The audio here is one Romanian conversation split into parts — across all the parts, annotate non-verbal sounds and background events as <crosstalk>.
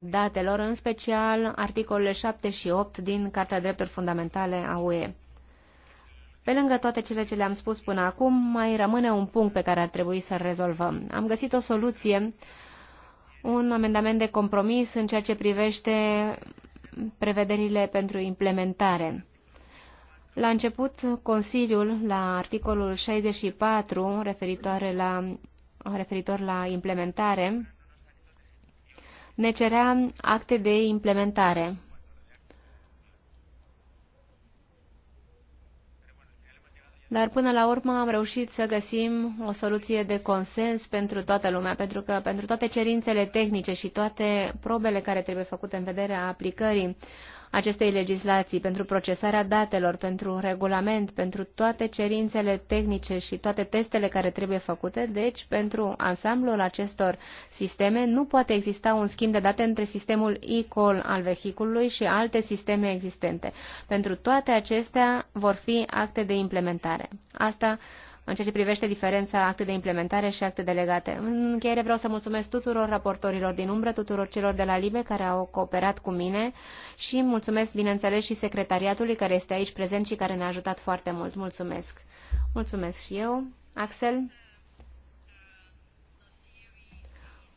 datelor, în special articolele 7 și 8 din Cartea Drepturilor Fundamentale a UE. Pe lângă toate cele ce le-am spus până acum, mai rămâne un punct pe care ar trebui să-l rezolvăm. Am găsit o soluție, un amendament de compromis în ceea ce privește prevederile pentru implementare. La început, Consiliul, la articolul 64, referitor la, referitor la implementare, ne cerea acte de implementare. Dar până la urmă am reușit să găsim o soluție de consens pentru toată lumea, pentru că pentru toate cerințele tehnice și toate probele care trebuie făcute în vederea aplicării acestei legislații, pentru procesarea datelor, pentru regulament, pentru toate cerințele tehnice și toate testele care trebuie făcute, deci pentru ansamblul acestor sisteme nu poate exista un schimb de date între sistemul e-call al vehiculului și alte sisteme existente. Pentru toate acestea vor fi acte de implementare. Asta în ceea ce privește diferența acte de implementare și acte delegate. În încheiere vreau să mulțumesc tuturor raportorilor din umbră, tuturor celor de la LIBE care au cooperat cu mine și mulțumesc, bineînțeles, și secretariatului care este aici prezent și care ne-a ajutat foarte mult. Mulțumesc! Mulțumesc și eu. Axel?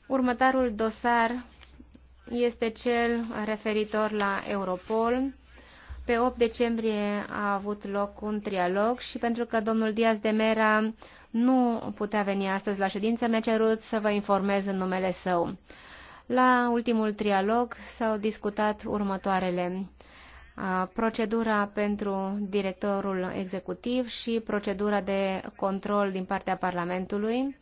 Următorul dosar este cel referitor la Europol pe 8 decembrie a avut loc un trialog și pentru că domnul Diaz de Mera nu putea veni astăzi la ședință, mi-a cerut să vă informez în numele său. La ultimul trialog s-au discutat următoarele. Procedura pentru directorul executiv și procedura de control din partea Parlamentului,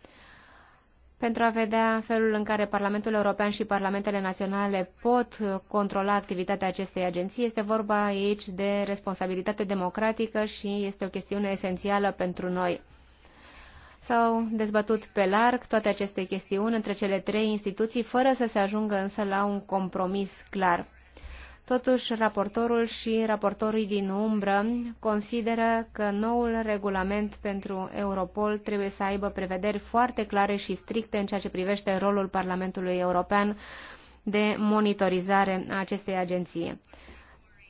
pentru a vedea felul în care Parlamentul European și Parlamentele Naționale pot controla activitatea acestei agenții. Este vorba aici de responsabilitate democratică și este o chestiune esențială pentru noi. S-au dezbătut pe larg toate aceste chestiuni între cele trei instituții, fără să se ajungă însă la un compromis clar. Totuși, raportorul și raportorii din umbră consideră că noul regulament pentru Europol trebuie să aibă prevederi foarte clare și stricte în ceea ce privește rolul Parlamentului European de monitorizare a acestei agenții.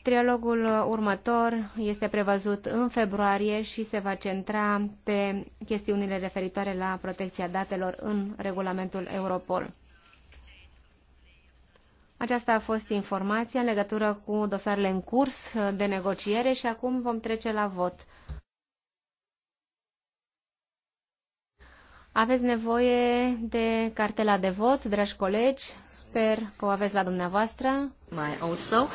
Trialogul următor este prevăzut în februarie și se va centra pe chestiunile referitoare la protecția datelor în regulamentul Europol. Aceasta a fost informația în legătură cu dosarele în curs de negociere și acum vom trece la vot. Aveți nevoie de cartela de vot, dragi colegi. Sper că o aveți la dumneavoastră. Mai also. Uh,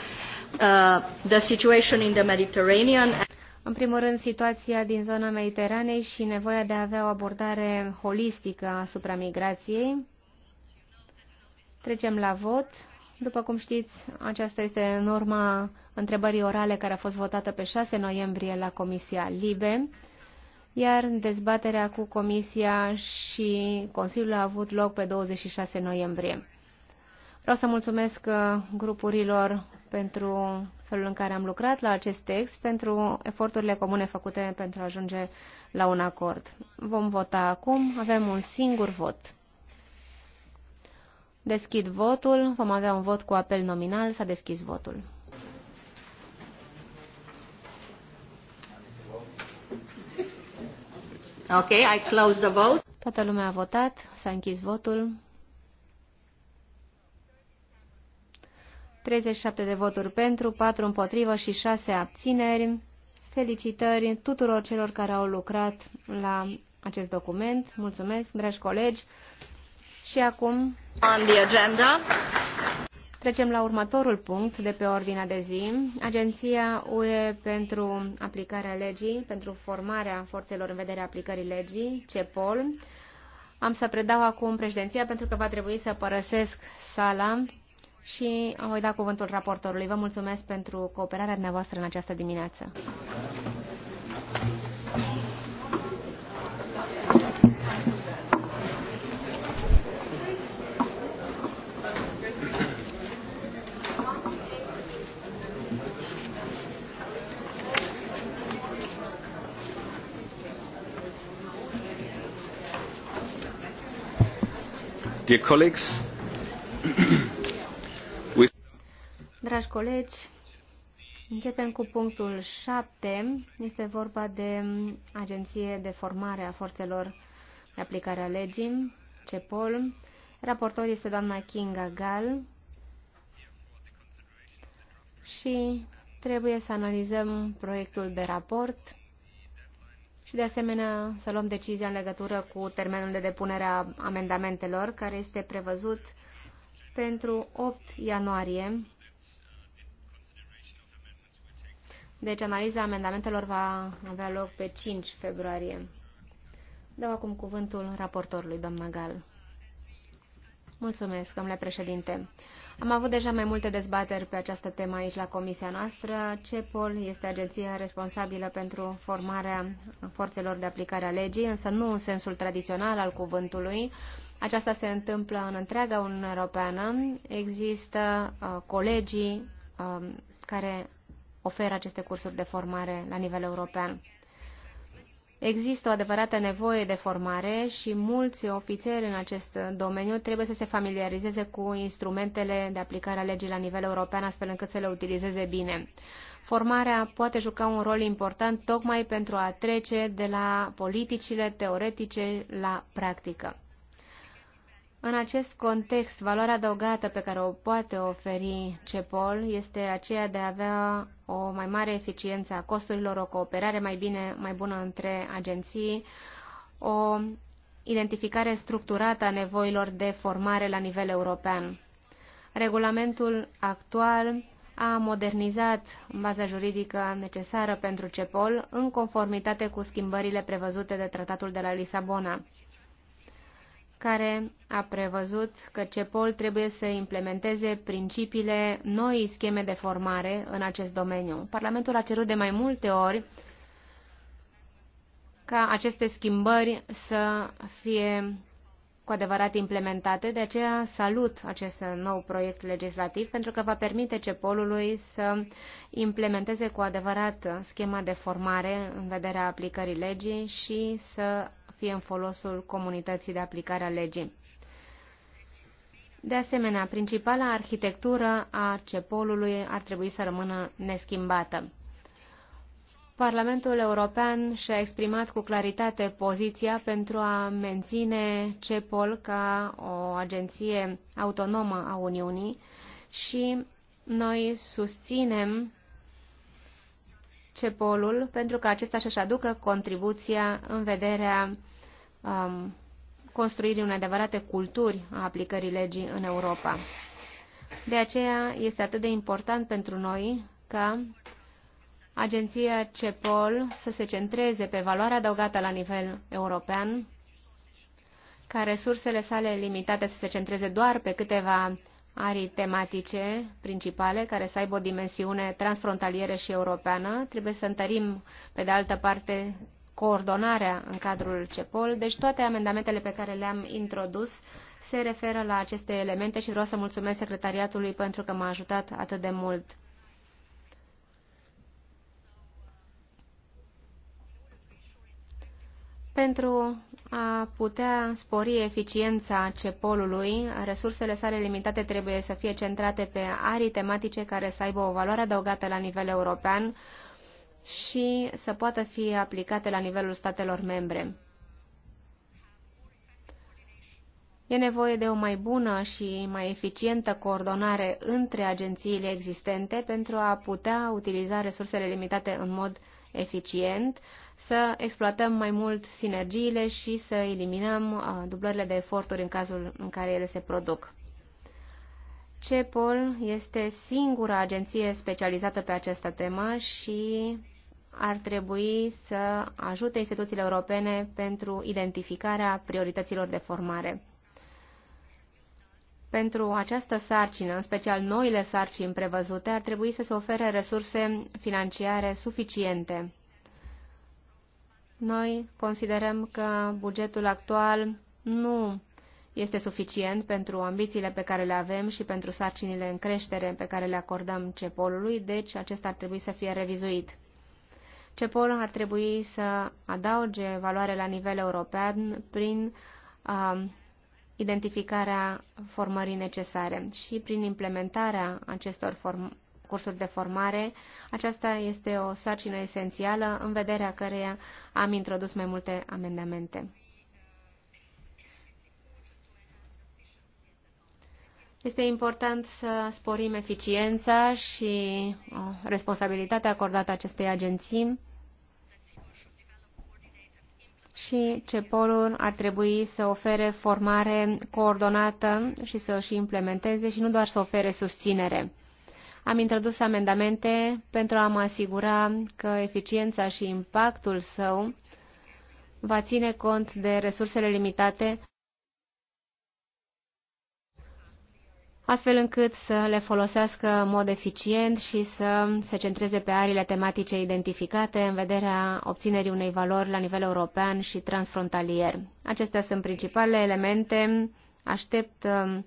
the situation in the Mediterranean. În primul rând, situația din zona Mediteranei și nevoia de a avea o abordare holistică asupra migrației. Trecem la vot. După cum știți, aceasta este norma întrebării orale care a fost votată pe 6 noiembrie la Comisia Libe, iar dezbaterea cu Comisia și Consiliul a avut loc pe 26 noiembrie. Vreau să mulțumesc uh, grupurilor pentru felul în care am lucrat la acest text, pentru eforturile comune făcute pentru a ajunge la un acord. Vom vota acum, avem un singur vot. Deschid votul. Vom avea un vot cu apel nominal. S-a deschis votul. Ok, I close the vote. Toată lumea a votat. S-a închis votul. 37 de voturi pentru, 4 împotrivă și 6 abțineri. Felicitări tuturor celor care au lucrat la acest document. Mulțumesc, dragi colegi. Și acum on the agenda. Trecem la următorul punct de pe ordinea de zi. Agenția UE pentru aplicarea legii, pentru formarea forțelor în vederea aplicării legii, CEPOL. Am să predau acum președinția pentru că va trebui să părăsesc sala și voi da cuvântul raportorului. Vă mulțumesc pentru cooperarea dumneavoastră în această dimineață. Dear colleagues, Dragi colegi, începem cu punctul 7. Este vorba de Agenție de Formare a Forțelor de Aplicare a Legii, CEPOL. Raportor este doamna Kinga Gal și trebuie să analizăm proiectul de raport și de asemenea să luăm decizia în legătură cu termenul de depunere a amendamentelor care este prevăzut pentru 8 ianuarie. Deci analiza amendamentelor va avea loc pe 5 februarie. Dau acum cuvântul raportorului, doamna Gal. Mulțumesc, domnule președinte. Am avut deja mai multe dezbateri pe această temă aici la comisia noastră. CEPOL este agenția responsabilă pentru formarea forțelor de aplicare a legii, însă nu în sensul tradițional al cuvântului. Aceasta se întâmplă în întreaga Uniune Europeană. Există uh, colegii uh, care oferă aceste cursuri de formare la nivel european. Există o adevărată nevoie de formare și mulți ofițeri în acest domeniu trebuie să se familiarizeze cu instrumentele de aplicare a legii la nivel european, astfel încât să le utilizeze bine. Formarea poate juca un rol important tocmai pentru a trece de la politicile teoretice la practică. În acest context, valoarea adăugată pe care o poate oferi CEPOL este aceea de a avea o mai mare eficiență a costurilor, o cooperare mai bine, mai bună între agenții, o identificare structurată a nevoilor de formare la nivel european. Regulamentul actual a modernizat baza juridică necesară pentru CEPOL în conformitate cu schimbările prevăzute de Tratatul de la Lisabona care a prevăzut că CEPOL trebuie să implementeze principiile noii scheme de formare în acest domeniu. Parlamentul a cerut de mai multe ori ca aceste schimbări să fie cu adevărat implementate, de aceea salut acest nou proiect legislativ pentru că va permite CEPOL-ului să implementeze cu adevărat schema de formare în vederea aplicării legii și să fie în folosul comunității de aplicare a legii. De asemenea, principala arhitectură a CEPOL-ului ar trebui să rămână neschimbată. Parlamentul European și-a exprimat cu claritate poziția pentru a menține CEPOL ca o agenție autonomă a Uniunii și noi susținem Cepolul, pentru că acesta și și aducă contribuția în vederea um, construirii unei adevărate culturi a aplicării legii în Europa. De aceea este atât de important pentru noi ca agenția CEPOL să se centreze pe valoarea adăugată la nivel european, ca resursele sale limitate să se centreze doar pe câteva arii tematice principale care să aibă o dimensiune transfrontalieră și europeană. Trebuie să întărim, pe de altă parte, coordonarea în cadrul CEPOL. Deci toate amendamentele pe care le-am introdus se referă la aceste elemente și vreau să mulțumesc secretariatului pentru că m-a ajutat atât de mult. Pentru a putea spori eficiența CEPOL-ului, resursele sale limitate trebuie să fie centrate pe arii tematice care să aibă o valoare adăugată la nivel european și să poată fi aplicate la nivelul statelor membre. E nevoie de o mai bună și mai eficientă coordonare între agențiile existente pentru a putea utiliza resursele limitate în mod eficient, să exploatăm mai mult sinergiile și să eliminăm uh, dublările de eforturi în cazul în care ele se produc. CEPOL este singura agenție specializată pe această temă și ar trebui să ajute instituțiile europene pentru identificarea priorităților de formare. Pentru această sarcină, în special noile sarcini prevăzute, ar trebui să se ofere resurse financiare suficiente noi considerăm că bugetul actual nu este suficient pentru ambițiile pe care le avem și pentru sarcinile în creștere pe care le acordăm CEPOL-ului, deci acesta ar trebui să fie revizuit. CEPOL ar trebui să adauge valoare la nivel european prin uh, identificarea formării necesare și prin implementarea acestor form cursuri de formare. Aceasta este o sarcină esențială în vederea căreia am introdus mai multe amendamente. Este important să sporim eficiența și uh, responsabilitatea acordată acestei agenții și ce ul ar trebui să ofere formare coordonată și să și implementeze și nu doar să ofere susținere. Am introdus amendamente pentru a mă asigura că eficiența și impactul său va ține cont de resursele limitate, astfel încât să le folosească în mod eficient și să se centreze pe arile tematice identificate în vederea obținerii unei valori la nivel european și transfrontalier. Acestea sunt principalele elemente. Aștept um,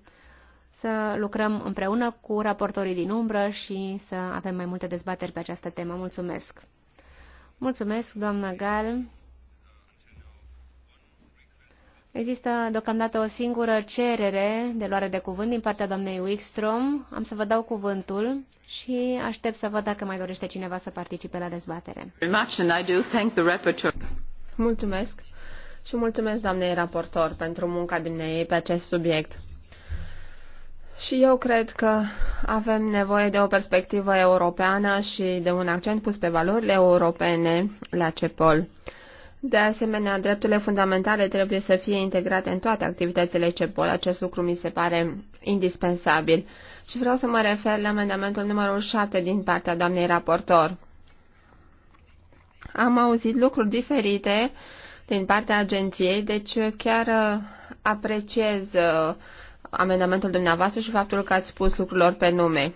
să lucrăm împreună cu raportorii din umbră și să avem mai multe dezbateri pe această temă. Mulțumesc! Mulțumesc, doamna Gal. Există deocamdată o singură cerere de luare de cuvânt din partea doamnei Wickstrom. Am să vă dau cuvântul și aștept să văd dacă mai dorește cineva să participe la dezbatere. Mulțumesc și mulțumesc doamnei raportor pentru munca dumneei pe acest subiect. Și eu cred că avem nevoie de o perspectivă europeană și de un accent pus pe valorile europene la CEPOL. De asemenea, drepturile fundamentale trebuie să fie integrate în toate activitățile CEPOL. Acest lucru mi se pare indispensabil. Și vreau să mă refer la amendamentul numărul 7 din partea doamnei raportor. Am auzit lucruri diferite din partea agenției, deci chiar uh, apreciez uh, amendamentul dumneavoastră și faptul că ați spus lucrurilor pe nume.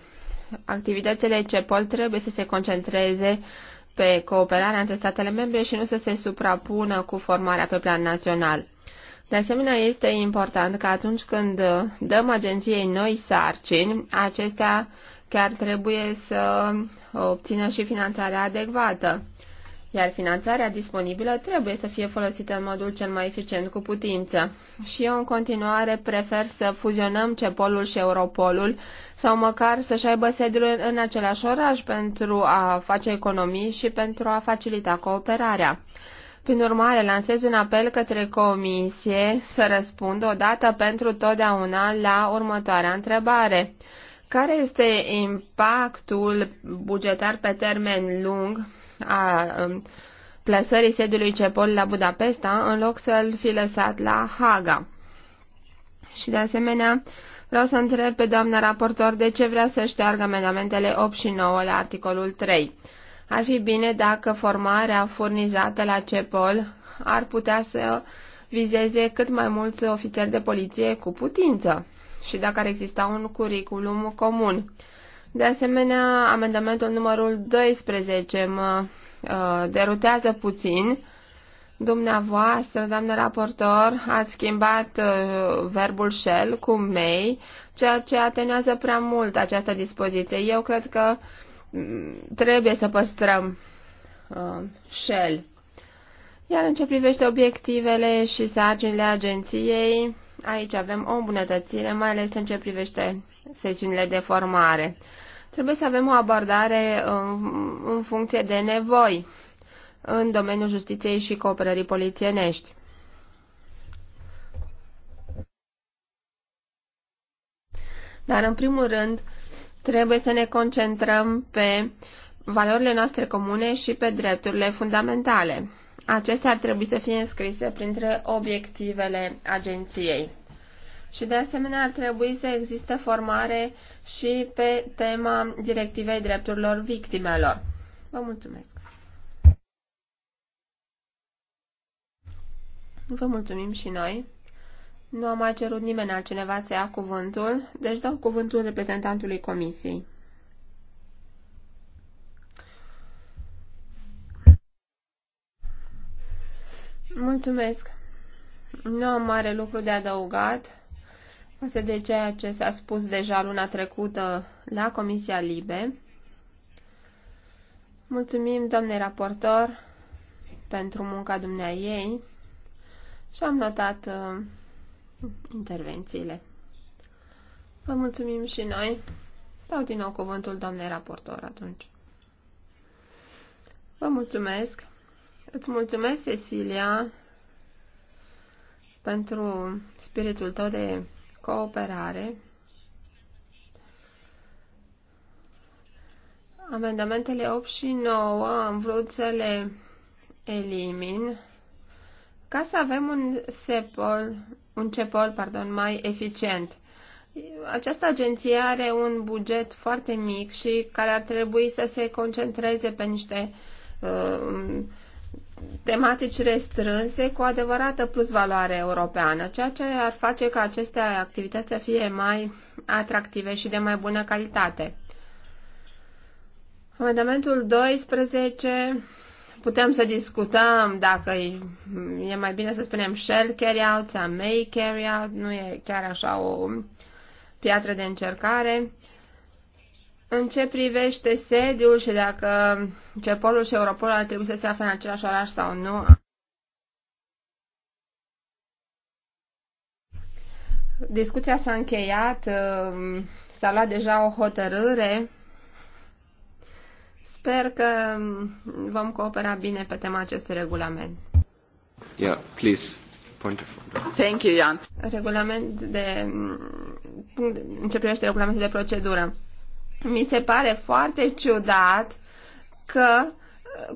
Activitățile CEPOL trebuie să se concentreze pe cooperarea între statele membre și nu să se suprapună cu formarea pe plan național. De asemenea, este important că atunci când dăm agenției noi sarcini, acestea chiar trebuie să obțină și finanțarea adecvată iar finanțarea disponibilă trebuie să fie folosită în modul cel mai eficient cu putință. Și eu în continuare prefer să fuzionăm Cepolul și Europolul sau măcar să-și aibă sediul în același oraș pentru a face economii și pentru a facilita cooperarea. Prin urmare, lansez un apel către Comisie să răspundă odată pentru totdeauna la următoarea întrebare. Care este impactul bugetar pe termen lung a um, plasării sediului CEPOL la Budapesta, în loc să-l fi lăsat la Haga. Și de asemenea, vreau să întreb pe doamna raportor de ce vrea să șteargă amendamentele 8 și 9 la articolul 3. Ar fi bine dacă formarea furnizată la CEPOL ar putea să vizeze cât mai mulți ofițeri de poliție cu putință și dacă ar exista un curriculum comun. De asemenea, amendamentul numărul 12 mă uh, derutează puțin. Dumneavoastră, doamnă raportor, ați schimbat uh, verbul shell cu may, ceea ce atenuează prea mult această dispoziție. Eu cred că mm, trebuie să păstrăm uh, shell. Iar în ce privește obiectivele și sarcinile agenției, aici avem o îmbunătățire, mai ales în ce privește sesiunile de formare. Trebuie să avem o abordare um, în funcție de nevoi în domeniul justiției și cooperării polițienești. Dar, în primul rând, trebuie să ne concentrăm pe valorile noastre comune și pe drepturile fundamentale. Acestea ar trebui să fie înscrise printre obiectivele agenției. Și de asemenea ar trebui să existe formare și pe tema directivei drepturilor victimelor. Vă mulțumesc! Vă mulțumim și noi. Nu a mai cerut nimeni altcineva să ia cuvântul, deci dau cuvântul reprezentantului comisiei. Mulțumesc! Nu am mare lucru de adăugat față de ceea ce s-a spus deja luna trecută la Comisia Libe. Mulțumim, doamnei raportor, pentru munca dumnea ei și am notat uh, intervențiile. Vă mulțumim și noi. Dau din nou cuvântul doamnei raportor atunci. Vă mulțumesc. Îți mulțumesc, Cecilia, pentru spiritul tău de cooperare. Amendamentele 8 și 9 am vrut să le elimin ca să avem un sepol, un CEPOL pardon, mai eficient. Această agenție are un buget foarte mic și care ar trebui să se concentreze pe niște uh, tematici restrânse cu adevărată plusvaloare europeană, ceea ce ar face ca aceste activități să fie mai atractive și de mai bună calitate. Amendamentul 12 putem să discutăm dacă e, e mai bine să spunem shell carry-out sau may carry-out, nu e chiar așa o piatră de încercare. În ce privește sediul și dacă Cepolul și Europol ar trebui să se afle în același oraș sau nu, discuția s-a încheiat, um, s-a luat deja o hotărâre. Sper că um, vom coopera bine pe tema acestui regulament. Yeah, please. Thank you, Jan. Regulament um, de, în ce privește regulamentul de procedură. Mi se pare foarte ciudat că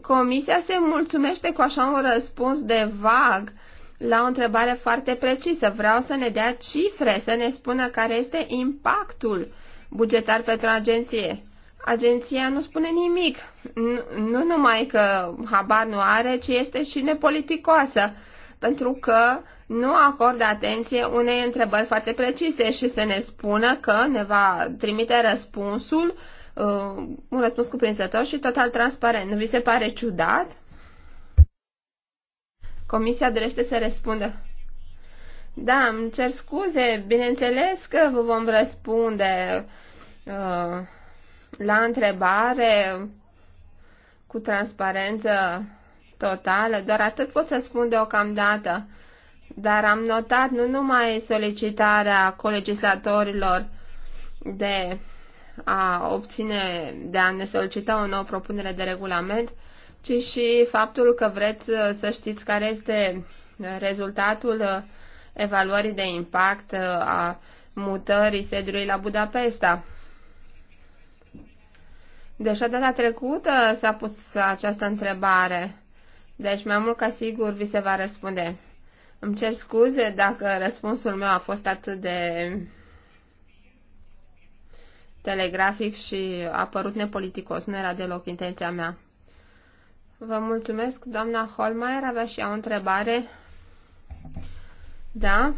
Comisia se mulțumește cu așa un răspuns de vag la o întrebare foarte precisă. Vreau să ne dea cifre, să ne spună care este impactul bugetar pentru agenție. Agenția nu spune nimic. Nu, nu numai că habar nu are, ci este și nepoliticoasă pentru că nu acordă atenție unei întrebări foarte precise și să ne spună că ne va trimite răspunsul, uh, un răspuns cuprinzător și total transparent. Nu vi se pare ciudat? Comisia dorește să răspundă. Da, îmi cer scuze, bineînțeles că vă vom răspunde uh, la întrebare cu transparență totală, doar atât pot să spun deocamdată. Dar am notat nu numai solicitarea colegislatorilor de a obține, de a ne solicita o nouă propunere de regulament, ci și faptul că vreți să știți care este rezultatul evaluării de impact a mutării sediului la Budapesta. Deja data trecută s-a pus această întrebare deci, mai mult ca sigur, vi se va răspunde. Îmi cer scuze dacă răspunsul meu a fost atât de telegrafic și a părut nepoliticos. Nu era deloc intenția mea. Vă mulțumesc. Doamna Holmeier avea și ea o întrebare. Da?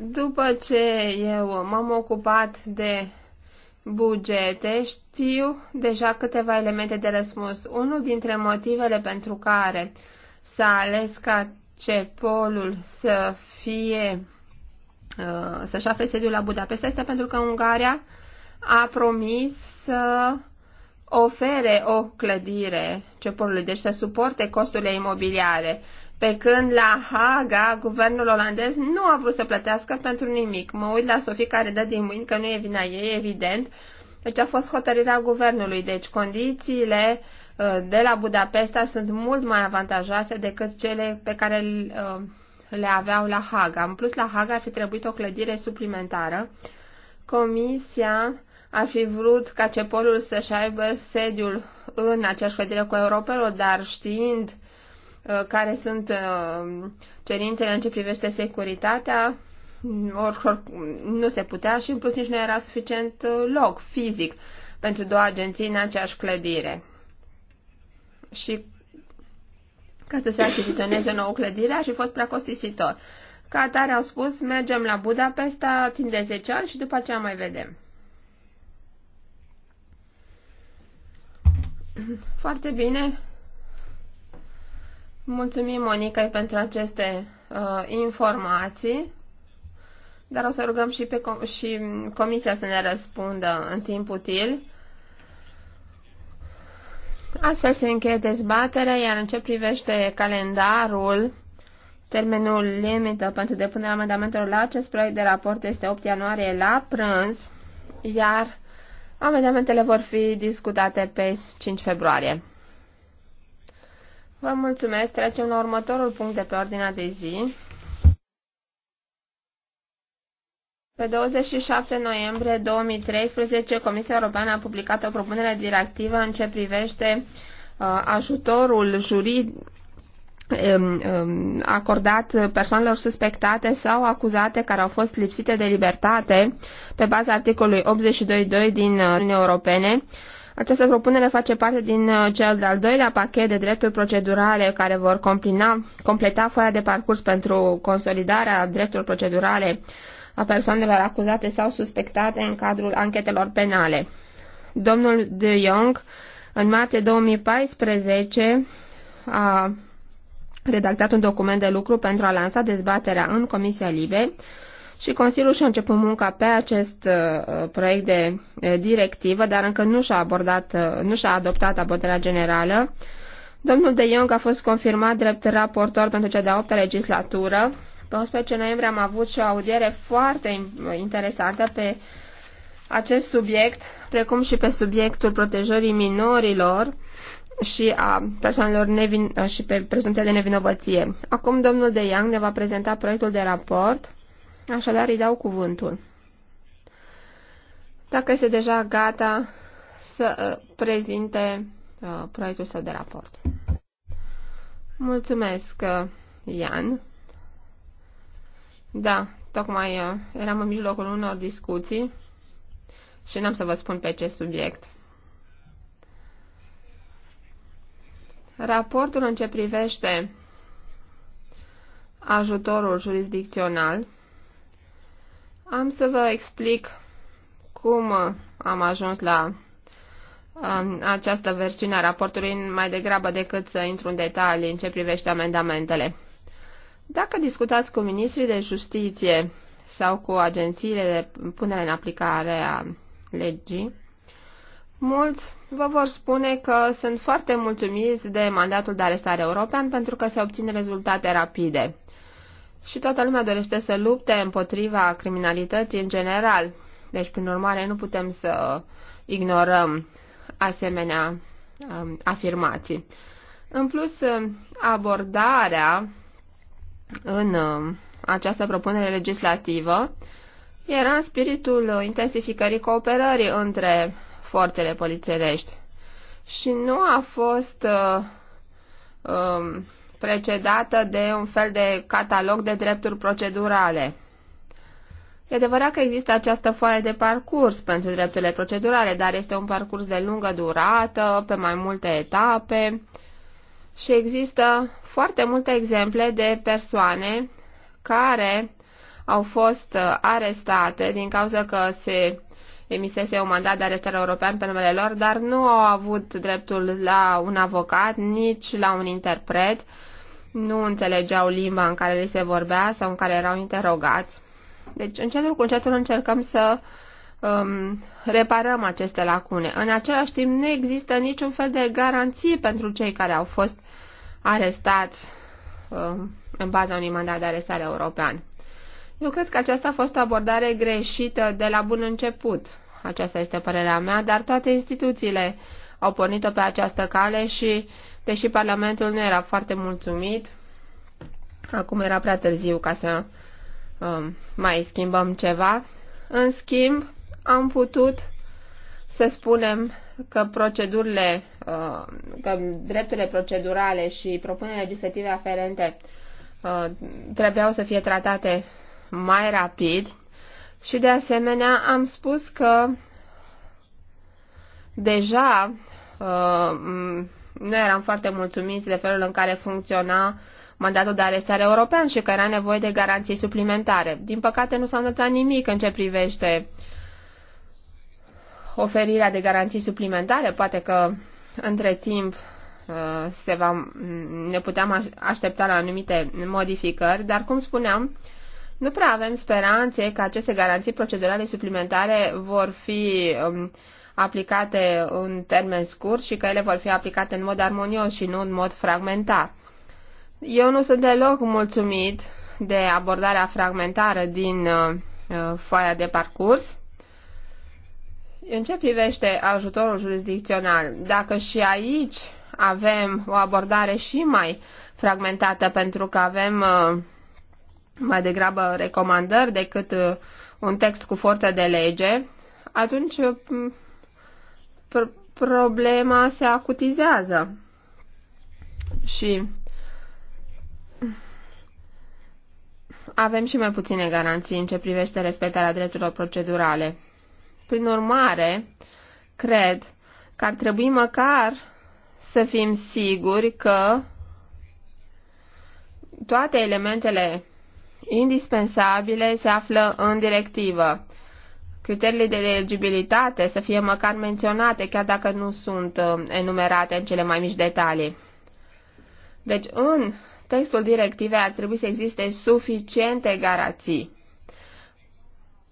După ce eu m-am ocupat de bugete, știu deja câteva elemente de răspuns. Unul dintre motivele pentru care s-a ales ca cepolul să fie uh, să-și afle sediul la Budapesta este pentru că Ungaria a promis să ofere o clădire cepolului, deci să suporte costurile imobiliare. Pe când la Haga, guvernul olandez nu a vrut să plătească pentru nimic. Mă uit la Sofie care dă din mâini că nu e vina ei, evident. Deci a fost hotărârea guvernului. Deci condițiile uh, de la Budapesta sunt mult mai avantajoase decât cele pe care uh, le aveau la Haga. În plus, la Haga ar fi trebuit o clădire suplimentară. Comisia ar fi vrut ca Cepolul să-și aibă sediul în aceeași clădire cu europelor, dar știind uh, Uh, care sunt uh, cerințele în ce privește securitatea, oricum nu se putea și în plus nici nu era suficient uh, loc fizic pentru două agenții în aceeași clădire. Și ca să se achiziționeze nouă clădire ar fi fost prea costisitor. Ca atare au spus, mergem la Budapesta timp de 10 ani și după aceea mai vedem. Foarte bine. Mulțumim, Monica, pentru aceste uh, informații, dar o să rugăm și, pe com- și comisia să ne răspundă în timp util. Astfel se încheie dezbaterea, iar în ce privește calendarul, termenul limită pentru depunerea amendamentelor la acest proiect de raport este 8 ianuarie la prânz, iar amendamentele vor fi discutate pe 5 februarie. Vă mulțumesc. Trecem la următorul punct de pe ordinea de zi. Pe 27 noiembrie 2013, Comisia Europeană a publicat o propunere directivă în ce privește uh, ajutorul juridic um, um, acordat persoanelor suspectate sau acuzate care au fost lipsite de libertate pe baza articolului 82.2 din uh, Uniunea Europene această propunere face parte din uh, cel de-al doilea pachet de drepturi procedurale care vor complina, completa foaia de parcurs pentru consolidarea drepturilor procedurale a persoanelor acuzate sau suspectate în cadrul anchetelor penale. Domnul De Jong, în martie 2014, a redactat un document de lucru pentru a lansa dezbaterea în Comisia Libe și Consiliul și-a început munca pe acest uh, proiect de uh, directivă, dar încă nu și-a, abordat, uh, nu și-a adoptat abordarea generală. Domnul De Jong a fost confirmat drept raportor pentru cea de-a opta legislatură. Pe 11 noiembrie am avut și o audiere foarte interesantă pe acest subiect, precum și pe subiectul protejării minorilor și a persoanelor nevin- și pe prezumția de nevinovăție. Acum domnul De Young ne va prezenta proiectul de raport Așadar îi dau cuvântul. Dacă este deja gata să uh, prezinte uh, proiectul său de raport. Mulțumesc, uh, Ian. Da, tocmai eram în mijlocul unor discuții și n-am să vă spun pe ce subiect. Raportul în ce privește ajutorul jurisdicțional am să vă explic cum am ajuns la um, această versiune a raportului mai degrabă decât să intru în detalii în ce privește amendamentele. Dacă discutați cu ministrii de justiție sau cu agențiile de punere în aplicare a legii, mulți vă vor spune că sunt foarte mulțumiți de mandatul de arestare european pentru că se obțin rezultate rapide. Și toată lumea dorește să lupte împotriva criminalității în general. Deci, prin urmare, nu putem să ignorăm asemenea um, afirmații. În plus, um, abordarea în um, această propunere legislativă era în spiritul intensificării cooperării între forțele polițelești. și nu a fost uh, precedată de un fel de catalog de drepturi procedurale. E adevărat că există această foaie de parcurs pentru drepturile procedurale, dar este un parcurs de lungă durată, pe mai multe etape și există foarte multe exemple de persoane care au fost arestate din cauza că se emisese un mandat de arestare european pe numele lor, dar nu au avut dreptul la un avocat, nici la un interpret, nu înțelegeau limba în care li se vorbea sau în care erau interogați. Deci, încetul cu încetul încercăm să um, reparăm aceste lacune. În același timp, nu există niciun fel de garanție pentru cei care au fost arestați um, în baza unui mandat de arestare european. Eu cred că aceasta a fost o abordare greșită de la bun început. Aceasta este părerea mea, dar toate instituțiile au pornit-o pe această cale și, deși Parlamentul nu era foarte mulțumit, acum era prea târziu ca să um, mai schimbăm ceva. În schimb, am putut să spunem că procedurile, uh, că drepturile procedurale și propunerile legislative aferente uh, trebuiau să fie tratate mai rapid și de asemenea am spus că deja uh, nu eram foarte mulțumiți de felul în care funcționa mandatul de arestare european și că era nevoie de garanții suplimentare. Din păcate nu s-a întâmplat nimic în ce privește oferirea de garanții suplimentare. Poate că între timp uh, se va, ne puteam aștepta la anumite modificări, dar cum spuneam, nu prea avem speranțe că aceste garanții procedurale suplimentare vor fi um, aplicate în termen scurt și că ele vor fi aplicate în mod armonios și nu în mod fragmentar. Eu nu sunt deloc mulțumit de abordarea fragmentară din uh, uh foaia de parcurs. În ce privește ajutorul jurisdicțional, dacă și aici avem o abordare și mai fragmentată, pentru că avem uh, mai degrabă recomandări decât uh, un text cu forță de lege, atunci uh, pr- problema se acutizează. Și avem și mai puține garanții în ce privește respectarea drepturilor procedurale. Prin urmare, cred că ar trebui măcar să fim siguri că toate elementele indispensabile se află în directivă. Criteriile de eligibilitate să fie măcar menționate, chiar dacă nu sunt uh, enumerate în cele mai mici detalii. Deci, în textul directivei ar trebui să existe suficiente garanții.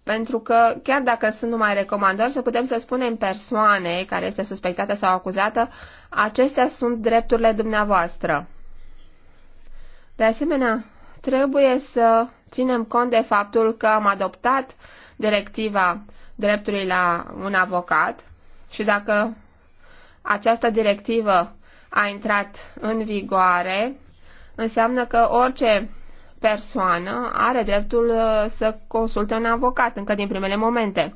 Pentru că, chiar dacă sunt numai recomandări, să putem să spunem persoane care este suspectată sau acuzată, acestea sunt drepturile dumneavoastră. De asemenea, Trebuie să ținem cont de faptul că am adoptat directiva dreptului la un avocat și dacă această directivă a intrat în vigoare, înseamnă că orice persoană are dreptul uh, să consulte un avocat încă din primele momente.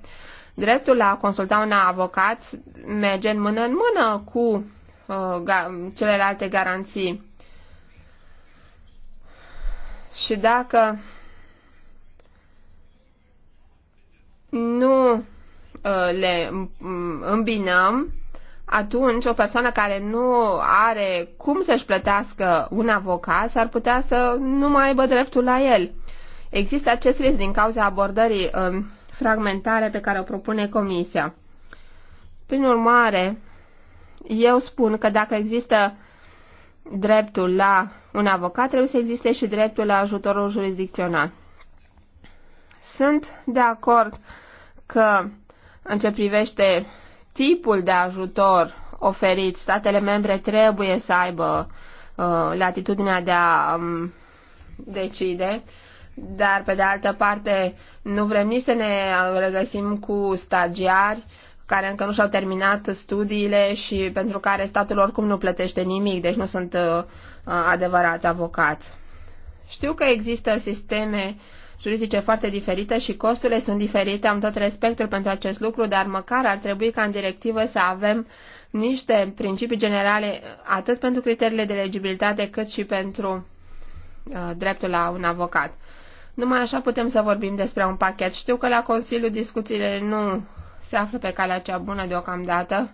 Dreptul la a consulta un avocat merge în mână în mână cu uh, ga- celelalte garanții. Și dacă nu ă, le îmbinăm, atunci o persoană care nu are cum să-și plătească un avocat s-ar putea să nu mai aibă dreptul la el. Există acest risc din cauza abordării ă, fragmentare pe care o propune Comisia. Prin urmare, eu spun că dacă există dreptul la un avocat, trebuie să existe și dreptul la ajutorul jurisdicțional. Sunt de acord că în ce privește tipul de ajutor oferit, statele membre trebuie să aibă uh, latitudinea de a um, decide, dar pe de altă parte nu vrem nici să ne regăsim cu stagiari care încă nu și-au terminat studiile și pentru care statul oricum nu plătește nimic, deci nu sunt uh, adevărați avocați. Știu că există sisteme juridice foarte diferite și costurile sunt diferite, am tot respectul pentru acest lucru, dar măcar ar trebui ca în directivă să avem niște principii generale atât pentru criteriile de legibilitate cât și pentru uh, dreptul la un avocat. Numai așa putem să vorbim despre un pachet. Știu că la Consiliu discuțiile nu se află pe calea cea bună deocamdată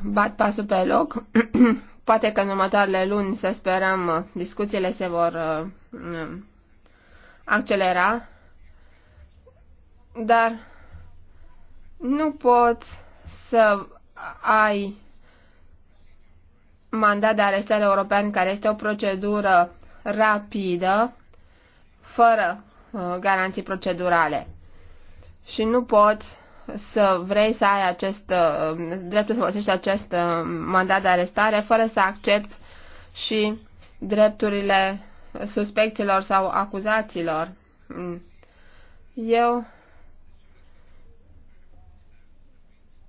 bat pasul pe loc. <clears throat> Poate că în următoarele luni, să sperăm, discuțiile se vor uh, accelera, dar nu poți să ai mandat de arestare european, care este o procedură rapidă, fără uh, garanții procedurale. Și nu poți să vrei să ai acest uh, dreptul să folosești acest uh, mandat de arestare fără să accepti și drepturile suspecților sau acuzaților. Mm. Eu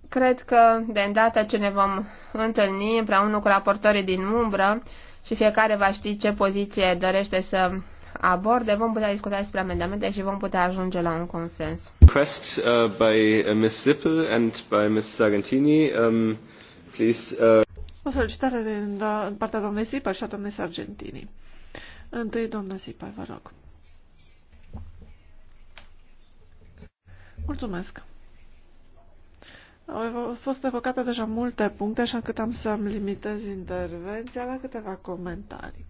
cred că de îndată ce ne vom întâlni împreună cu raportorii din umbră și fiecare va ști ce poziție dorește să aborde, vom putea discuta despre amendamente și vom putea ajunge la un consens. Request uh, by uh, Ms. Zippel and by Ms. Sargentini. Um, please, uh... O solicitare din do- partea doamnei Zippel și a doamnei Sargentini. Întâi, doamna Zippel, vă rog. Mulțumesc. Au fost evocate deja multe puncte, așa încât am să-mi limitez intervenția la câteva comentarii.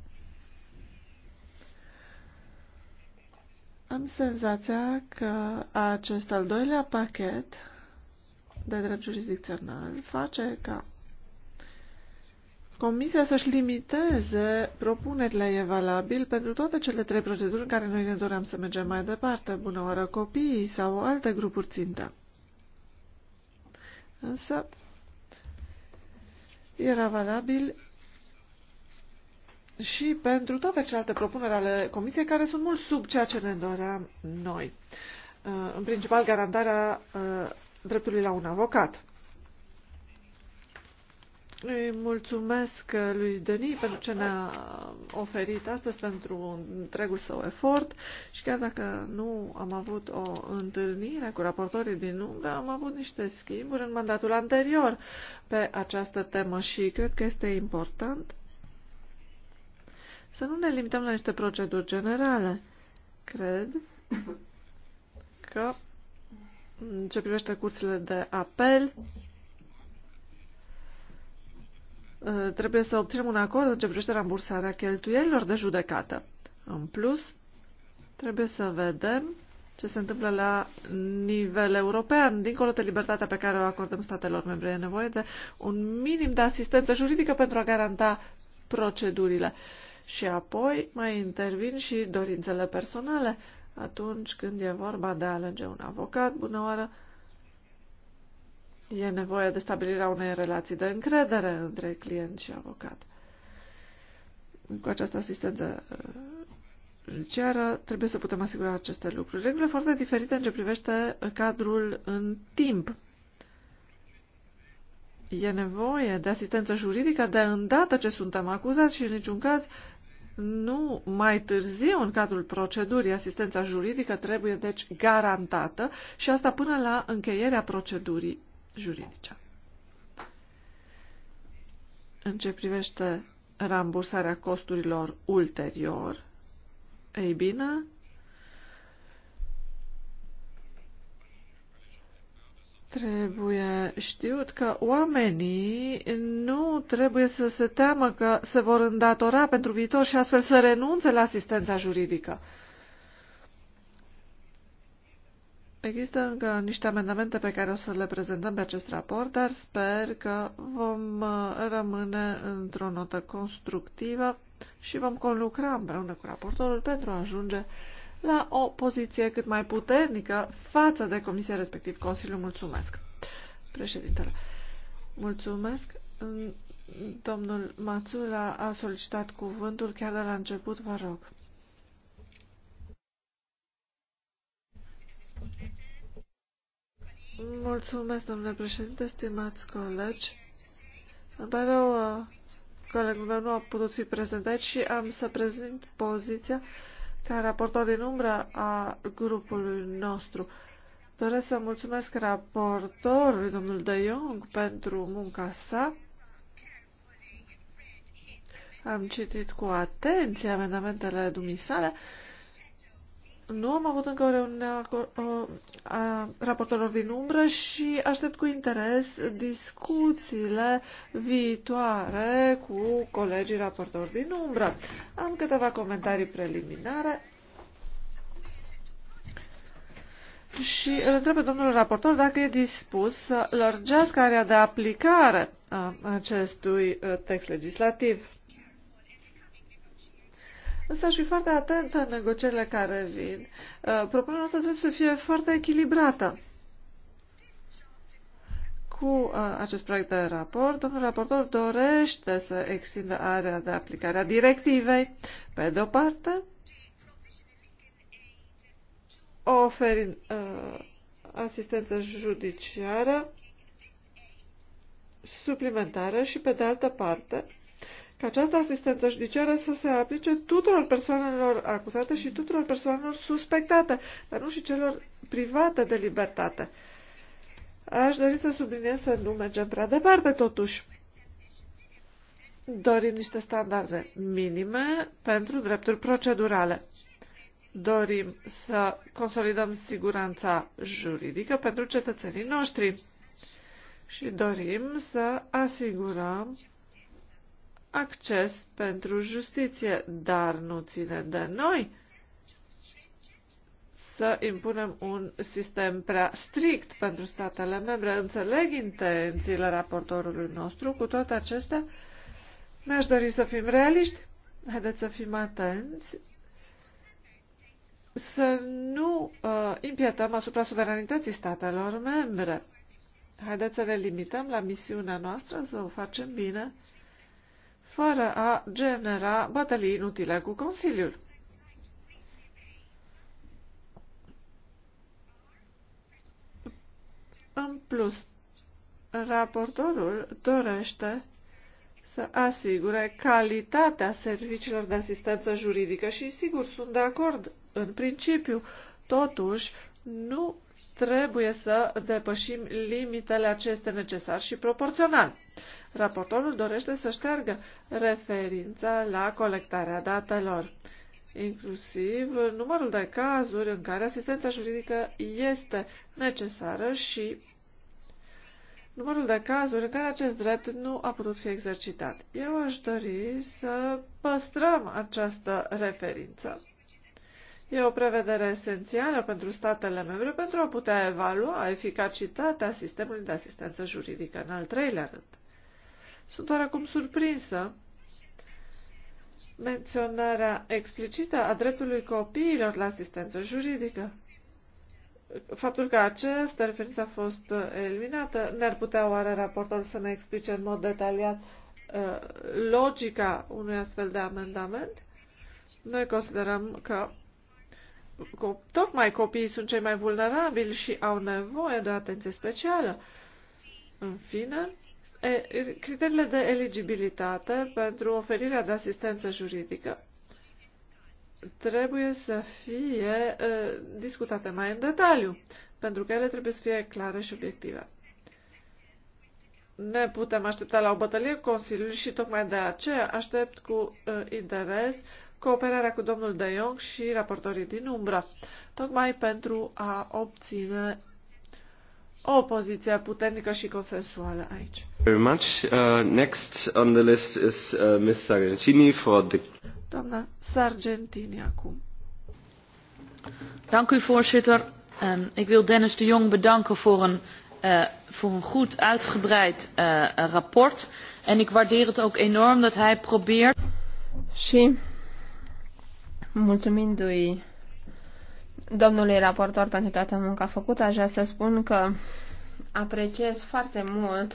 Am senzația că acest al doilea pachet de drept jurisdicțional face ca Comisia să-și limiteze propunerile e valabil pentru toate cele trei proceduri în care noi ne doream să mergem mai departe, bună oară copiii sau alte grupuri țintă. Însă era valabil și pentru toate celelalte propuneri ale Comisiei care sunt mult sub ceea ce ne doream noi. Uh, în principal, garantarea uh, dreptului la un avocat. Îi mulțumesc uh, lui Denis pentru ce ne-a oferit astăzi, pentru întregul său efort și chiar dacă nu am avut o întâlnire cu raportorii din umbră, am avut niște schimburi în mandatul anterior pe această temă și cred că este important să nu ne limităm la niște proceduri generale. Cred că în ce privește curțile de apel, ă, trebuie să obținem un acord în ce privește rambursarea cheltuielilor de judecată. În plus, trebuie să vedem ce se întâmplă la nivel european, dincolo de libertatea pe care o acordăm statelor membre. E nevoie de un minim de asistență juridică pentru a garanta procedurile. Uh, și apoi mai intervin și dorințele personale atunci când e vorba de a alege un avocat, bună oară, e nevoie de stabilirea unei relații de încredere între client și avocat. Cu această asistență uh, judiciară trebuie să putem asigura aceste lucruri. Regulile foarte diferite în ce privește uh, cadrul în timp E nevoie de asistență juridică de îndată ce suntem acuzați și în niciun caz nu mai târziu în cadrul procedurii. Asistența juridică trebuie deci garantată și asta până la încheierea procedurii juridice. În ce privește rambursarea costurilor ulterior, ei bine, Trebuie știut că oamenii nu trebuie să se teamă că se vor îndatora pentru viitor și astfel să renunțe la asistența juridică. Există încă niște amendamente pe care o să le prezentăm pe acest raport, dar sper că vom uh, rămâne într-o notă constructivă și vom conlucra împreună cu raportorul pentru a ajunge uh, la o poziție cât mai puternică față de Comisia respectiv Consiliul. Mulțumesc, președintele. Mulțumesc. Domnul Mațula a solicitat cuvântul chiar de la început, vă rog. Mulțumesc, domnule președinte, stimați colegi. Îmi pare rău, uh, colegul meu nu a putut fi prezentat și am să prezint poziția ca raportor din umbră a grupului nostru. Doresc să mulțumesc raportorului, domnul De Jong, pentru munca sa. Am citit cu atenție amendamentele dumisale sale nu am avut încă o reuniune a raportorilor din umbră și aștept cu interes discuțiile viitoare cu colegii raportori din umbră. Am câteva comentarii preliminare și îl întreb pe domnul raportor dacă e dispus să lărgească area de aplicare a acestui uh, text legislativ. Însă aș fi foarte atentă în negocierile care vin. Uh, propunerea noastră trebuie să fie foarte echilibrată. Cu uh, acest proiect de raport, domnul raportor dorește să extindă area de aplicare a directivei, pe de o parte, oferind uh, asistență judiciară suplimentară și, pe de altă parte, ca această asistență judiciară să se aplice tuturor persoanelor acuzate și tuturor persoanelor suspectate, dar nu și celor private de libertate. Aș dori să subliniez să nu mergem prea departe, totuși. Dorim niște standarde minime pentru drepturi procedurale. Dorim să consolidăm siguranța juridică pentru cetățenii noștri și dorim să asigurăm acces pentru justiție, dar nu ține de noi să impunem un sistem prea strict pentru statele membre. Înțeleg intențiile raportorului nostru, cu toate acestea mi-aș dori să fim realiști. Haideți să fim atenți să nu uh, impietăm asupra suveranității statelor membre. Haideți să ne limităm la misiunea noastră, să o facem bine fără a genera bătălii inutile cu Consiliul. În plus, raportorul dorește să asigure calitatea serviciilor de asistență juridică și, sigur, sunt de acord în principiu. Totuși, nu trebuie să depășim limitele aceste necesar și proporțional. Raportorul dorește să șteargă referința la colectarea datelor, inclusiv numărul de cazuri în care asistența juridică este necesară și numărul de cazuri în care acest drept nu a putut fi exercitat. Eu aș dori să păstrăm această referință. E o prevedere esențială pentru statele membre pentru a putea evalua eficacitatea sistemului de asistență juridică în al treilea rând. Sunt oarecum surprinsă menționarea explicită a dreptului copiilor la asistență juridică. Faptul că această referință a fost uh, eliminată, ne-ar putea oare raportorul să ne explice în mod detaliat uh, logica unui astfel de amendament? Noi considerăm că co tocmai copiii sunt cei mai vulnerabili și au nevoie de atenție specială. În fine, criteriile de eligibilitate pentru oferirea de asistență juridică trebuie să fie discutate mai în detaliu, pentru că ele trebuie să fie clare și obiective. Ne putem aștepta la o bătălie cu Consiliul și tocmai de aceea aștept cu uh, interes cooperarea cu domnul De Jong și raportorii din umbră, tocmai pentru a obține o poziție puternică și consensuală aici. Very much. Uh, next on the list is uh, Ms. Sargentini for the... Doamna Sargentini acum. Dank u voorzitter. Um, ik wil Dennis de Jong bedanken voor een, uh, voor een goed uitgebreid uh, rapport. En ik waardeer het ook enorm dat hij probeert... Și mulțumindu-i domnului raportor pentru toată munca făcută. Aș vrea să spun că apreciez foarte mult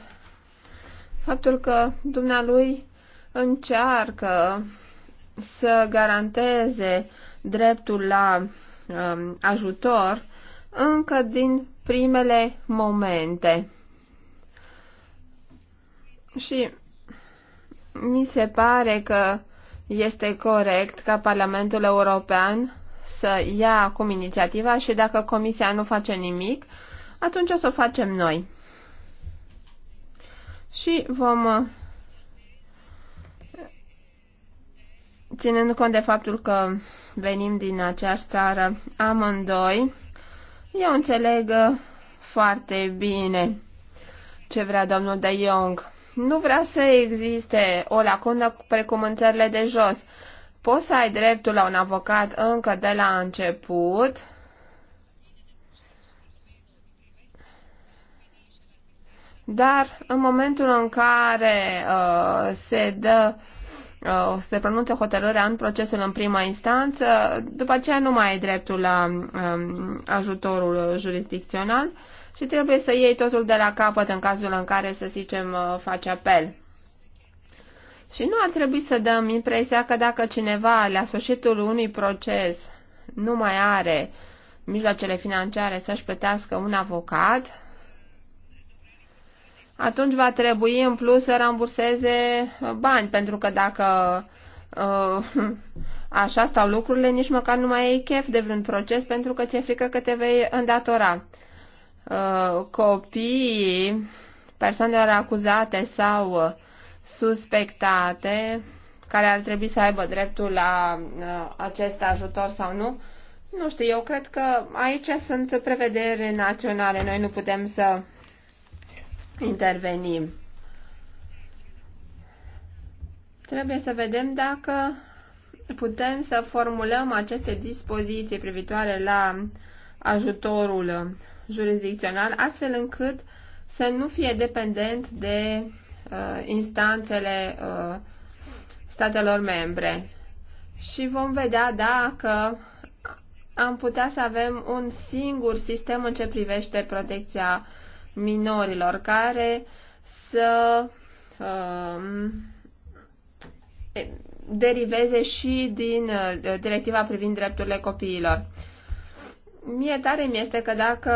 faptul că dumnealui încearcă să garanteze dreptul la um, ajutor încă din primele momente. Și mi se pare că este corect ca Parlamentul European să ia acum inițiativa și dacă Comisia nu face nimic, atunci o să o facem noi. Și vom, ținând cont de faptul că venim din aceeași țară amândoi, eu înțeleg foarte bine ce vrea domnul de Jong. Nu vrea să existe o lacună precum în țările de jos, Poți să ai dreptul la un avocat încă de la început, dar în momentul în care uh, se dă uh, se pronunță hotărârea în procesul în prima instanță, după aceea nu mai ai dreptul la um, ajutorul jurisdicțional și trebuie să iei totul de la capăt în cazul în care, să zicem, uh, faci apel. Și nu ar trebui să dăm impresia că dacă cineva la sfârșitul unui proces nu mai are mijloacele financiare să-și plătească un avocat, atunci va trebui în plus să ramburseze uh, bani, pentru că dacă uh, <laughs> așa stau lucrurile, nici măcar nu mai ai chef de vreun proces pentru că ți-e frică că te vei îndatora. Uh, copiii persoanele acuzate sau suspectate care ar trebui să aibă dreptul la uh, acest ajutor sau nu. Nu știu, eu cred că aici sunt prevederi naționale, noi nu putem să intervenim. Trebuie să vedem dacă putem să formulăm aceste dispoziții privitoare la ajutorul jurisdicțional astfel încât să nu fie dependent de uh, instanțele uh, statelor membre. Și vom vedea dacă am putea să avem un singur sistem în ce privește protecția minorilor, care să uh, deriveze și din uh, directiva privind drepturile copiilor. Mie tare mi este că dacă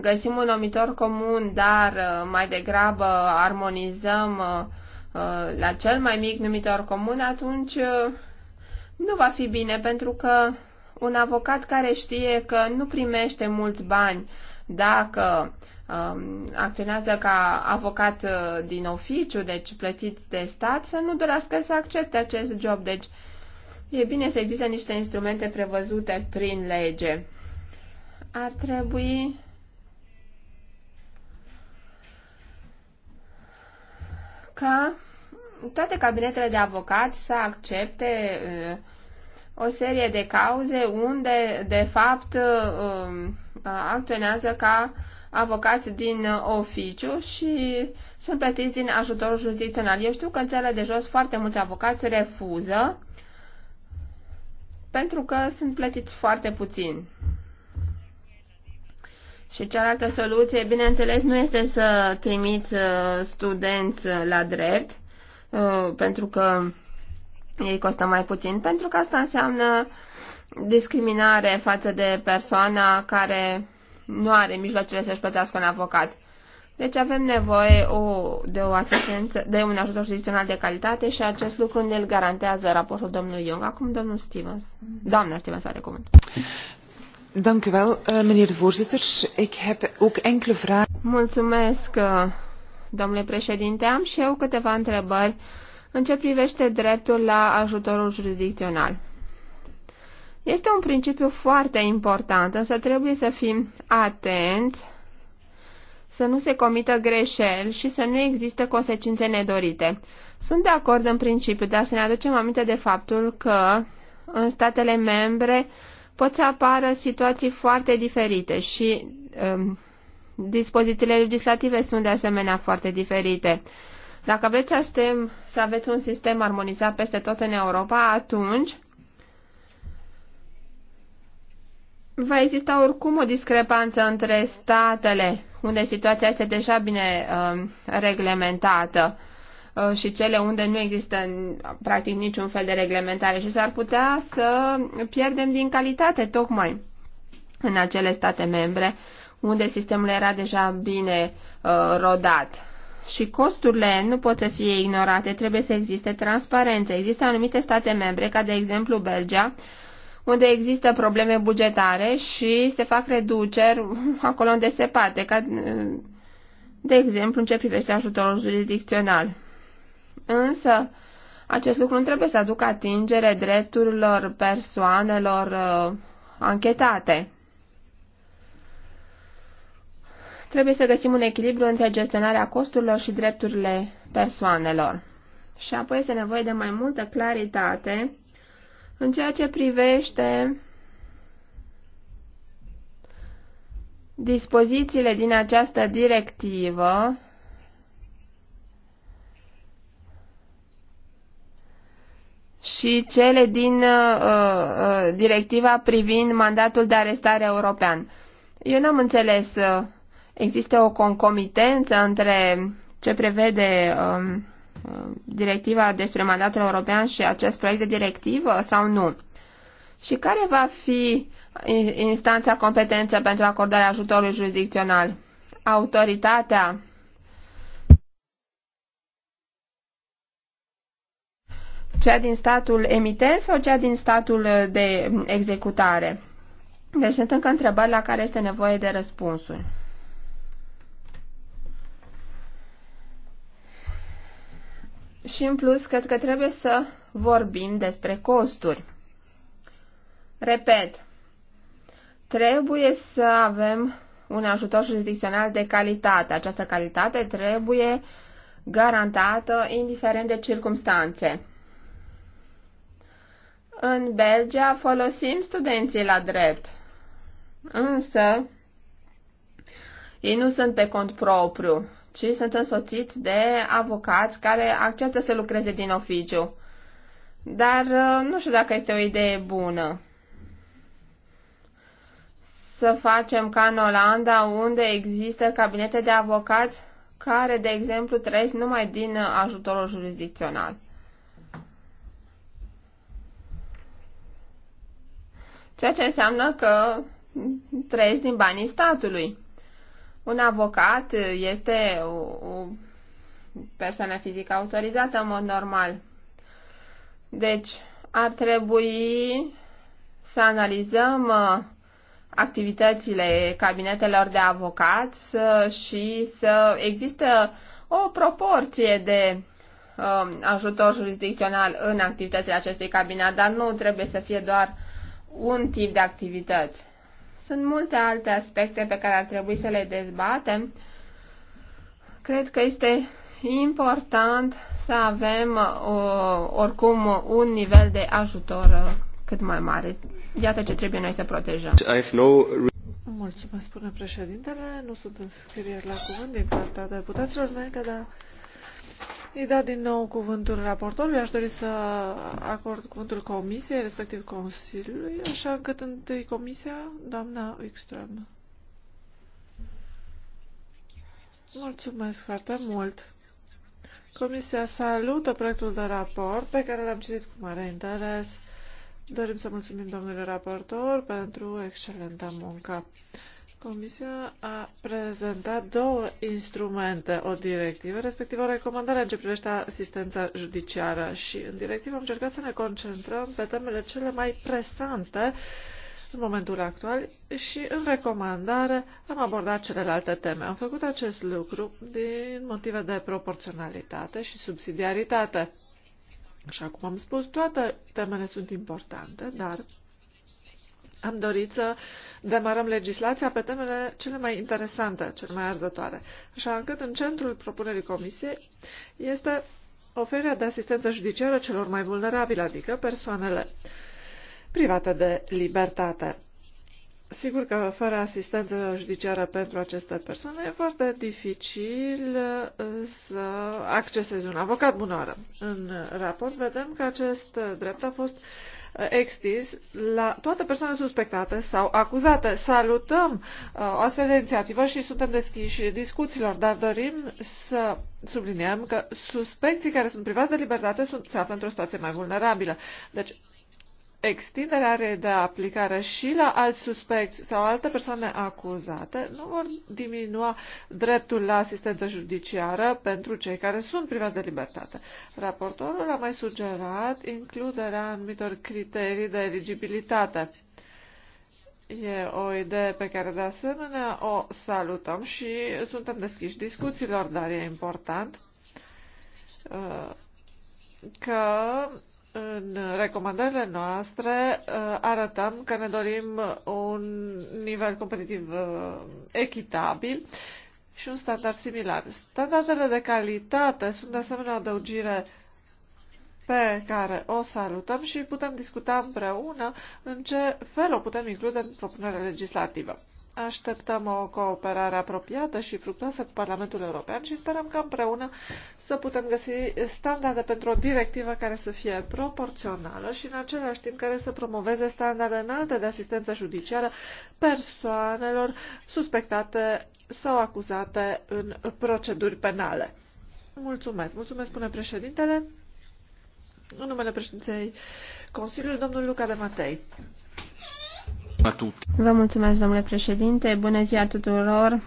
găsim un omitor comun, dar uh, mai degrabă armonizăm uh, uh, la cel mai mic numitor comun, atunci nu va fi bine, pentru că un avocat care știe că nu primește mulți bani dacă um, acționează ca avocat din oficiu, deci plătit de stat, să nu dorească să accepte acest job. Deci e bine să existe niște instrumente prevăzute prin lege. Ar trebui ca toate cabinetele de avocați să accepte uh, o serie de cauze unde, de fapt, uh, um, acționează ca avocați din oficiu și sunt plătiți din ajutorul jurisdicțional. Eu știu că în țările de jos foarte mulți avocați refuză pentru că sunt plătiți foarte puțin. Și cealaltă soluție, bineînțeles, nu este să trimiți uh, studenți uh, la drept, uh, pentru că ei costă mai puțin, pentru că asta înseamnă discriminare față de persoana care nu are mijloacele să-și plătească un avocat. Deci avem nevoie o, de o asistență, de un ajutor judițional de calitate și acest lucru ne-l garantează raportul domnului Young. Acum domnul Stevens. Doamna Stevens are cuvânt. Mulțumesc, domnule președinte. Am și eu câteva întrebări în ce privește dreptul la ajutorul jurisdicțional. Este un principiu foarte important, însă trebuie să fim atenți să nu se comită greșeli și să nu există consecințe nedorite. Sunt de acord în principiu, dar să ne aducem aminte de faptul că în statele membre pot să apară situații foarte diferite și um, dispozițiile legislative sunt de asemenea foarte diferite. Dacă vreți să, să aveți un sistem armonizat peste tot în Europa, atunci va exista oricum o discrepanță între statele unde situația este deja bine um, reglementată Uh, și cele unde nu există practic niciun fel de reglementare și s-ar putea să pierdem din calitate tocmai în acele state membre unde sistemul era deja bine uh, rodat. Și costurile nu pot să fie ignorate, trebuie să existe transparență. Există anumite state membre, ca de exemplu Belgia, unde există probleme bugetare și se fac reduceri <laughs> acolo unde se poate, ca uh, de exemplu în ce privește ajutorul jurisdicțional. Însă, acest lucru nu trebuie să aducă atingere drepturilor persoanelor uh, anchetate. Trebuie să găsim un echilibru între gestionarea costurilor și drepturile persoanelor. Și apoi este nevoie de mai multă claritate în ceea ce privește dispozițiile din această directivă și cele din uh, uh, directiva privind mandatul de arestare european. Eu n-am înțeles, uh, există o concomitență între ce prevede uh, directiva despre mandatul european și acest proiect de directivă sau nu? Și care va fi instanța competență pentru acordarea ajutorului jurisdicțional? Autoritatea Cea din statul emitent sau cea din statul uh, de executare? Deci sunt încă întrebări la care este nevoie de răspunsuri. Și în plus, cred că trebuie să vorbim despre costuri. Repet, trebuie să avem un ajutor jurisdicțional de calitate. Această calitate trebuie garantată indiferent de circumstanțe. În Belgia folosim studenții la drept, însă ei nu sunt pe cont propriu, ci sunt însoțiți de avocați care acceptă să lucreze din oficiu. Dar uh, nu știu dacă este o idee bună să facem ca în Olanda, unde există cabinete de avocați care, de exemplu, trăiesc numai din ajutorul jurisdicțional. ceea ce înseamnă că trăiesc din banii statului. Un avocat este o, o persoană fizică autorizată în mod normal. Deci, ar trebui să analizăm uh, activitățile cabinetelor de avocați uh, și să există o proporție de uh, ajutor jurisdicțional în activitățile acestui cabinet, dar nu trebuie să fie doar un tip de activități. Sunt multe alte aspecte pe care ar trebui să le dezbatem. Cred că este important să avem uh, oricum un nivel de ajutor uh, cât mai mare. Iată ce trebuie noi să protejăm. Mulțumesc, spune președintele. Nu sunt în scrieri la cuvânt din partea deputaților mei, dar îi dau din nou cuvântul raportorului. Aș dori să acord cuvântul comisiei, respectiv Consiliului, așa încât întâi comisia, doamna Wikström. Mulțumesc foarte mult. Comisia salută proiectul de raport pe care l-am citit cu mare interes. Dorim să mulțumim domnului raportor pentru excelenta muncă. Comisia a prezentat două instrumente, o directivă, respectiv o recomandare în ce privește asistența judiciară și în directivă am încercat să ne concentrăm pe temele cele mai presante în momentul actual și în recomandare am abordat celelalte teme. Am făcut acest lucru din motive de proporționalitate și subsidiaritate. Așa cum am spus, toate temele sunt importante, dar am dorit să demarăm legislația pe temele cele mai interesante, cele mai arzătoare, așa încât în centrul propunerii comisiei este oferirea de asistență judiciară celor mai vulnerabile, adică persoanele private de libertate. Sigur că fără asistență judiciară pentru aceste persoane e foarte dificil uh, să accesezi un avocat bunoară. În raport vedem că acest drept a fost uh, Eh, extins la toată persoanele suspectată sau acuzată Salutăm eh, o astfel de inițiativă și suntem deschiși discuțiilor, dar dorim să subliniem că suspecții care sunt privați de libertate sunt, se află într-o situație mai vulnerabilă. Deci extinderea are de aplicare și la alți suspecți sau alte persoane acuzate nu vor diminua dreptul la asistență judiciară pentru cei care sunt privați de libertate. Raportorul a mai sugerat includerea anumitor criterii de eligibilitate. E o idee pe care de asemenea o salutăm și suntem deschiși discuțiilor, dar e important uh, că în recomandările noastre uh, arătăm că ne dorim un nivel competitiv uh, echitabil și un standard similar. Standardele de calitate sunt de asemenea o adăugire pe care o salutăm și putem discuta împreună în ce fel o putem include în propunerea legislativă. Așteptăm o cooperare apropiată și fructoasă cu Parlamentul European și sperăm că împreună să putem găsi standarde pentru o directivă care să fie proporțională și în același timp care să promoveze standarde înalte de asistență judiciară persoanelor suspectate sau acuzate în proceduri penale. Mulțumesc. Mulțumesc, spune președintele. În numele președinței Consiliului, domnul Luca de Matei. Vă mulțumesc, domnule președinte. Bună ziua tuturor.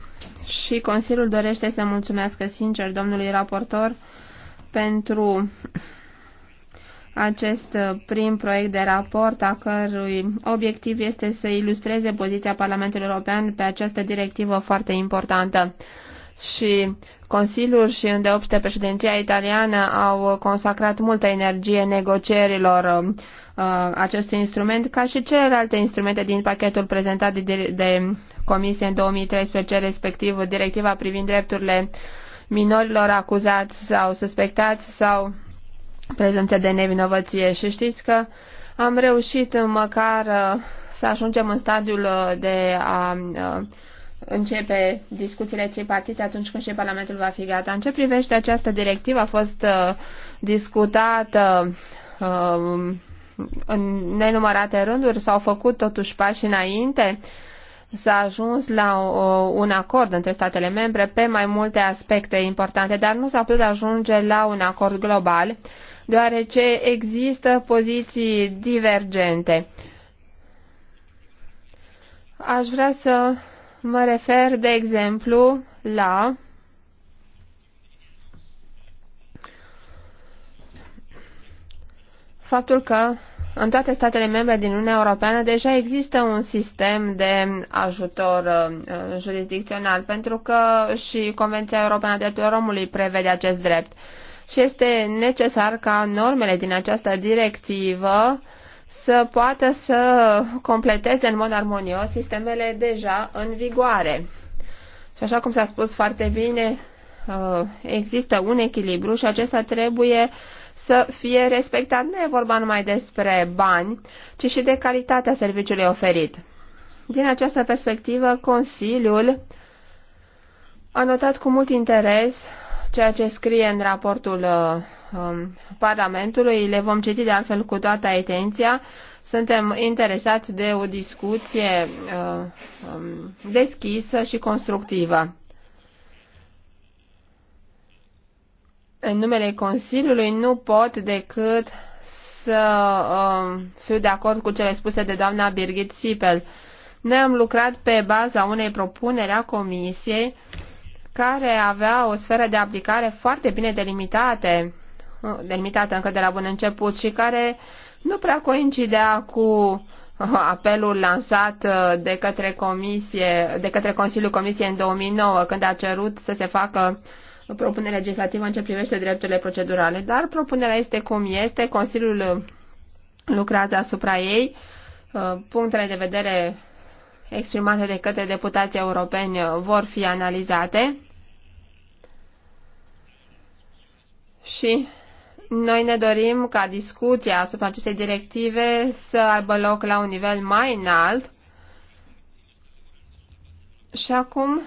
Și Consiliul dorește să mulțumească sincer domnului raportor pentru acest prim proiect de raport, a cărui obiectiv este să ilustreze poziția Parlamentului European pe această directivă foarte importantă. Și Consiliul și îndeopște președinția italiană au consacrat multă energie negocierilor uh, acestui instrument, ca și celelalte instrumente din pachetul prezentat de, de Comisie în 2013, respectiv directiva privind drepturile minorilor acuzați sau suspectați sau prezumția de nevinovăție. Și știți că am reușit măcar uh, să ajungem în stadiul uh, de a a începe discuțiile tripartite atunci când și Parlamentul va fi gata. În ce privește această directivă a fost uh, discutată uh, în nenumărate rânduri, s-au făcut totuși pași înainte, s-a ajuns la uh, un acord între statele membre pe mai multe aspecte importante, dar nu s-a putut ajunge la un acord global, deoarece există poziții divergente. Aș vrea să Mă refer, de exemplu, la faptul că în toate statele membre din Uniunea Europeană deja există un sistem de ajutor uh, jurisdicțional, pentru că și Convenția Europeană a Drepturilor Omului prevede acest drept. Și este necesar ca normele din această directivă să poată să completeze în mod armonios sistemele deja în vigoare. Și așa cum s-a spus foarte bine, uh, există un echilibru și acesta trebuie să fie respectat. Nu e vorba numai despre bani, ci și de calitatea serviciului oferit. Din această perspectivă, Consiliul a notat cu mult interes ceea ce scrie în raportul uh, um, Parlamentului, le vom citi de altfel cu toată atenția. Suntem interesați de o discuție uh, um, deschisă și constructivă. În numele Consiliului nu pot decât să um, fiu de acord cu cele spuse de doamna Birgit Sipel. Noi am lucrat pe baza unei propuneri a Comisiei care avea o sferă de aplicare foarte bine delimitate delimitată încă de la bun început și care nu prea coincidea cu uh, apelul lansat uh, de către, comisie, de către Consiliul Comisiei în 2009, când a cerut să se facă propunere legislativă în ce privește drepturile procedurale. Dar propunerea este cum este, Consiliul lucrează asupra ei, uh, punctele de vedere exprimate de către deputații europeni vor fi analizate și noi ne dorim ca discuția asupra acestei directive să aibă loc la un nivel mai înalt. Și acum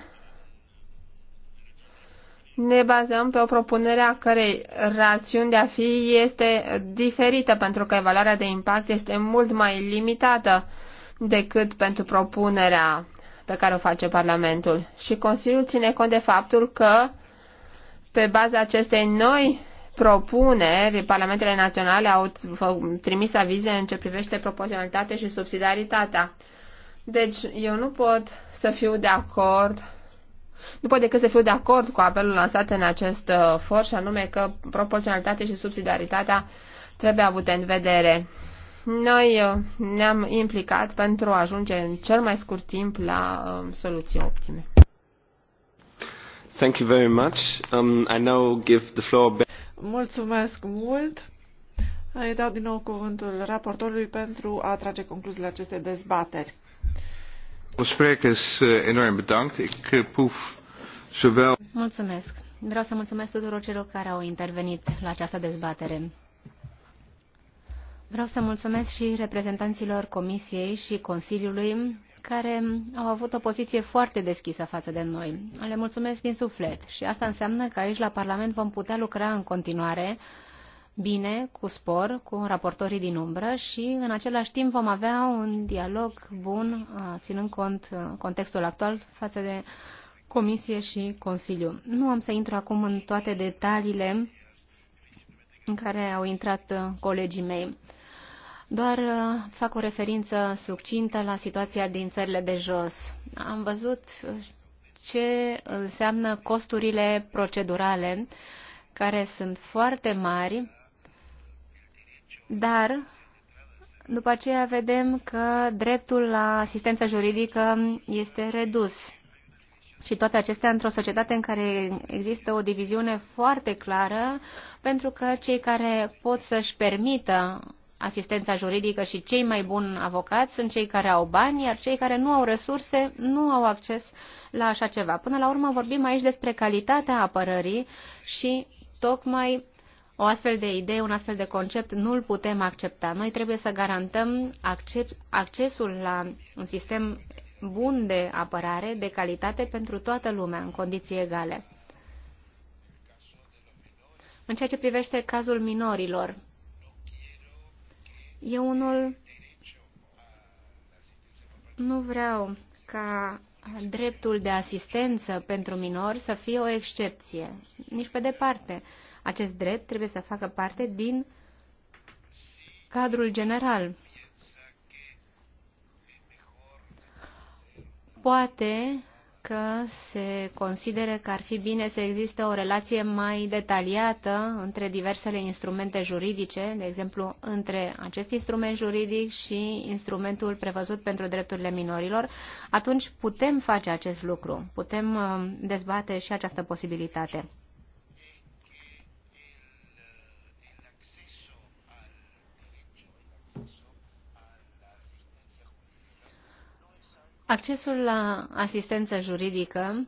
ne bazăm pe o propunere a cărei rațiuni de a fi este diferită, pentru că evaluarea de impact este mult mai limitată decât pentru propunerea pe care o face Parlamentul. Și Consiliul ține cont de faptul că, pe baza acestei noi propuneri, parlamentele naționale au trimis avize în ce privește proporționalitatea și subsidiaritatea. Deci eu nu pot să fiu de acord, nu pot decât să fiu de acord cu apelul lansat în acest uh, for și anume că proporționalitatea și subsidiaritatea trebuie avute în vedere. Noi uh, ne-am implicat pentru a ajunge în cel mai scurt timp la uh, soluții optime. Thank you very much. Um, I now give the floor back. Mulțumesc mult! Îi dau din nou cuvântul raportorului pentru a trage concluziile acestei dezbateri. Eh, eh, mulțumesc. Vreau să mulțumesc tuturor celor care au intervenit la această dezbatere. Vreau să mulțumesc și reprezentanților Comisiei și Consiliului care au avut o poziție foarte deschisă față de noi. Le mulțumesc din suflet și asta înseamnă că aici la Parlament vom putea lucra în continuare bine, cu spor, cu raportorii din umbră și în același timp vom avea un dialog bun, ținând cont contextul actual față de Comisie și Consiliu. Nu am să intru acum în toate detaliile în care au intrat colegii mei. Doar uh, fac o referință succintă la situația din țările de jos. Am văzut uh, ce înseamnă costurile procedurale, care sunt foarte mari, dar după aceea vedem că dreptul la asistență juridică este redus. Și toate acestea într-o societate în care există o diviziune foarte clară, pentru că cei care pot să-și permită asistența juridică și cei mai buni avocați sunt cei care au bani, iar cei care nu au resurse nu au acces la așa ceva. Până la urmă vorbim aici despre calitatea apărării și tocmai o astfel de idee, un astfel de concept nu îl putem accepta. Noi trebuie să garantăm accesul la un sistem bun de apărare, de calitate pentru toată lumea, în condiții egale. În ceea ce privește cazul minorilor, eu unul nu vreau ca dreptul de asistență pentru minori să fie o excepție. Nici pe departe. Acest drept trebuie să facă parte din cadrul general. Poate că se consideră că ar fi bine să existe o relație mai detaliată între diversele instrumente juridice, de exemplu, între acest instrument juridic și instrumentul prevăzut pentru drepturile minorilor, atunci putem face acest lucru, putem uh, dezbate și această posibilitate. Accesul la asistență juridică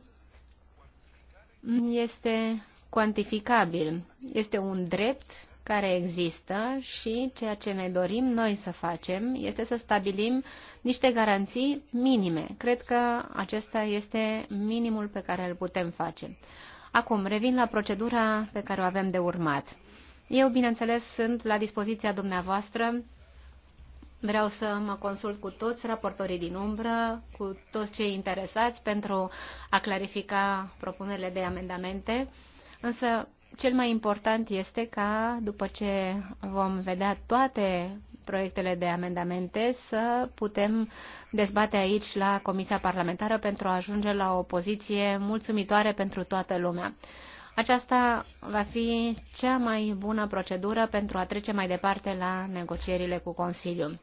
este cuantificabil. Este un drept care există și ceea ce ne dorim noi să facem este să stabilim niște garanții minime. Cred că acesta este minimul pe care îl putem face. Acum, revin la procedura pe care o avem de urmat. Eu, bineînțeles, sunt la dispoziția dumneavoastră Vreau să mă consult cu toți raportorii din umbră, cu toți cei interesați pentru a clarifica propunerile de amendamente, însă cel mai important este ca, după ce vom vedea toate proiectele de amendamente, să putem dezbate aici la Comisia Parlamentară pentru a ajunge la o poziție mulțumitoare pentru toată lumea. Aceasta va fi cea mai bună procedură pentru a trece mai departe la negocierile cu Consiliul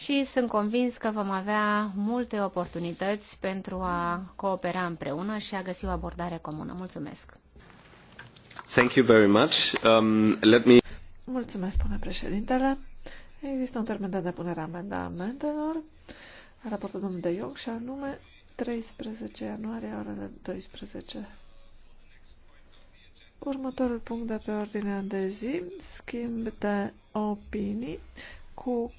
și sunt convins că vom avea multe oportunități pentru a coopera împreună și a găsi o abordare comună. Mulțumesc! Thank you very much. Um, let me... Mulțumesc, până președintele. Există un termen de depunere a amendelor a raportul domnului de Ioc și anume 13 ianuarie, orele 12. Următorul punct de pe ordinea de zi, schimb de opinii cu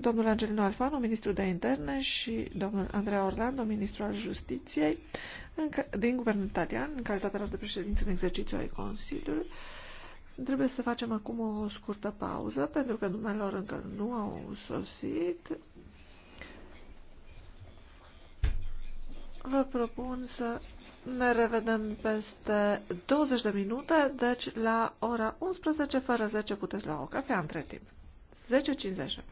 domnul Angelino Alfano, ministru de interne, și domnul Andrea Orlando, ministru al justiției, din guvernul italian, în calitatea lor de președință în exercițiu ai Consiliului. Trebuie să facem acum o scurtă pauză, pentru că dumnealor încă nu au sosit. Vă propun să ne revedem peste 20 de minute, deci la ora 11 fără 10 puteți lua o cafea între timp. 10.50.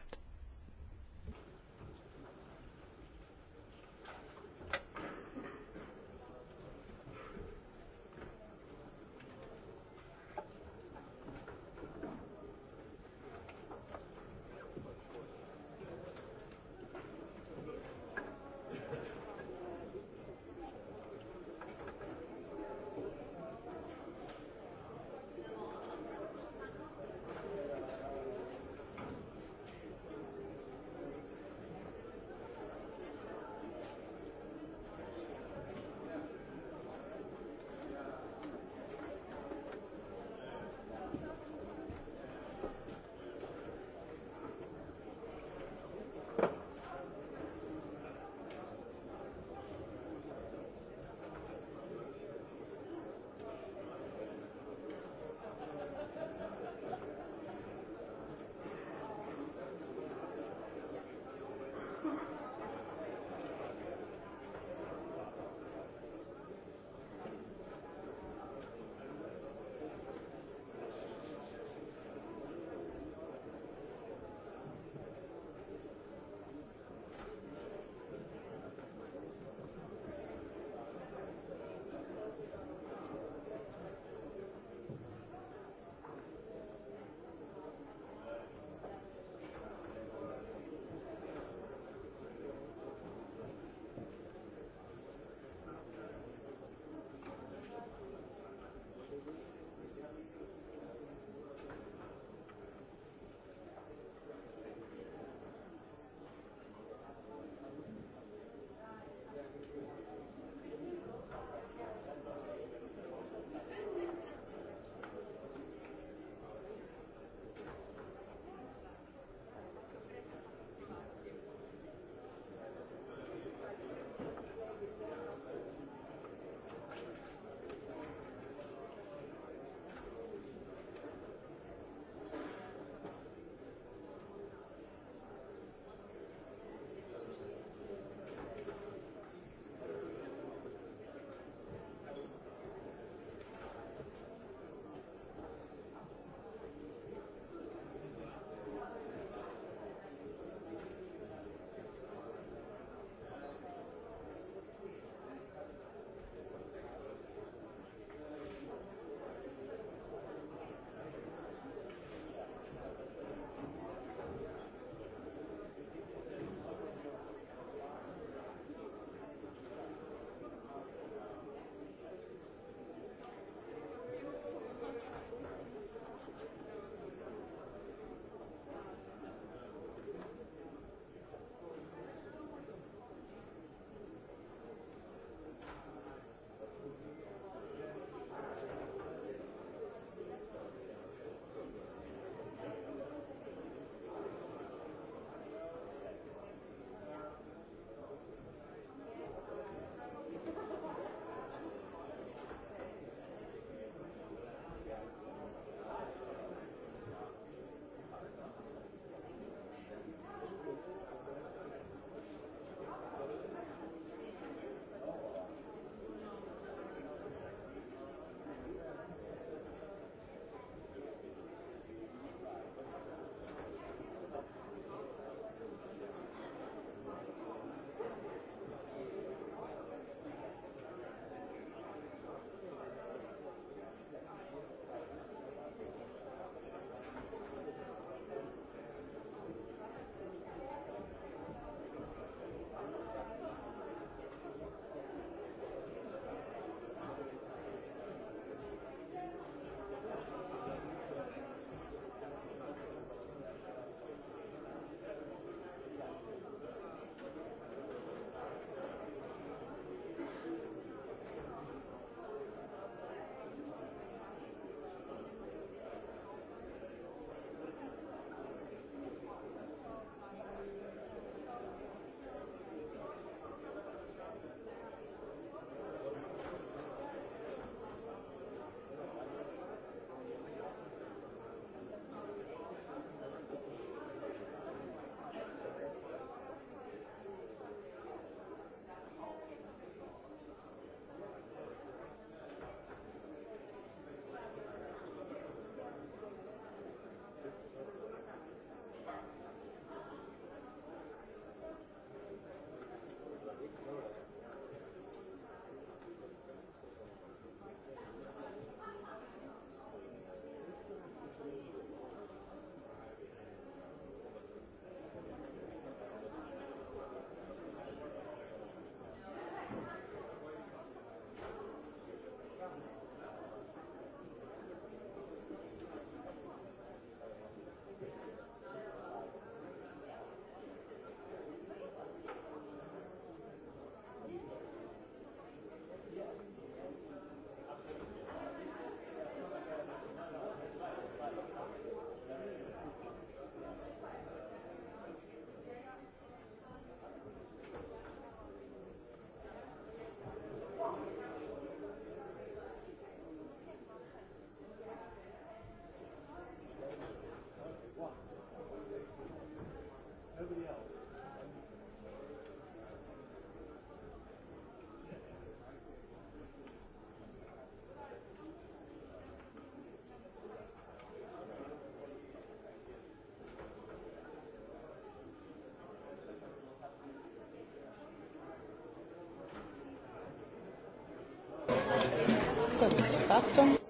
votato.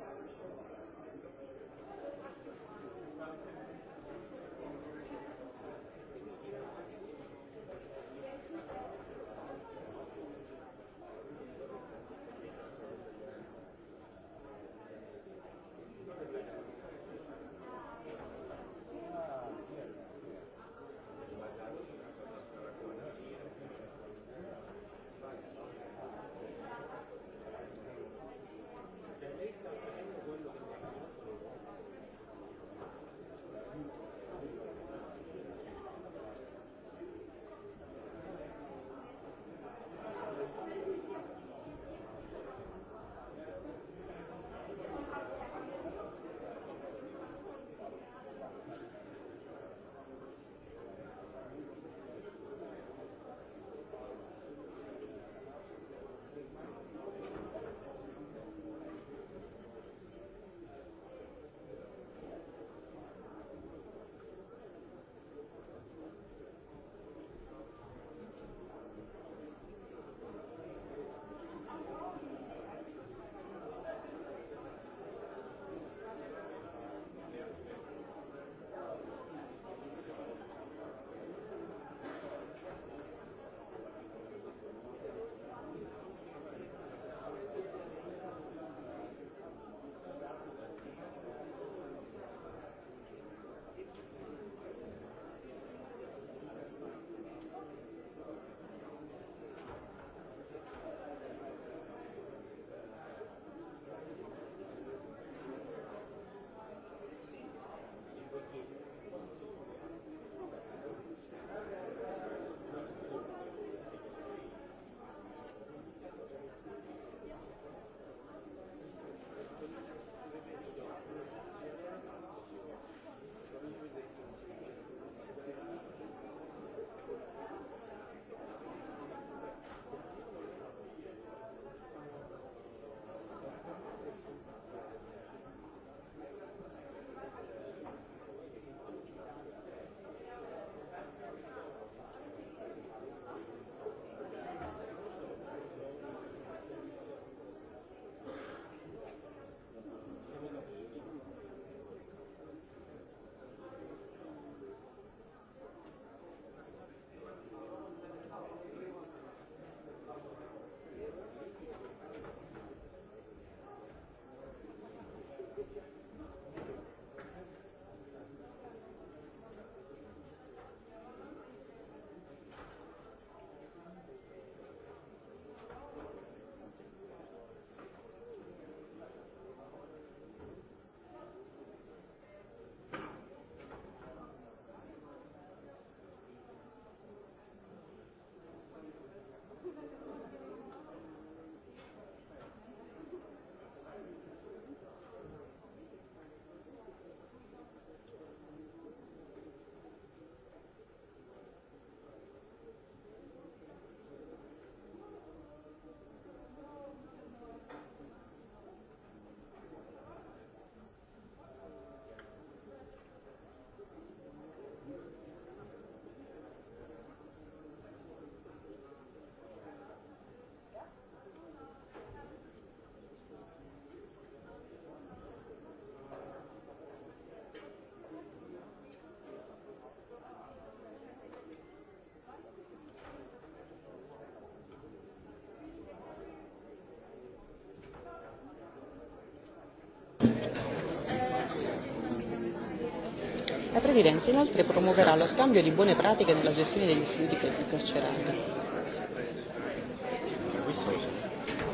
presidenza inoltre promuoverà lo scambio di buone pratiche nella gestione degli istituti carcerati.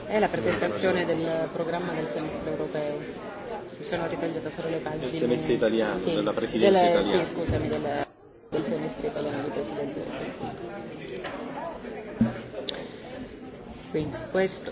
È la presentazione del programma del semestre europeo. Mi sono ritagliata solo le pagine. Del semestre italiano, sì, della presidenza delle, italiana. Sì, scusami, delle, del semestre italiano di presidenza del Quindi questo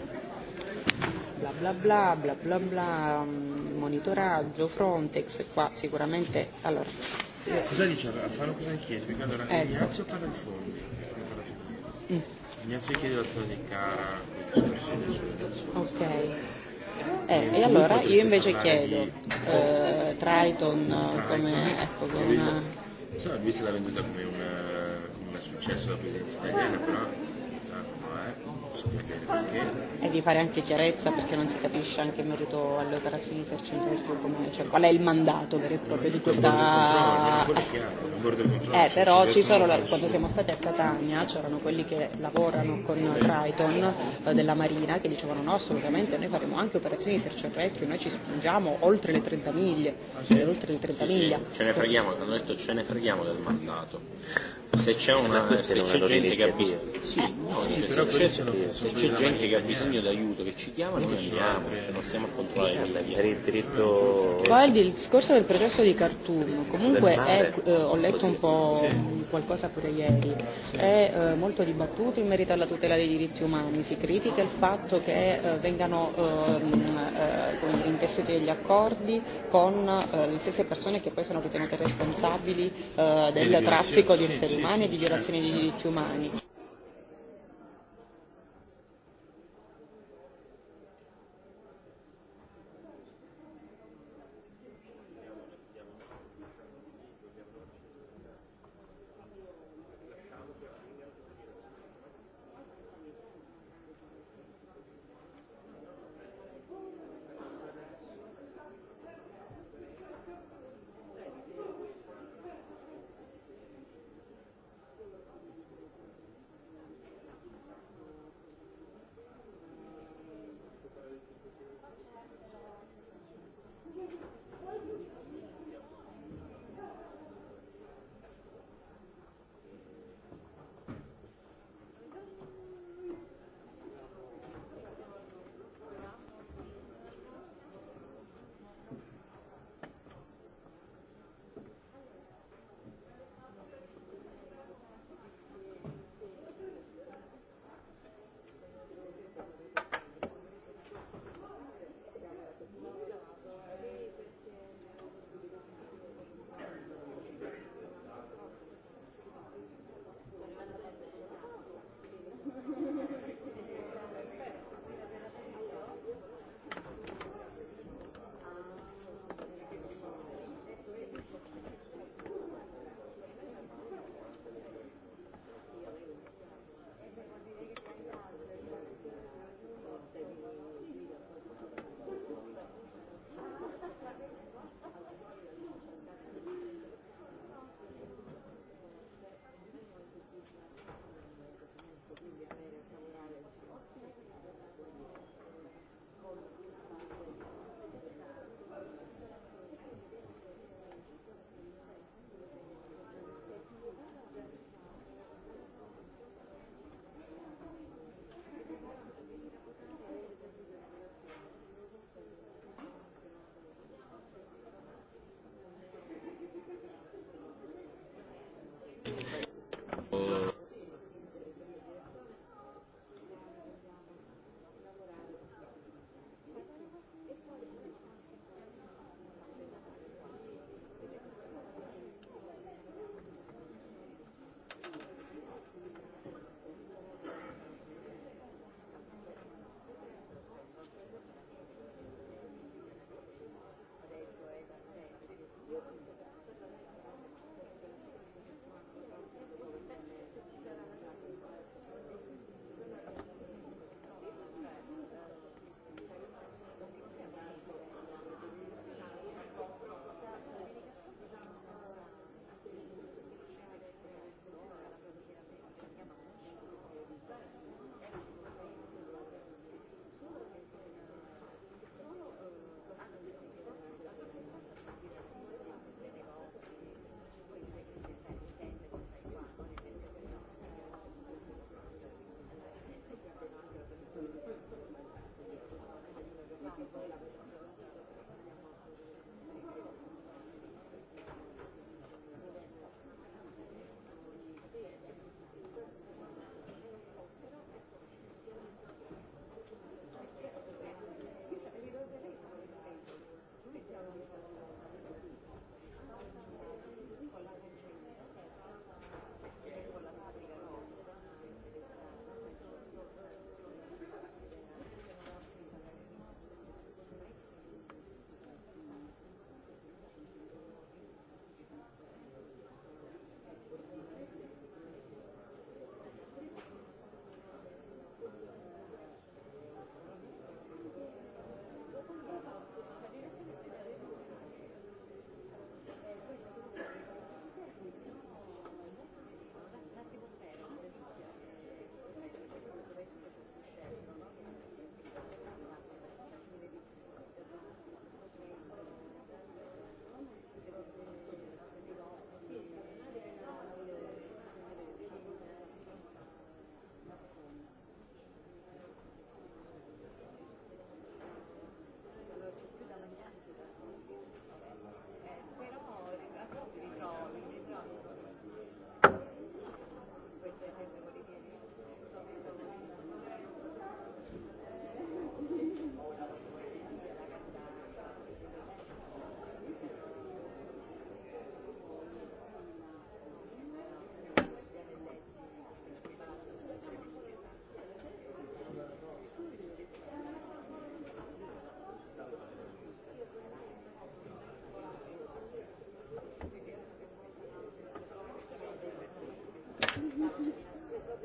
bla bla bla bla bla monitoraggio Frontex qua sicuramente allora io... cosa dice Alfano cosa chiede perché allora ecco. Eh. Ignazio parla di fondi mm. Ignazio chiede la zona di Cara ok eh, e e allora io invece chiedo di... eh, Triton, Triton come ecco come una so, lui se l'ha venduta eh, come, un successo la presenza italiana però e di fare anche chiarezza perché non si capisce anche in merito alle operazioni di esercizio come, cioè, qual è il mandato vero e proprio di questa eh, però ci sono quando siamo stati a Catania c'erano quelli che lavorano con Triton eh, della Marina che dicevano no assolutamente noi faremo anche operazioni di search and rescue noi ci spingiamo oltre le 30 miglia ah, sì. oltre le 30 sì, miglia sì. ce ne freghiamo hanno detto ce ne freghiamo del mandato se c'è, una, se c'è gente che ha bisogno sì, no, se, c'è, gente che ha bisogno d'aiuto che ci chiama noi andiamo cioè non siamo a controllare il diritto poi il discorso del processo di Khartoum comunque è, eh, ho letto un po' qualcosa pure ieri, è eh, molto dibattuto in merito alla tutela dei diritti umani. Si critica il fatto che eh, vengano ehm, eh, intessuti degli accordi con eh, le stesse persone che poi sono ritenute responsabili eh, del traffico di esseri umani e di violazioni dei diritti umani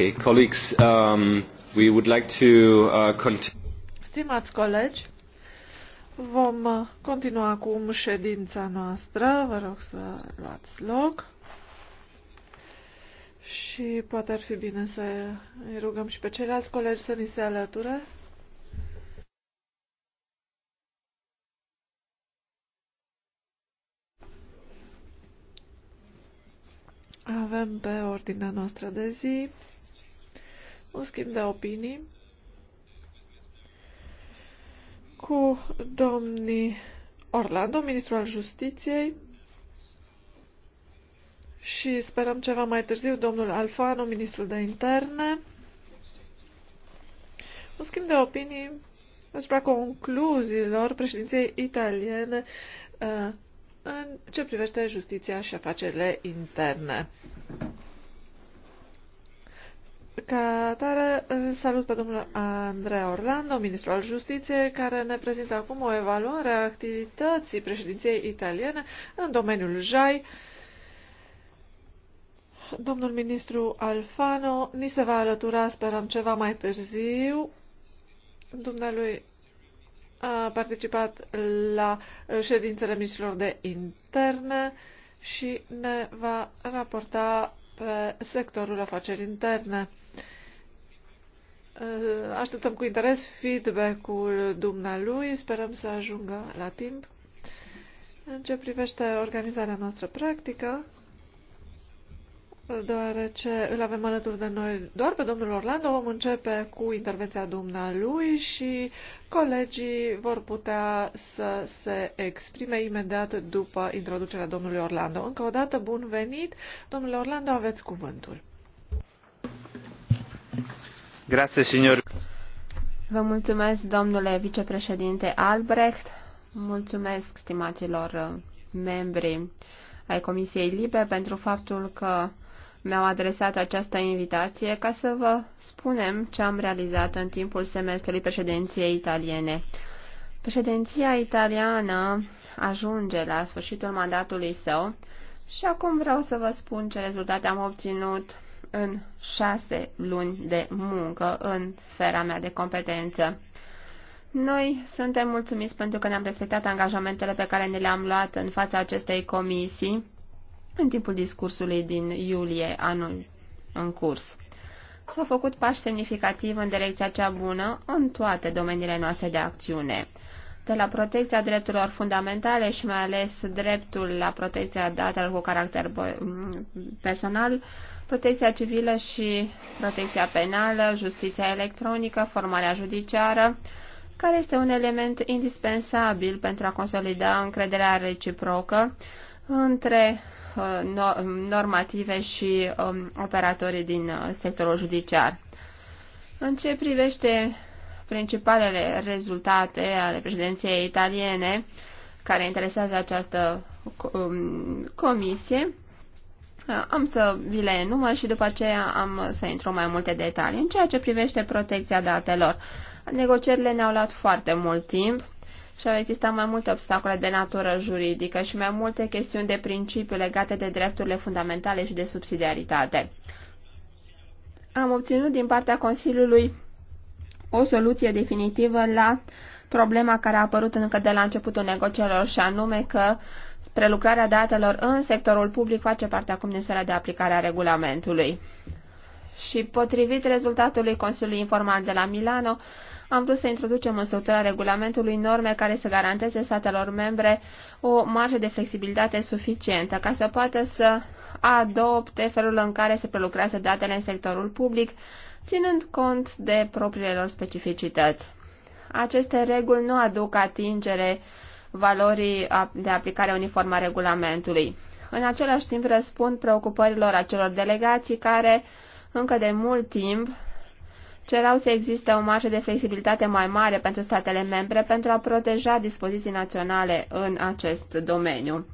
Okay, colleagues, um, we would like to uh, continue. Stimați colegi, vom uh, continua acum ședința noastră. Vă rog să luați loc. Și poate ar fi bine să îi rugăm și pe ceilalți colegi să ni se alăture. Avem pe ordinea noastră de zi un schimb de opinii cu domnii Orlando, ministrul al justiției, și sperăm ceva mai târziu domnul Alfano, ministrul de interne. Un schimb de opinii asupra concluziilor președinției italiene uh, în ce privește justiția și afacerile interne. Ca atare, salut pe domnul Andrea Orlando, ministrul al Justiției, care ne prezintă acum o evaluare a activității președinției italiene în domeniul JAI. Domnul ministru Alfano ni se va alătura, sperăm, ceva mai târziu. Dumnealui a participat la ședințele misiilor de interne și ne va raporta pe sectorul afaceri interne. Eh, așteptăm cu interes feedback-ul dumnealui, sperăm să ajungă la timp. În ce privește organizarea noastră practică, deoarece îl avem alături de noi doar pe domnul Orlando. Vom începe cu intervenția dumnealui și colegii vor putea să se exprime imediat după introducerea domnului Orlando. Încă o dată, bun venit! Domnule Orlando, aveți cuvântul. Grazie, signor. Vă mulțumesc, domnule vicepreședinte Albrecht. Mulțumesc, stimaților membri ai Comisiei Libe, pentru faptul că mi-au adresat această invitație ca să vă spunem ce am realizat în timpul semestrului președinției italiene. Președinția italiană ajunge la sfârșitul mandatului său și acum vreau să vă spun ce rezultate am obținut în șase luni de muncă în sfera mea de competență. Noi suntem mulțumiți pentru că ne-am respectat angajamentele pe care ne le-am luat în fața acestei comisii în timpul discursului din iulie anul în curs. S-au făcut pași semnificativi în direcția cea bună în toate domeniile noastre de acțiune. De la protecția drepturilor fundamentale și mai ales dreptul la protecția datelor cu caracter personal, protecția civilă și protecția penală, justiția electronică, formarea judiciară, care este un element indispensabil pentru a consolida încrederea reciprocă între Uh, um, normative și um, operatorii din uh, sectorul judiciar. În ce privește principalele rezultate ale președinției italiene care interesează această um, comisie, uh, am să vi le enumăr și după aceea am să intru mai multe detalii. În ceea ce privește protecția datelor, negocierile ne-au luat foarte mult timp și au existat mai multe obstacole de natură juridică și mai multe chestiuni de principiu legate de drepturile fundamentale și de subsidiaritate. Am obținut din partea Consiliului o soluție definitivă la problema care a apărut încă de la începutul negocierilor și anume că prelucrarea datelor în sectorul public face parte acum din sfera de aplicare a regulamentului. Și potrivit rezultatului Consiliului Informal de la Milano, am vrut să introducem în structura regulamentului norme care să garanteze statelor membre o marjă de flexibilitate suficientă ca să poată să adopte felul în care se prelucrează datele în sectorul public, ținând cont de propriile lor specificități. Aceste reguli nu aduc atingere valorii de aplicare uniformă a regulamentului. În același timp răspund preocupărilor acelor delegații care, încă de mult timp, cerau să existe o marjă de flexibilitate mai mare pentru statele membre pentru a proteja dispoziții naționale în acest domeniu.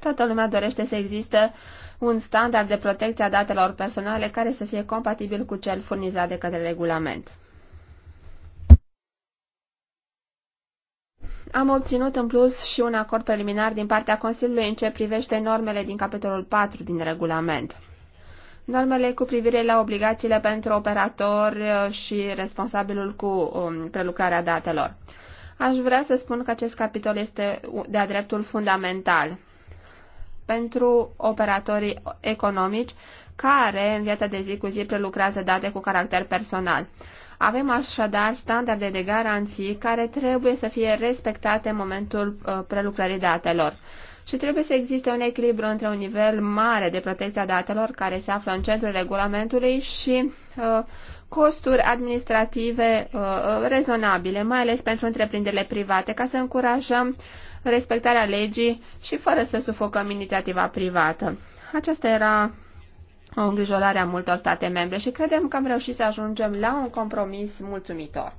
Toată lumea dorește să existe un standard de protecție a datelor personale care să fie compatibil cu cel furnizat de către regulament. Am obținut în plus și un acord preliminar din partea Consiliului în ce privește normele din capitolul 4 din regulament normele cu privire la obligațiile pentru operator uh, și responsabilul cu um, prelucrarea datelor. Aș vrea să spun că acest capitol este de-a dreptul fundamental pentru operatorii economici care în viața de zi cu zi prelucrează date cu caracter personal. Avem așadar standarde de garanții care trebuie să fie respectate în momentul uh, prelucrării datelor și trebuie să existe un echilibru între un nivel mare de protecția datelor care se află în centrul regulamentului și uh, costuri administrative uh, rezonabile, mai ales pentru întreprinderile private, ca să încurajăm respectarea legii și fără să sufocăm inițiativa privată. Aceasta era o îngrijorare a multor state membre și credem că am reușit să ajungem la un compromis mulțumitor.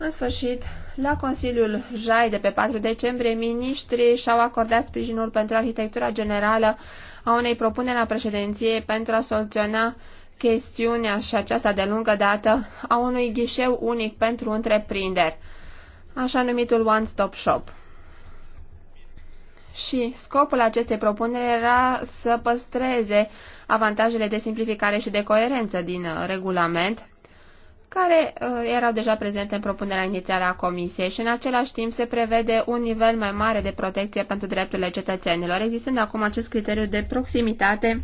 În sfârșit, la Consiliul JAI de pe 4 decembrie, miniștrii și-au acordat sprijinul pentru arhitectura generală a unei propuneri la președinție pentru a soluționa chestiunea și aceasta de lungă dată a unui ghișeu unic pentru întreprinderi, așa numitul One Stop Shop. Și scopul acestei propuneri era să păstreze avantajele de simplificare și de coerență din regulament, care uh, erau deja prezente în propunerea inițială a Comisiei și în același timp se prevede un nivel mai mare de protecție pentru drepturile cetățenilor, existând acum acest criteriu de proximitate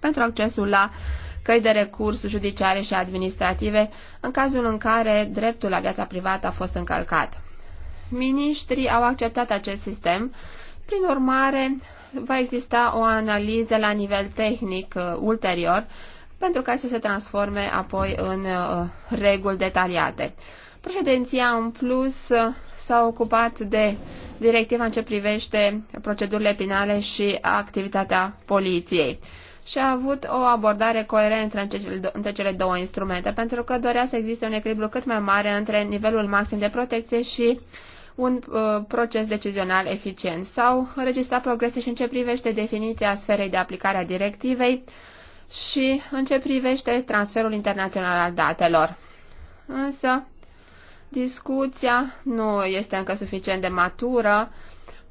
pentru accesul la căi de recurs judiciare și administrative în cazul în care dreptul la viața privată a fost încălcat. Ministrii au acceptat acest sistem, prin urmare va exista o analiză la nivel tehnic uh, ulterior, uh, pentru ca să se transforme apoi în uh, reguli detaliate. Președinția, în plus, uh, s-a ocupat de directiva în ce privește procedurile penale și activitatea poliției și a avut o abordare coerentă între cele două instrumente, pentru că dorea să existe un echilibru cât mai mare între nivelul maxim de protecție și un uh, proces decizional eficient. S-au înregistrat progrese și în ce privește definiția sferei de aplicare a directivei, și în ce privește transferul internațional al datelor. Însă, discuția nu este încă suficient de matură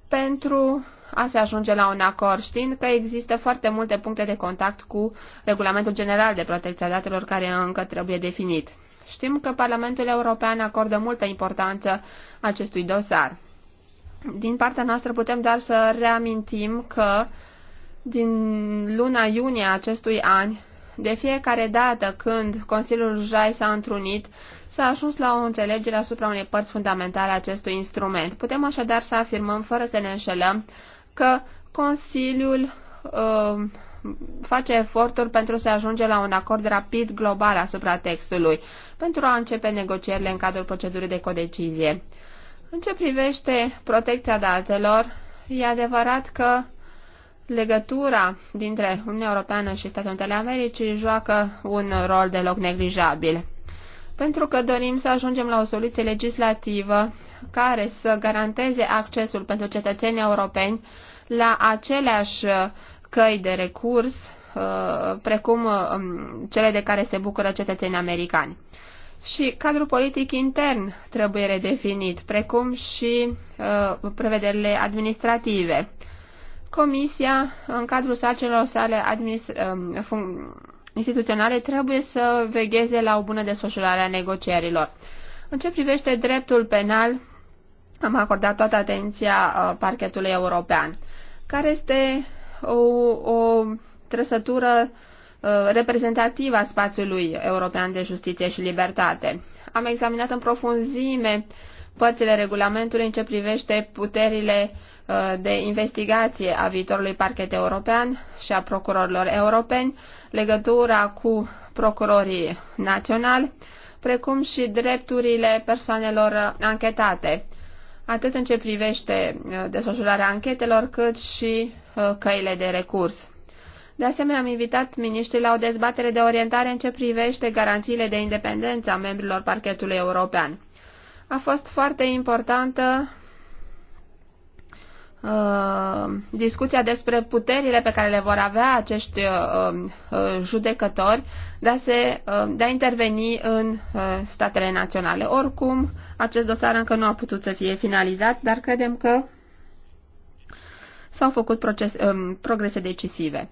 pentru a se ajunge la un acord, știind că există foarte multe puncte de contact cu Regulamentul General de Protecție a Datelor care încă trebuie definit. Știm că Parlamentul European acordă multă importanță acestui dosar. Din partea noastră putem doar să reamintim că uh, din luna iunie acestui an, de fiecare dată când Consiliul Jai s-a întrunit, s-a ajuns la o înțelegere asupra unei părți fundamentale a acestui instrument. Putem așadar să afirmăm, fără să ne înșelăm, că Consiliul uh, face eforturi pentru să ajunge la un acord rapid global asupra textului, pentru a începe negocierile în cadrul procedurii de codecizie. În ce privește protecția datelor, e adevărat că legătura dintre Uniunea Europeană și Statele Unite ale Americii joacă un rol deloc neglijabil. Pentru că dorim să ajungem la o soluție legislativă care să garanteze accesul pentru cetățenii europeni la aceleași căi de recurs uh, precum um, cele de care se bucură cetățenii americani. Și cadrul politic intern trebuie redefinit, precum și uh, prevederile administrative Comisia, în cadrul sarcinilor sale um, instituționale, trebuie să vegheze la o bună desfășurare a negocierilor. În ce privește dreptul penal, am acordat toată atenția uh, parchetului european, care este o, o trăsătură uh, reprezentativă a spațiului european de justiție și libertate. Am examinat în profunzime uh, părțile regulamentului în ce privește puterile uh, de investigație a viitorului parchet european și a procurorilor europeni, legătura cu procurorii naționali, precum și drepturile persoanelor anchetate, atât în ce privește uh, desfășurarea anchetelor, cât și uh, căile de recurs. De asemenea, am invitat miniștrii la o dezbatere de orientare în ce privește garanțiile de independență a membrilor parchetului european a fost foarte importantă uh, discuția despre puterile pe care le vor avea acești uh, uh, judecători de a, se, uh, de a interveni în uh, statele naționale. Oricum, acest dosar încă nu a putut să fie finalizat, dar credem că s-au făcut proces, um, progrese decisive.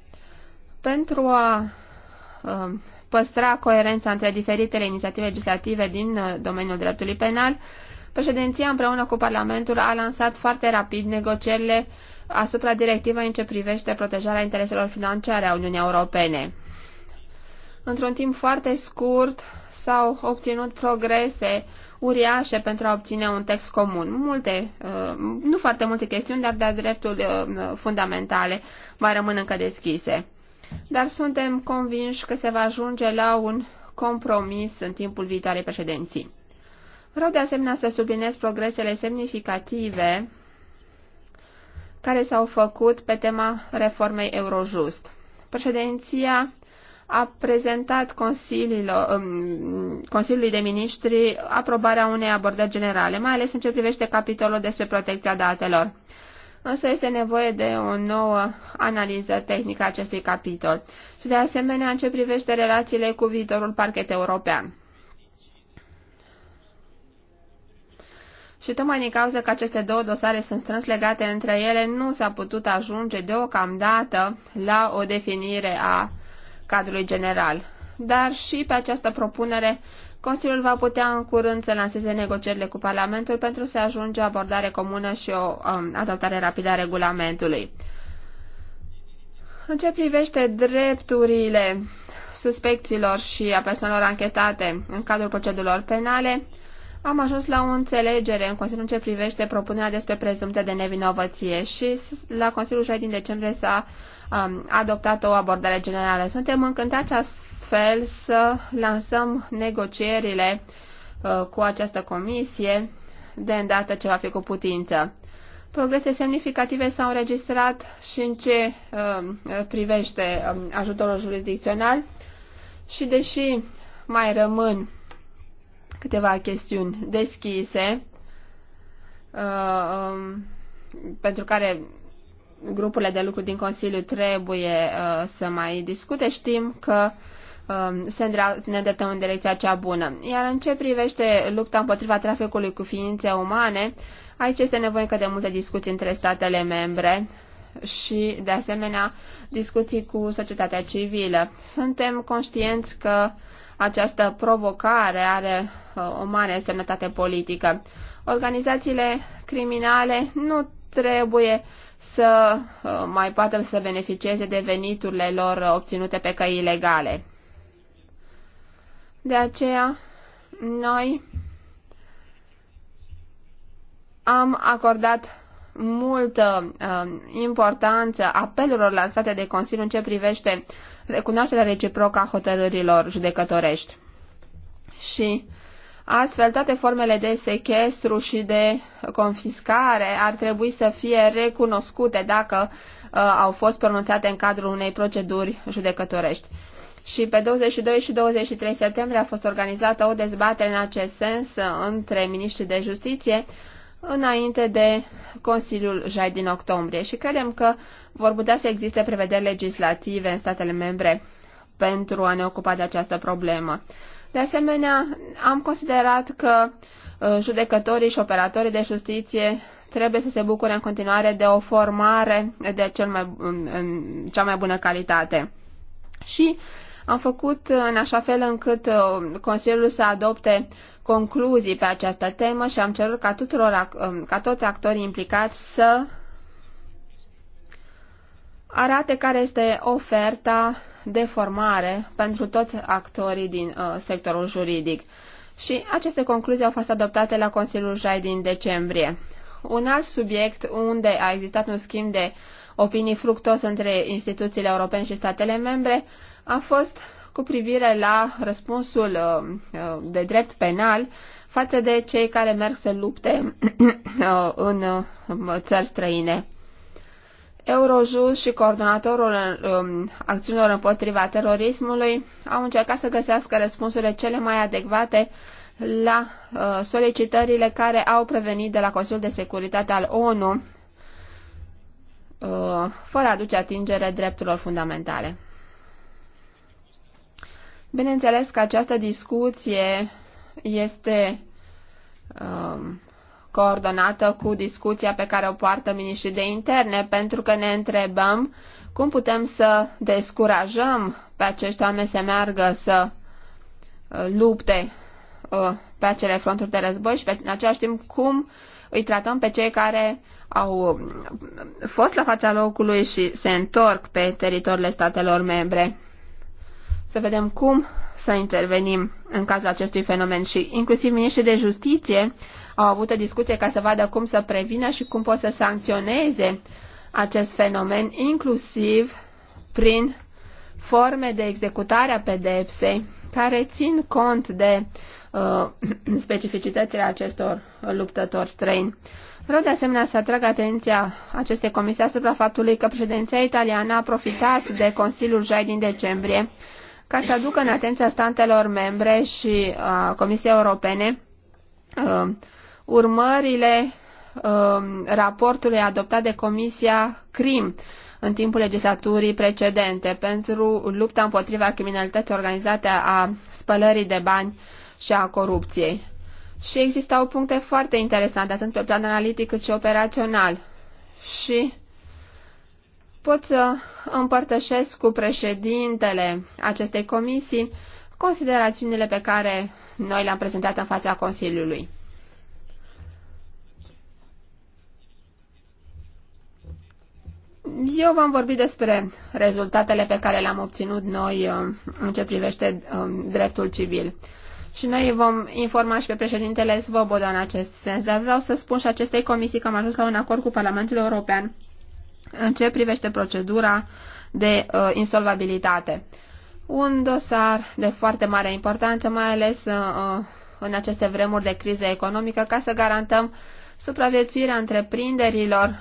Pentru a um, păstra coerența între diferitele inițiative legislative din uh, domeniul dreptului penal, președinția împreună cu Parlamentul a lansat foarte rapid negocierile asupra directivei în ce privește protejarea intereselor financiare a Uniunii Europene. Într-un timp foarte scurt s-au obținut progrese uriașe pentru a obține un text comun. Multe, uh, nu foarte multe chestiuni, dar de-a dreptul uh, fundamentale mai rămân încă deschise dar suntem convinși că se va ajunge la un compromis în timpul viitoarei președinții. Vreau de asemenea să subliniez progresele semnificative care s-au făcut pe tema reformei Eurojust. Președinția a prezentat um, Consiliului de Ministri aprobarea unei abordări generale, mai ales în ce privește capitolul despre protecția datelor însă este nevoie de o nouă analiză tehnică a acestui capitol și de asemenea în ce privește relațiile cu viitorul parchet european. Și tocmai din cauza că aceste două dosare sunt strâns legate între ele, nu s-a putut ajunge deocamdată la o definire a cadrului general. Dar și pe această propunere Consiliul va putea în curând să lanseze negocierile cu Parlamentul pentru să ajunge o abordare comună și o um, adoptare rapidă a regulamentului. În ce privește drepturile suspecților și a persoanelor anchetate în cadrul procedurilor penale, am ajuns la o înțelegere în Consiliul ce privește propunerea despre prezumte de nevinovăție și la Consiliul 6 din decembrie s-a um, adoptat o abordare generală. Suntem încântați fel să lansăm negocierile uh, cu această comisie de îndată ce va fi cu putință. Progrese semnificative s-au înregistrat și în ce uh, privește um, ajutorul jurisdicțional și deși mai rămân câteva chestiuni deschise uh, um, pentru care grupurile de lucru din Consiliu trebuie să mai discute, știm că Um, se ne îndreptăm în direcția cea bună. Iar în ce privește lupta împotriva traficului cu ființe umane, aici este nevoie încă de multe discuții între statele membre și, de asemenea, discuții cu societatea civilă. Suntem conștienți că această provocare are uh, o mare semnătate politică. Organizațiile criminale nu trebuie să uh, mai poată să beneficieze de veniturile lor obținute pe căi ilegale. De aceea, noi am acordat multă uh, importanță apelurilor lansate de Consiliu în ce privește recunoașterea reciprocă a hotărârilor judecătorești. Și astfel toate formele de sechestru și de confiscare ar trebui să fie recunoscute dacă uh, au fost pronunțate în cadrul unei proceduri judecătorești și pe 22 și 23 septembrie a fost organizată o dezbatere în acest sens între miniștrii de justiție înainte de Consiliul Jai din octombrie și credem că vor putea să existe prevederi legislative în statele membre pentru a ne ocupa de această problemă. De asemenea, am considerat că uh, judecătorii și operatorii de justiție trebuie să se bucure în continuare de o formare de cel mai, în, în cea mai bună calitate. Și am făcut în așa fel încât uh, Consiliul să adopte concluzii pe această temă și am cerut ca, tuturor, um, ca toți actorii implicați să arate care este oferta de formare pentru toți actorii din uh, sectorul juridic. Și aceste concluzii au fost adoptate la Consiliul Jai din decembrie. Un alt subiect unde a existat un schimb de opinii fructos între instituțiile europene și statele membre a fost cu privire la răspunsul uh, uh, de drept penal față de cei care merg să lupte <clears throat> uh, în um, țări străine. Eurojust și coordonatorul um, acțiunilor împotriva terorismului au încercat să găsească răspunsurile cele mai adecvate la solicitările care au prevenit de la Consiliul de Securitate al ONU fără a duce atingere drepturilor fundamentale. Bineînțeles că această discuție este um, coordonată cu discuția pe care o poartă miniștrii de interne, pentru că ne întrebăm cum putem să descurajăm pe acești oameni să meargă să uh, lupte uh, pe acele fronturi de război și pe, în același timp cum îi tratăm pe cei care au um, fost la fața locului și se întorc pe teritoriile statelor membre să vedem cum să intervenim în cazul acestui fenomen și inclusiv miniștrii de justiție au avut o discuție ca să vadă cum să prevină și cum pot să sancționeze acest fenomen, inclusiv prin forme de executare a pedepsei care țin cont de uh, <clears throat> specificitățile acestor luptători străini. Vreau de asemenea să atrag atenția acestei comisii asupra faptului că președinția italiană a profitat de Consiliul Jai din decembrie ca să aducă în atenția statelor membre și a uh, Comisiei Europene uh, urmările uh, raportului adoptat de Comisia CRIM în timpul legislaturii precedente pentru lupta împotriva criminalității organizate a spălării de bani și a corupției. Și existau puncte foarte interesante, atât pe plan analitic cât și operațional. Și pot să împărtășesc cu președintele acestei comisii considerațiunile pe care noi le-am prezentat în fața Consiliului. Eu v-am vorbit despre rezultatele pe care le-am obținut noi uh, în ce privește um, dreptul civil. Și noi vom informa și pe președintele Svoboda în acest sens, dar vreau să spun și acestei comisii că am ajuns la un acord cu Parlamentul European în ce privește procedura de uh, insolvabilitate. Un dosar de foarte mare importanță, mai ales uh, uh, în aceste vremuri de criză economică, ca să garantăm supraviețuirea întreprinderilor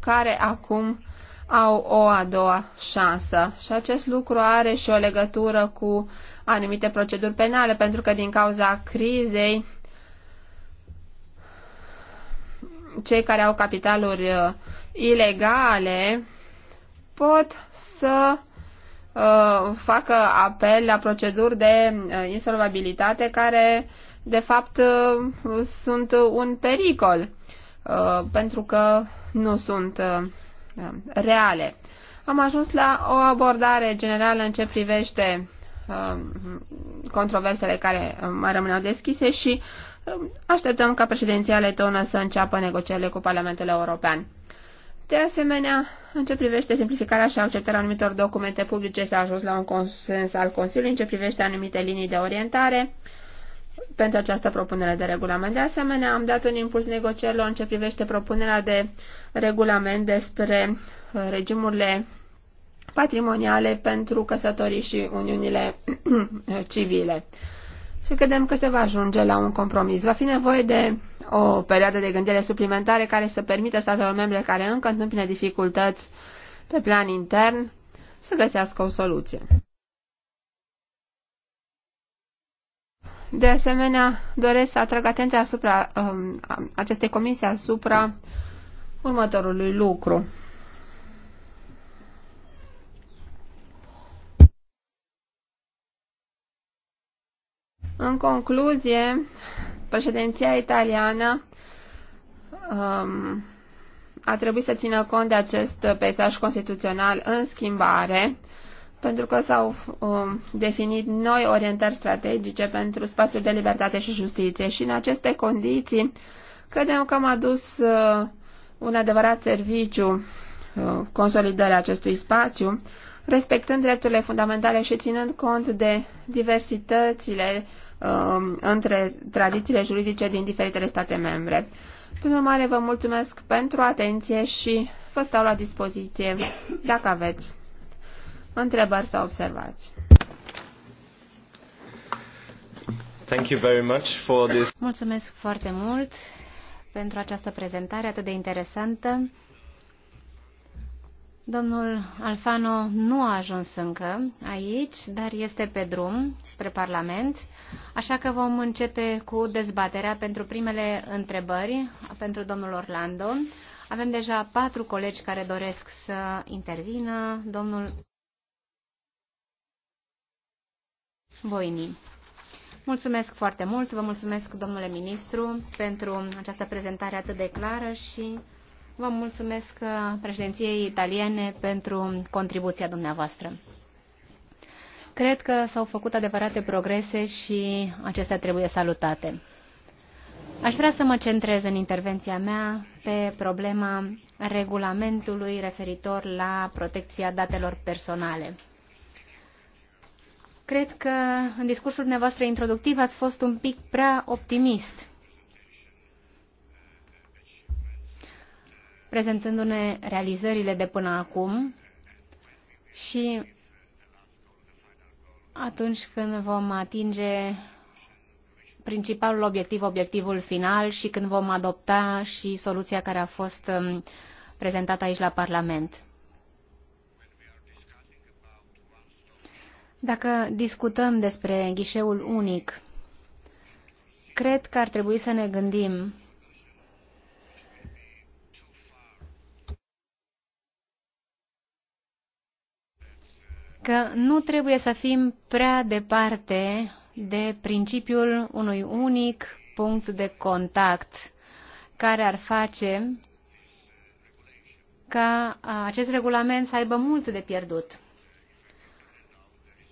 care acum au o a doua șansă. Și acest lucru are și o legătură cu anumite proceduri penale, pentru că din cauza crizei, cei care au capitaluri uh, ilegale pot să uh, facă apel la proceduri de uh, insolvabilitate care, de fapt, uh, sunt un pericol uh, pentru că nu sunt uh, reale. Am ajuns la o abordare generală în ce privește uh, controversele care uh, mai rămâneau deschise și uh, așteptăm ca președinția letonă să înceapă negocierile cu Parlamentul European. De asemenea, în ce privește simplificarea și acceptarea anumitor documente publice, s-a ajuns la un consens al Consiliului în ce privește anumite linii de orientare. Pentru această propunere de regulament, de asemenea, am dat un impuls negocierilor în ce privește propunerea de regulament despre uh, regimurile patrimoniale pentru căsătorii și uniunile <clears throat> civile și credem că se va ajunge la un compromis. Va fi nevoie de o perioadă de gândire suplimentare care să permită statelor membre care încă întâmpină dificultăți pe plan intern să găsească o soluție. De asemenea, doresc să atrag atenția asupra um, acestei comisii asupra următorului lucru. În concluzie, președinția italiană um, a trebuit să țină cont de acest peisaj constituțional în schimbare, pentru că s-au um, definit noi orientări strategice pentru spațiul de libertate și justiție și în aceste condiții credem că am adus uh, un adevărat serviciu uh, consolidării acestui spațiu, respectând drepturile fundamentale și ținând cont de diversitățile Um, între tradițiile juridice din diferitele state membre. Până urmare, vă mulțumesc pentru atenție și vă stau la dispoziție dacă aveți întrebări sau observați. Thank you very much for this. Mulțumesc foarte mult pentru această prezentare atât de interesantă. Domnul Alfano nu a ajuns încă aici, dar este pe drum spre Parlament, așa că vom începe cu dezbaterea pentru primele întrebări pentru domnul Orlando. Avem deja patru colegi care doresc să intervină. Domnul Voini. Mulțumesc foarte mult, vă mulțumesc, domnule ministru, pentru această prezentare atât de clară și Vă mulțumesc uh, președinției italiene pentru contribuția dumneavoastră. Cred că s-au făcut adevărate progrese și acestea trebuie salutate. Aș vrea să mă centrez în intervenția mea pe problema regulamentului referitor la protecția datelor personale. Cred că în discursul dumneavoastră introductiv ați fost un pic prea optimist prezentându-ne realizările de până acum și atunci când vom atinge principalul obiectiv, obiectivul final și când vom adopta și soluția care a fost um, prezentată aici la Parlament. Dacă discutăm despre ghișeul unic, cred că ar trebui să ne gândim că nu trebuie să fim prea departe de principiul unui unic punct de contact care ar face ca acest regulament să aibă mult de pierdut.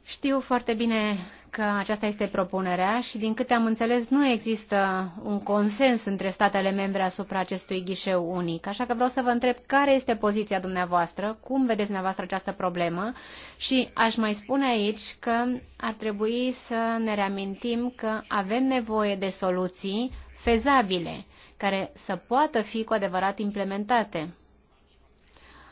Știu foarte bine că aceasta este propunerea și, din câte am înțeles, nu există un consens între statele membre asupra acestui ghișeu unic. Așa că vreau să vă întreb care este poziția dumneavoastră, cum vedeți dumneavoastră această problemă și aș mai spune aici că ar trebui să ne reamintim că avem nevoie de soluții fezabile, care să poată fi cu adevărat implementate.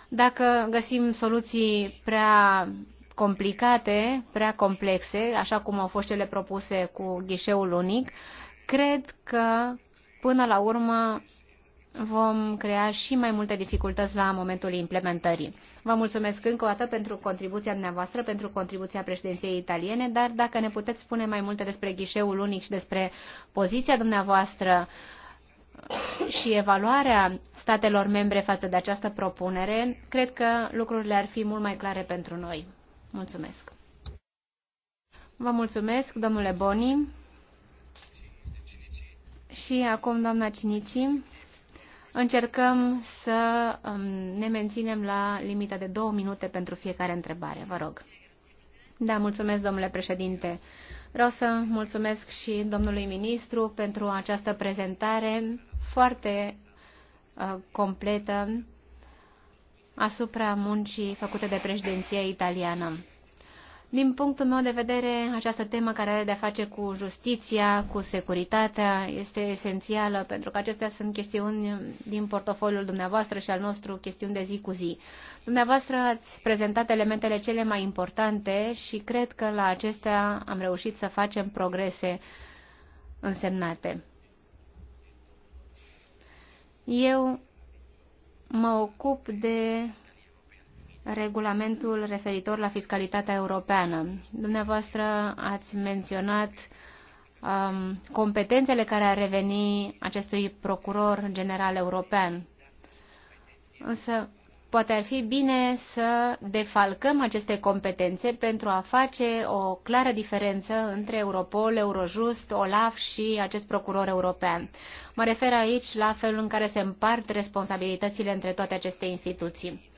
Dacă găsim soluții prea complicate, prea complexe, așa cum au fost cele propuse cu ghișeul unic, cred că până la urmă vom crea și mai multe dificultăți la momentul implementării. Vă mulțumesc încă o dată pentru contribuția dumneavoastră, pentru contribuția președinției italiene, dar dacă ne puteți spune mai multe despre ghișeul unic și despre poziția dumneavoastră și evaluarea statelor membre față de această propunere, cred că lucrurile ar fi mult mai clare pentru noi. Mulțumesc. Vă mulțumesc, domnule Boni. Și acum, doamna Cinici, încercăm să um, ne menținem la limita de două minute pentru fiecare întrebare. Vă rog. Da, mulțumesc, domnule președinte. Vreau să mulțumesc și domnului ministru pentru această prezentare foarte uh, completă asupra muncii făcute de președinția italiană. Din punctul meu de vedere, această temă care are de-a face cu justiția, cu securitatea, este esențială, pentru că acestea sunt chestiuni din portofoliul dumneavoastră și al nostru, chestiuni de zi cu zi. Dumneavoastră ați prezentat elementele cele mai importante și cred că la acestea am reușit să facem progrese însemnate. Eu mă ocup de regulamentul referitor la fiscalitatea europeană. Dumneavoastră ați menționat um, competențele care ar reveni acestui procuror general european. Însă Poate ar fi bine să defalcăm aceste competențe pentru a face o clară diferență între Europol, Eurojust, OLAF și acest procuror european. Mă refer aici la felul în care se împart responsabilitățile între toate aceste instituții.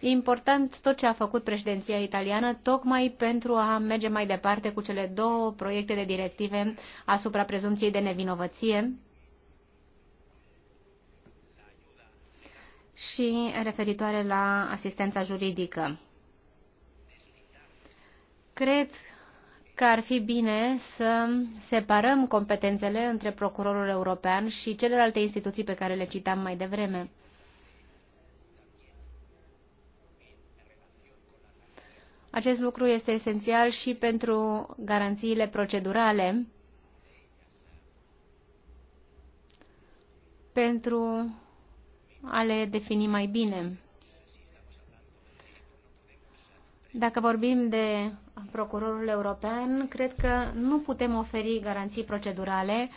E important tot ce a făcut președinția italiană, tocmai pentru a merge mai departe cu cele două proiecte de directive asupra prezumției de nevinovăție și referitoare la asistența juridică. Cred că ar fi bine să separăm competențele între procurorul european și celelalte instituții pe care le citam mai devreme. Acest lucru este esențial și pentru garanțiile procedurale, pentru a le defini mai bine. Dacă vorbim de procurorul european, cred că nu putem oferi garanții procedurale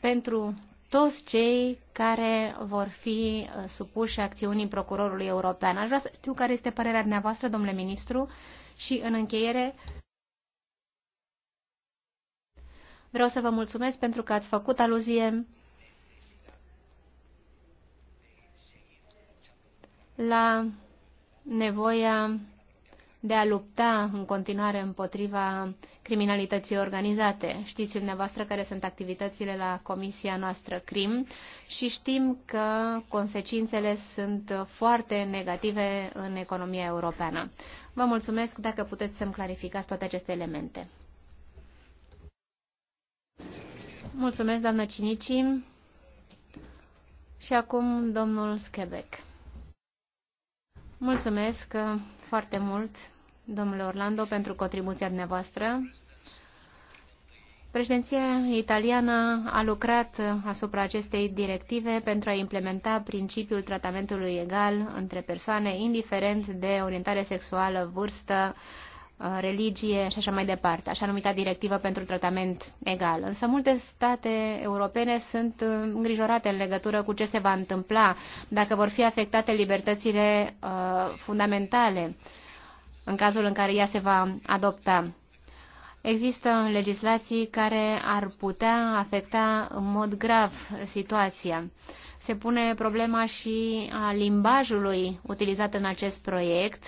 pentru toți cei care vor fi uh, supuși acțiunii procurorului european. Aș vrea să știu care este părerea dumneavoastră, domnule ministru, și în încheiere vreau să vă mulțumesc pentru că ați făcut aluzie la nevoia de a lupta în continuare împotriva criminalității organizate. Știți dumneavoastră care sunt activitățile la comisia noastră CRIM și știm că consecințele sunt foarte negative în economia europeană. Vă mulțumesc dacă puteți să-mi clarificați toate aceste elemente. Mulțumesc, doamnă Cinici. Și acum domnul Schebec. Mulțumesc uh, foarte mult, domnule Orlando, pentru contribuția dumneavoastră. Președinția italiană a lucrat uh, asupra acestei directive pentru a implementa principiul tratamentului egal între persoane, indiferent de orientare sexuală, vârstă, uh, Uh, religie și așa mai departe, așa numita directivă pentru tratament egal. Însă multe state europene sunt uh, îngrijorate în legătură cu ce se va întâmpla, dacă vor fi afectate libertățile uh, fundamentale în cazul în care ea se va adopta. Există legislații care ar putea afecta în mod grav situația. Se pune problema și a limbajului utilizat în acest proiect,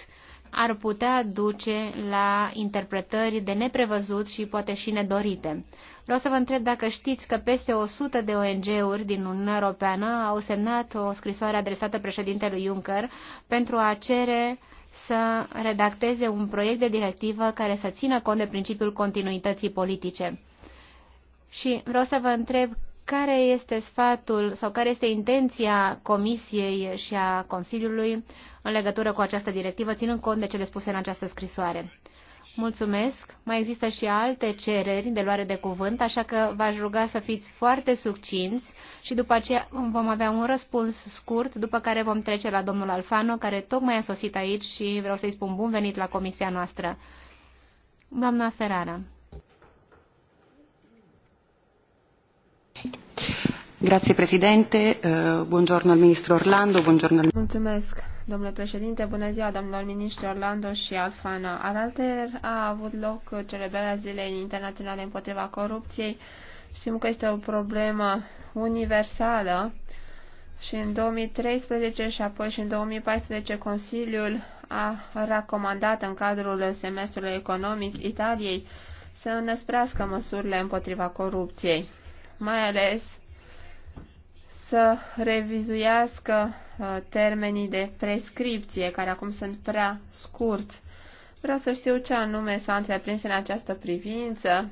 ar putea duce la interpretări de neprevăzut și poate și nedorite. Vreau să vă întreb dacă știți că peste 100 de ONG-uri din Uniunea Europeană au semnat o scrisoare adresată președintelui Juncker pentru a cere să redacteze un proiect de directivă care să țină cont de principiul continuității politice. Și vreau să vă întreb care este sfatul sau care este intenția Comisiei și a Consiliului în legătură cu această directivă, ținând cont de cele spuse în această scrisoare. Mulțumesc. Mai există și alte cereri de luare de cuvânt, așa că v-aș ruga să fiți foarte succinți și după aceea vom avea un răspuns scurt, după care vom trece la domnul Alfano, care tocmai a sosit aici și vreau să-i spun bun venit la comisia noastră. Doamna Ferrara. Grazie Presidente, eh, buongiorno al Ministro Orlando, buongiorno al... Mulțumesc, domnule președinte, bună ziua, domnilor ministri Orlando și Alfano. Alalter a avut loc celebrarea Zilei Internaționale împotriva corupției. Știm că este o problemă universală și în 2013 și apoi și în 2014 Consiliul a recomandat în cadrul semestrului economic Italiei să înăsprească măsurile împotriva corupției, mai ales să revizuiască uh, termenii de prescripție, care acum sunt prea scurți. Vreau să știu ce anume s-a întreprins în această privință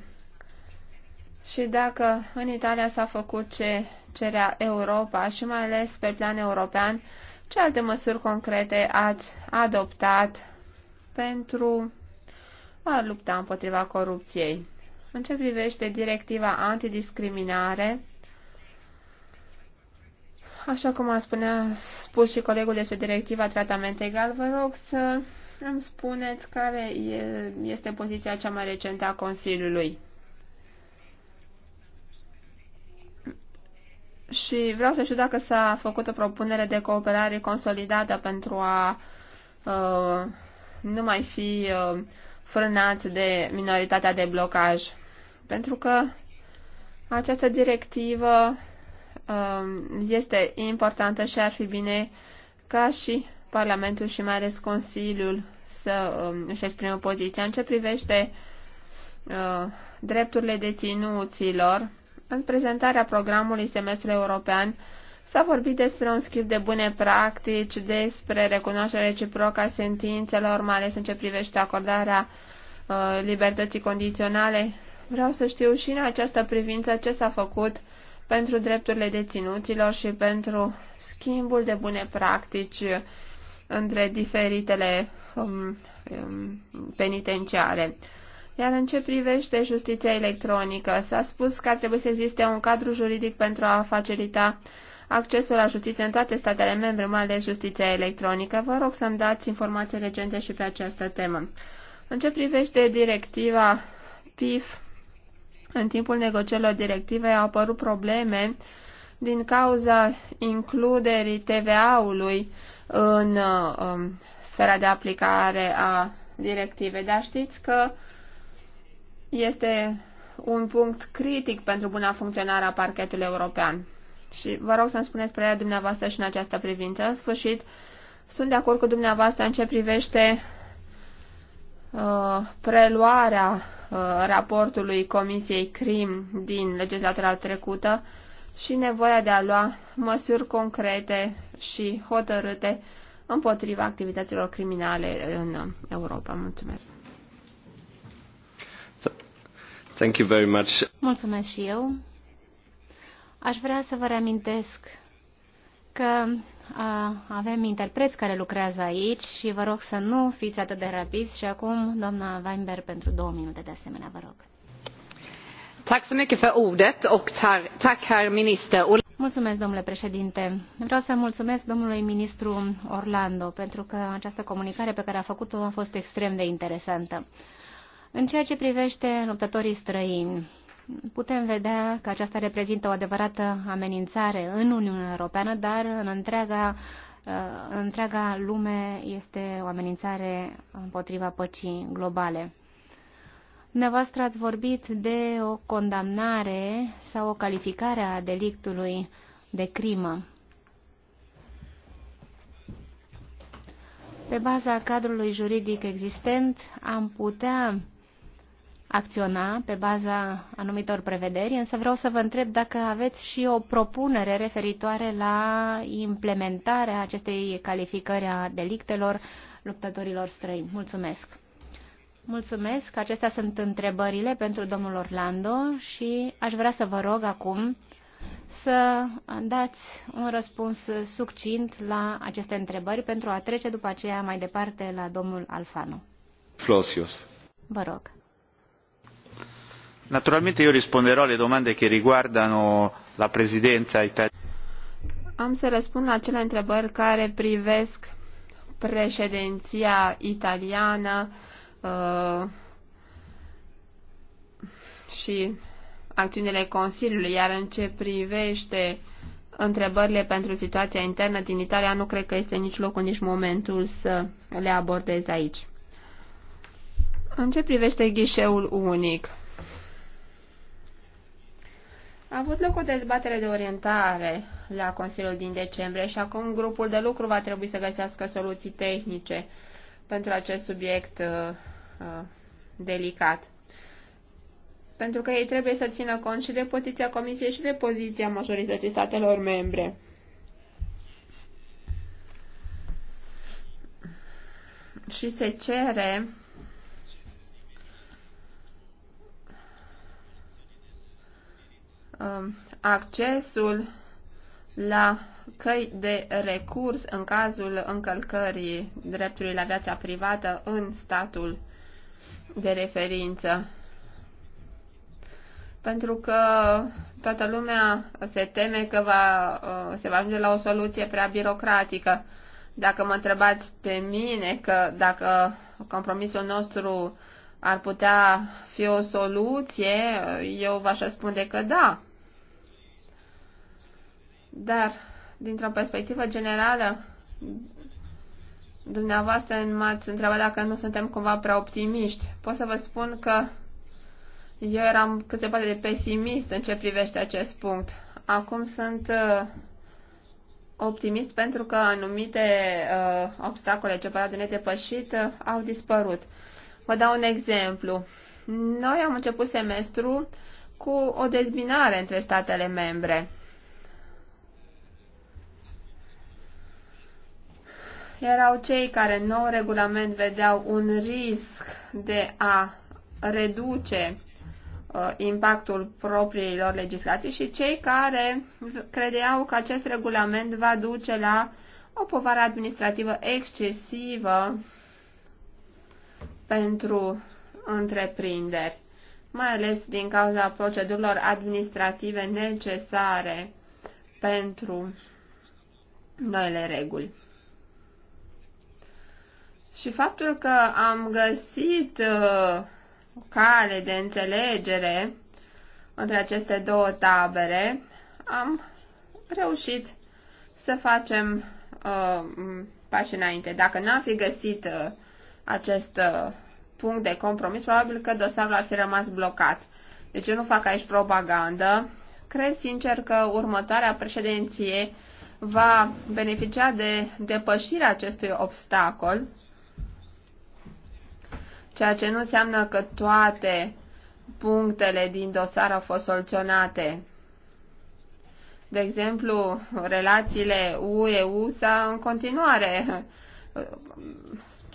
și dacă în Italia s-a făcut ce cerea Europa și mai ales pe plan european, ce alte măsuri concrete ați adoptat pentru a lupta împotriva corupției. În ce privește directiva antidiscriminare, Așa cum a spunea, spus și colegul despre directiva tratament egal, vă rog să îmi spuneți care este poziția cea mai recentă a Consiliului. Și vreau să știu dacă s-a făcut o propunere de cooperare consolidată pentru a uh, nu mai fi uh, frânat de minoritatea de blocaj. Pentru că această directivă Um, este importantă și ar fi bine ca și Parlamentul și mai ales Consiliul să um, își exprime poziția. În ce privește uh, drepturile deținuților, în prezentarea programului semestrului european s-a vorbit despre un schimb de bune practici, despre recunoașterea reciprocă a sentințelor, mai ales în ce privește acordarea uh, libertății condiționale. Vreau să știu și în această privință ce s-a făcut pentru drepturile deținuților și pentru schimbul de bune practici între diferitele um, um, penitenciare. Iar în ce privește justiția electronică, s-a spus că trebuie să existe un cadru juridic pentru a facilita accesul la justiție în toate statele membre, mai ales justiția electronică. Vă rog să-mi dați informații recente și pe această temă. În ce privește directiva PIF în timpul negocierilor directive au apărut probleme din cauza includerii TVA-ului în uh, sfera de aplicare a directivei. Dar știți că este un punct critic pentru buna funcționare a parchetului european. Și vă rog să-mi spuneți părerea dumneavoastră și în această privință. În sfârșit, sunt de acord cu dumneavoastră în ce privește uh, preluarea Uh, raportului Comisiei CRIM din legislatura trecută și nevoia de a lua măsuri concrete și hotărâte împotriva activităților criminale în Europa. Mulțumesc! Thank you very much. Mulțumesc și eu. Aș vrea să vă reamintesc că avem interpreți care lucrează aici și vă rog să nu fiți atât de rapizi. Și acum, doamna Weinberg, pentru două minute de asemenea, vă rog. Mulțumesc, domnule președinte vreau să mulțumesc domnului ministru orlando pentru că această comunicare pe care a făcut o a fost extrem de interesantă. în ceea ce privește luptătorii străini putem vedea că aceasta reprezintă o adevărată amenințare în Uniunea Europeană, dar în întreaga, în uh, întreaga lume este o amenințare împotriva păcii globale. Dumneavoastră ați vorbit de o condamnare sau o calificare a delictului de crimă. Pe baza cadrului juridic existent am putea acționa pe baza anumitor prevederi, însă vreau să vă întreb dacă aveți și o propunere referitoare la implementarea acestei calificări a delictelor luptătorilor străini. Mulțumesc! Mulțumesc! Acestea sunt întrebările pentru domnul Orlando și aș vrea să vă rog acum să dați un răspuns succint la aceste întrebări pentru a trece după aceea mai departe la domnul Alfano. Flosios. Vă rog. Naturalmente io risponderò alle domande che riguardano la presidenza italiana. Am să răspund la cele întrebări care privesc președinția italiană uh, și acțiunile Consiliului, iar în ce privește întrebările pentru situația internă din Italia, nu cred că este nici locul, nici momentul să le abordez aici. În ce privește ghișeul unic? A avut loc o dezbatere de orientare la Consiliul din decembrie și acum grupul de lucru va trebui să găsească soluții tehnice pentru acest subiect uh, uh delicat. Pentru că ei trebuie să țină cont și de poziția Comisiei și de poziția majorității statelor membre. Și se cere Um, accesul la căi de recurs în cazul încălcării dreptului la viața privată în statul de referință. Pentru că toată lumea se teme că va, uh, se va ajunge la o soluție prea birocratică. Dacă mă întrebați pe mine că dacă compromisul nostru ar putea fi o soluție, eu v-aș răspunde că da. Dar, dintr-o perspectivă generală, dumneavoastră m-ați întrebat dacă nu suntem cumva prea optimiști. Pot să vă spun că eu eram cât se poate de pesimist în ce privește acest punct. Acum sunt uh, optimist pentru că anumite uh, obstacole ce de nedepășit uh, au dispărut. Vă dau un exemplu. Noi am început semestru cu o dezbinare între statele membre. erau cei care în nou regulament vedeau un risc de a reduce uh, impactul propriilor legislații și cei care credeau că acest regulament va duce la o povară administrativă excesivă pentru întreprinderi, mai ales din cauza procedurilor administrative necesare pentru noile reguli. Și faptul că am găsit uh, cale de înțelegere între aceste două tabere, am reușit să facem uh, pași înainte. Dacă n-am fi găsit uh, acest uh, punct de compromis, probabil că dosarul ar fi rămas blocat. Deci eu nu fac aici propagandă. Cred sincer că următoarea președinție va beneficia de depășirea acestui obstacol ceea ce nu înseamnă că toate punctele din dosar au fost soluționate. De exemplu, relațiile UE-USA în continuare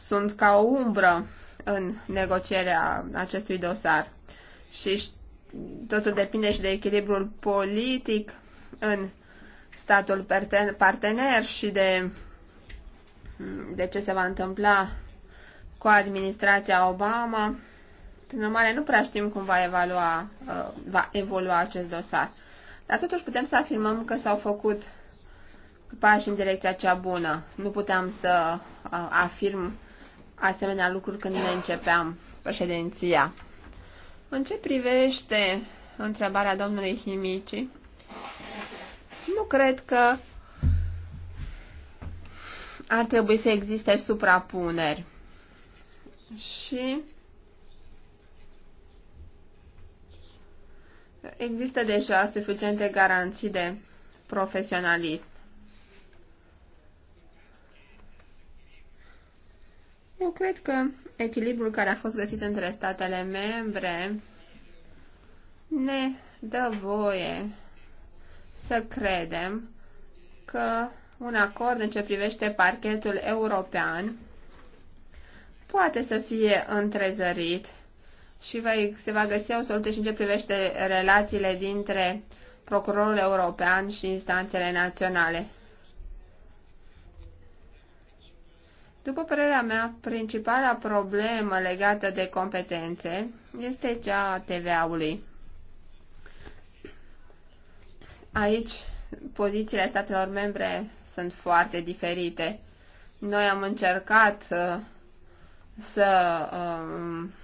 sunt ca o umbră în negocierea acestui dosar. Și totul depinde și de echilibrul politic în statul partener și de, de ce se va întâmpla cu administrația Obama. Prin urmare, nu prea știm cum va, evalua, uh, va evolua acest dosar. Dar totuși putem să afirmăm că s-au făcut pași în direcția cea bună. Nu puteam să uh, afirm asemenea lucruri când ne începeam președinția. În ce privește întrebarea domnului Himici, nu cred că ar trebui să existe suprapuneri și există deja suficiente garanții de profesionalism. Eu cred că echilibrul care a fost găsit între statele membre ne dă voie să credem că un acord în ce privește parchetul european poate să fie întrezărit și se va găsi o soluție și în ce privește relațiile dintre procurorul european și instanțele naționale. După părerea mea, principala problemă legată de competențe este cea a TVA-ului. Aici, pozițiile statelor membre sunt foarte diferite. Noi am încercat uh, să um,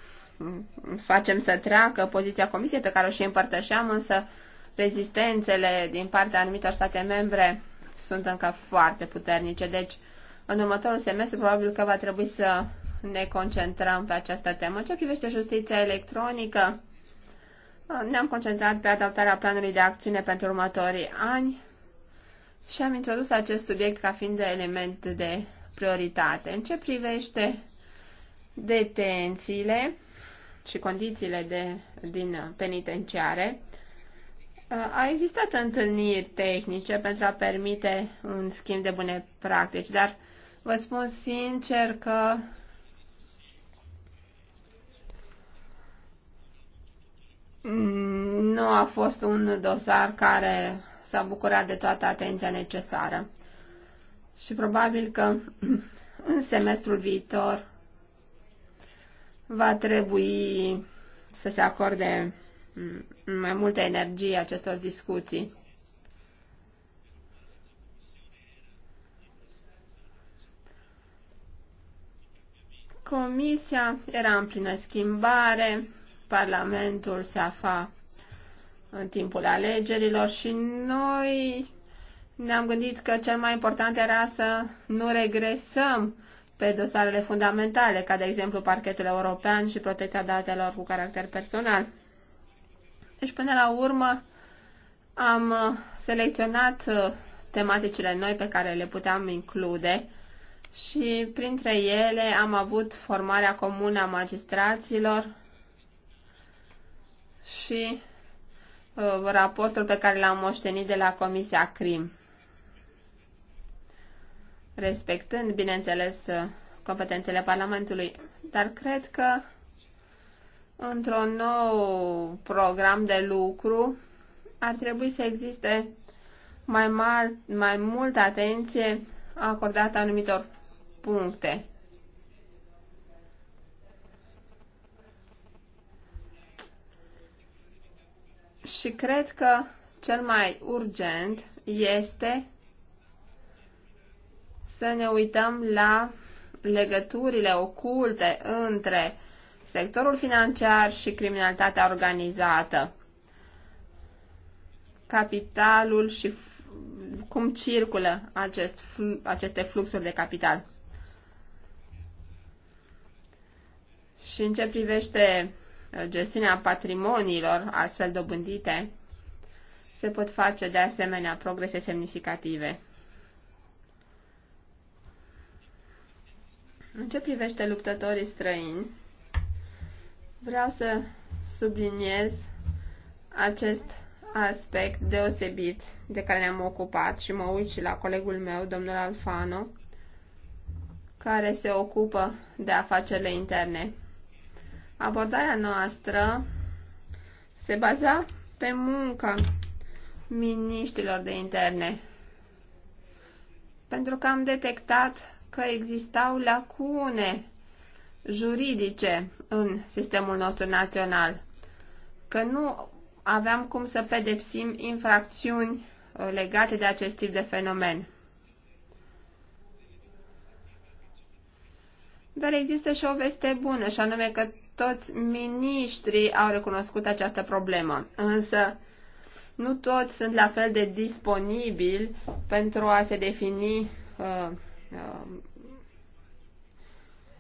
facem să treacă poziția comisiei pe care o și împărtășeam, însă rezistențele din partea anumitor state membre sunt încă foarte puternice. Deci, în următorul semestru, probabil că va trebui să ne concentrăm pe această temă. Ce privește justiția electronică, ne-am concentrat pe adaptarea planului de acțiune pentru următorii ani și am introdus acest subiect ca fiind de element de prioritate. În ce privește detențiile și condițiile de, din penitenciare. A existat întâlniri tehnice pentru a permite un schimb de bune practici, dar vă spun sincer că nu a fost un dosar care s-a bucurat de toată atenția necesară. Și probabil că <clears throat> în semestrul viitor va trebui să se acorde mai multă energie acestor discuții. Comisia era în plină schimbare, Parlamentul se afla în timpul alegerilor și noi ne-am gândit că cel mai important era să nu regresăm pe dosarele fundamentale, ca de exemplu parchetul european și protecția datelor cu caracter personal. Deci, până la urmă, am uh, selecționat uh, tematicile noi pe care le puteam include și printre ele am avut formarea comună a magistraților și uh, raportul pe care l-am moștenit de la Comisia CRIM respectând, bineînțeles, competențele Parlamentului. Dar cred că într-un nou program de lucru ar trebui să existe mai, mal, mai multă atenție acordată anumitor puncte. Și cred că cel mai urgent este să ne uităm la legăturile oculte între sectorul financiar și criminalitatea organizată, capitalul și cum circulă acest, aceste fluxuri de capital. Și în ce privește uh, gestiunea patrimoniilor astfel dobândite, se pot face de asemenea progrese semnificative. În ce privește luptătorii străini, vreau să subliniez acest aspect deosebit de care ne-am ocupat și mă uit și la colegul meu, domnul Alfano, care se ocupă de afacerile interne. Abordarea noastră se baza pe munca miniștilor de interne, pentru că am detectat că existau lacune juridice în sistemul nostru național, că nu aveam cum să pedepsim infracțiuni uh, legate de acest tip de fenomen. Dar există și o veste bună, și anume că toți miniștrii au recunoscut această problemă. Însă, nu toți sunt la fel de disponibili pentru a se defini uh, Um,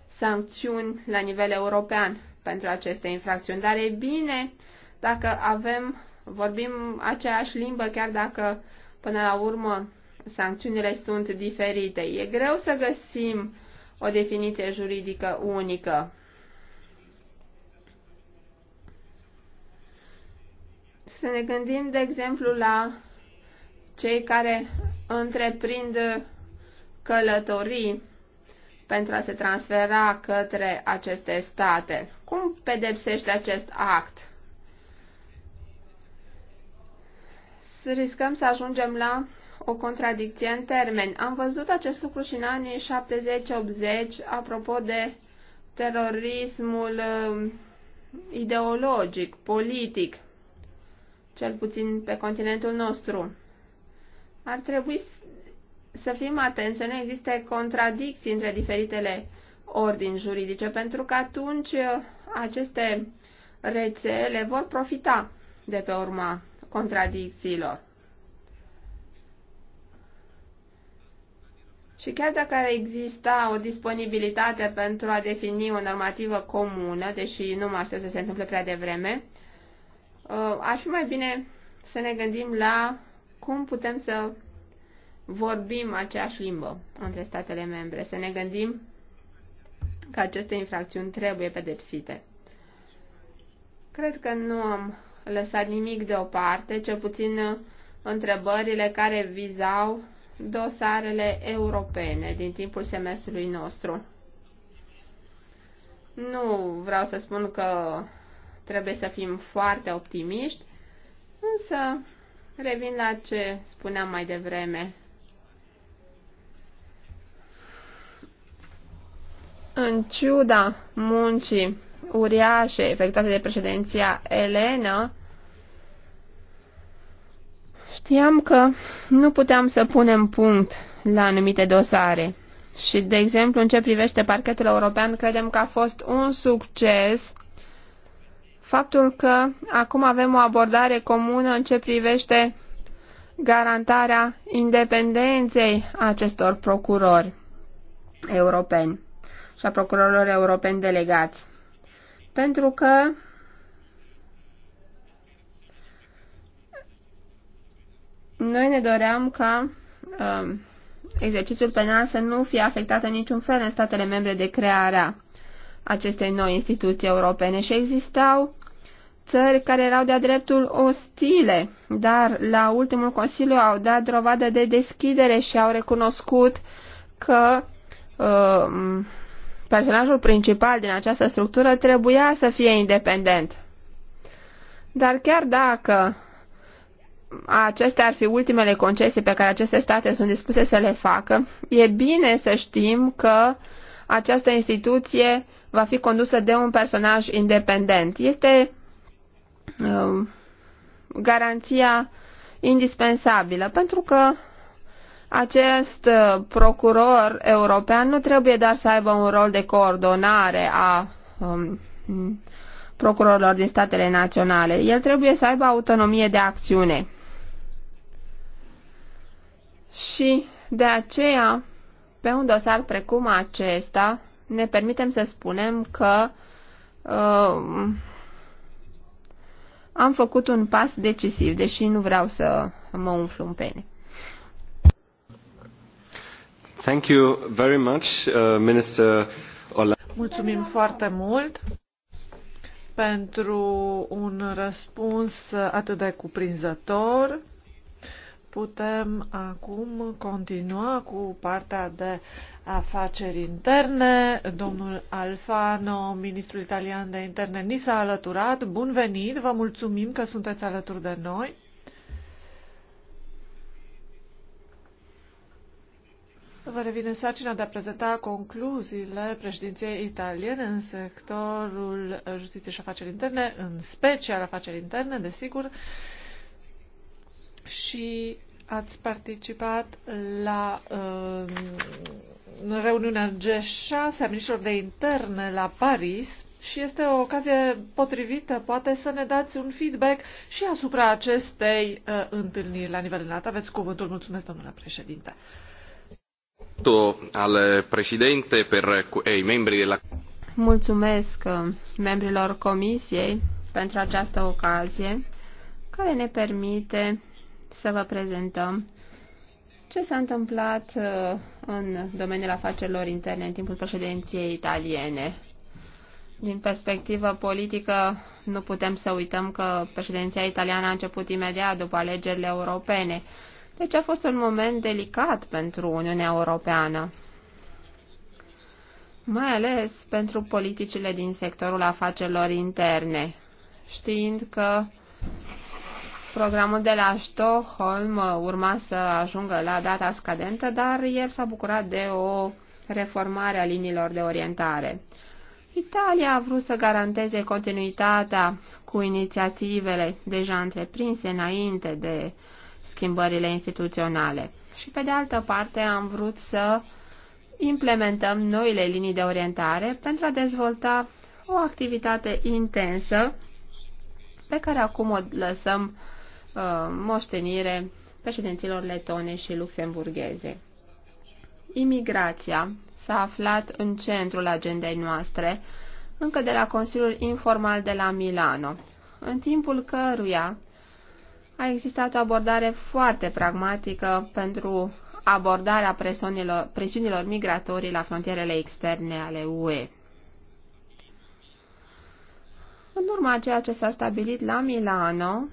sancțiuni la nivel european pentru aceste infracțiuni. Dar e bine dacă avem, vorbim aceeași limbă, chiar dacă până la urmă sancțiunile sunt diferite. E greu să găsim o definiție juridică unică. Să ne gândim, de exemplu, la cei care întreprind călători pentru a se transfera către aceste state. Cum pedepsește acest act? Să riscăm să ajungem la o contradicție în termeni. Am văzut acest lucru și în anii 70-80 apropo de terorismul um, ideologic, politic, cel puțin pe continentul nostru. Ar trebui să fim atenți să nu existe contradicții între diferitele ordini juridice, pentru că atunci uh, aceste rețele vor profita de pe urma contradicțiilor. Și chiar dacă ar exista o disponibilitate pentru a defini o normativă comună, deși nu mă aștept să se întâmple prea devreme, uh, ar fi mai bine să ne gândim la cum putem să vorbim aceeași limbă între statele membre, să ne gândim că aceste infracțiuni trebuie pedepsite. Cred că nu am lăsat nimic deoparte, cel puțin întrebările care vizau dosarele europene din timpul semestrului nostru. Nu vreau să spun că trebuie să fim foarte optimiști, însă revin la ce spuneam mai devreme. În ciuda muncii uriașe efectuate de președinția Elena, știam că nu puteam să punem punct la anumite dosare. Și, de exemplu, în ce privește parchetul european, credem că a fost un succes faptul că acum avem o abordare comună în ce privește garantarea independenței acestor procurori europeni și a procurorilor europeni delegați. Pentru că noi ne doream ca uh, exercițiul penal să nu fie afectat în niciun fel în statele membre de crearea acestei noi instituții europene și existau țări care erau de-a dreptul ostile, dar la ultimul Consiliu au dat dovadă de deschidere și au recunoscut că uh, personajul principal din această structură trebuia să fie independent. Dar chiar dacă acestea ar fi ultimele concesii pe care aceste state sunt dispuse să le facă, e bine să știm că această instituție va fi condusă de un personaj independent. Este uh, garanția indispensabilă, pentru că acest uh, procuror european nu trebuie doar să aibă un rol de coordonare a um, procurorilor din statele naționale. El trebuie să aibă autonomie de acțiune. Și de aceea, pe un dosar precum acesta, ne permitem să spunem că uh, am făcut un pas decisiv, deși nu vreau să mă umflu în pene. Uh, mulțumim foarte mult pentru un răspuns atât de cuprinzător. Putem acum continua cu partea de afaceri interne. Domnul Alfano, ministrul italian de interne, ni s-a alăturat. Bun venit! Vă mulțumim că sunteți alături de noi. Vă revine sarcina de a prezenta concluziile președinției italiene în sectorul justiției și afaceri interne, în special afaceri interne, desigur, și ați participat la uh, reuniunea G6 a ministrilor de interne la Paris și este o ocazie potrivită, poate, să ne dați un feedback și asupra acestei uh, întâlniri la nivel înalt. Aveți cuvântul. Mulțumesc, domnule președinte. Uh, al președinte Mulțumesc uh, membrilor comisiei pentru această ocazie care ne permite să vă prezentăm ce s-a întâmplat uh, în domeniul afacerilor interne în timpul președinției italiene. Din perspectivă politică, nu putem să uităm că președinția italiană a început imediat după alegerile europene, deci a fost un moment delicat pentru Uniunea Europeană, mai ales pentru politicile din sectorul afacerilor interne, știind că programul de la Stockholm urma să ajungă la data scadentă, dar el s-a bucurat de o reformare a liniilor de orientare. Italia a vrut să garanteze continuitatea cu inițiativele deja întreprinse înainte de schimbările instituționale. Și pe de altă parte am vrut să implementăm noile linii de orientare pentru a dezvolta o activitate intensă pe care acum o lăsăm uh, moștenire președinților letone și luxemburgheze. Imigrația s-a aflat în centrul agendei noastre încă de la Consiliul Informal de la Milano, în timpul căruia a existat o abordare foarte pragmatică pentru abordarea presiunilor, presiunilor migratorii la frontierele externe ale UE. În urma a ceea ce s-a stabilit la Milano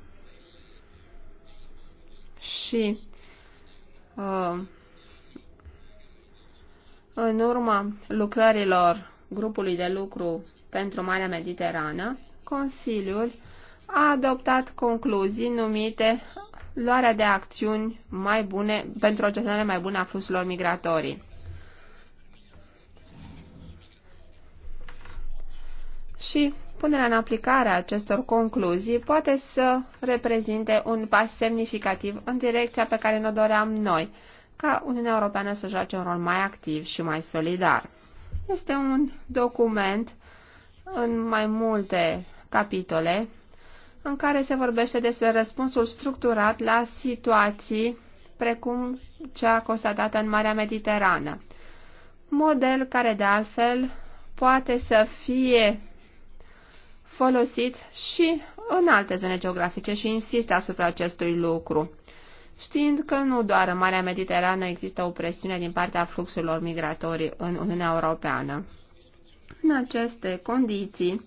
și uh, în urma lucrărilor grupului de lucru pentru Marea Mediterană, Consiliul a adoptat concluzii numite luarea de acțiuni mai bune pentru o gestionare mai bună a fluxurilor migratorii. Și punerea în aplicare a acestor concluzii poate să reprezinte un pas semnificativ în direcția pe care ne-o doream noi, ca Uniunea Europeană să joace un rol mai activ și mai solidar. Este un document în mai multe capitole în care se vorbește despre răspunsul structurat la situații precum cea constatată în Marea Mediterană. Model care, de altfel, poate să fie folosit și în alte zone geografice și insistă asupra acestui lucru, știind că nu doar în Marea Mediterană există o presiune din partea fluxurilor migratorii în Uniunea Europeană. În aceste condiții,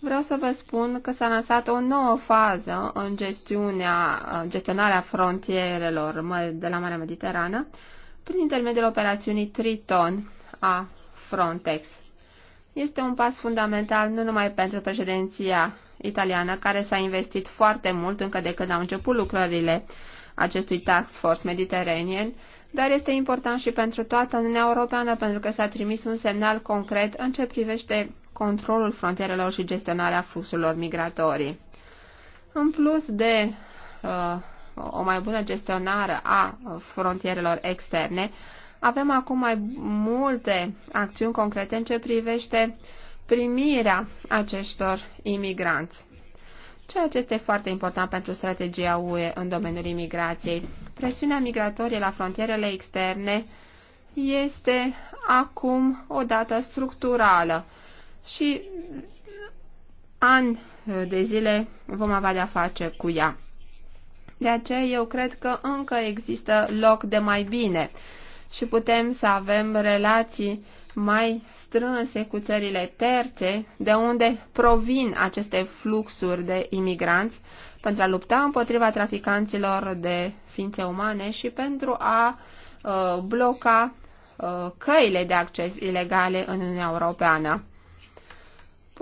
Vreau să vă spun că s-a lansat o nouă fază în gestiunea, gestionarea frontierelor de la Marea Mediterană prin intermediul operațiunii Triton a Frontex. Este un pas fundamental nu numai pentru președinția italiană, care s-a investit foarte mult încă de când au început lucrările acestui task force mediteranean, dar este important și pentru toată Uniunea Europeană pentru că s-a trimis un semnal concret în ce privește controlul frontierelor și gestionarea fluxurilor migratorii. În plus de uh, o mai bună gestionare a frontierelor externe, avem acum mai multe acțiuni concrete în ce privește primirea acestor imigranți, ceea ce este foarte important pentru strategia UE în domeniul imigrației. Presiunea migratorie la frontierele externe este acum o dată structurală și ani de zile vom avea de-a face cu ea. De aceea eu cred că încă există loc de mai bine și putem să avem relații mai strânse cu țările terțe de unde provin aceste fluxuri de imigranți pentru a lupta împotriva traficanților de ființe umane și pentru a uh, bloca uh, căile de acces ilegale în Uniunea Europeană.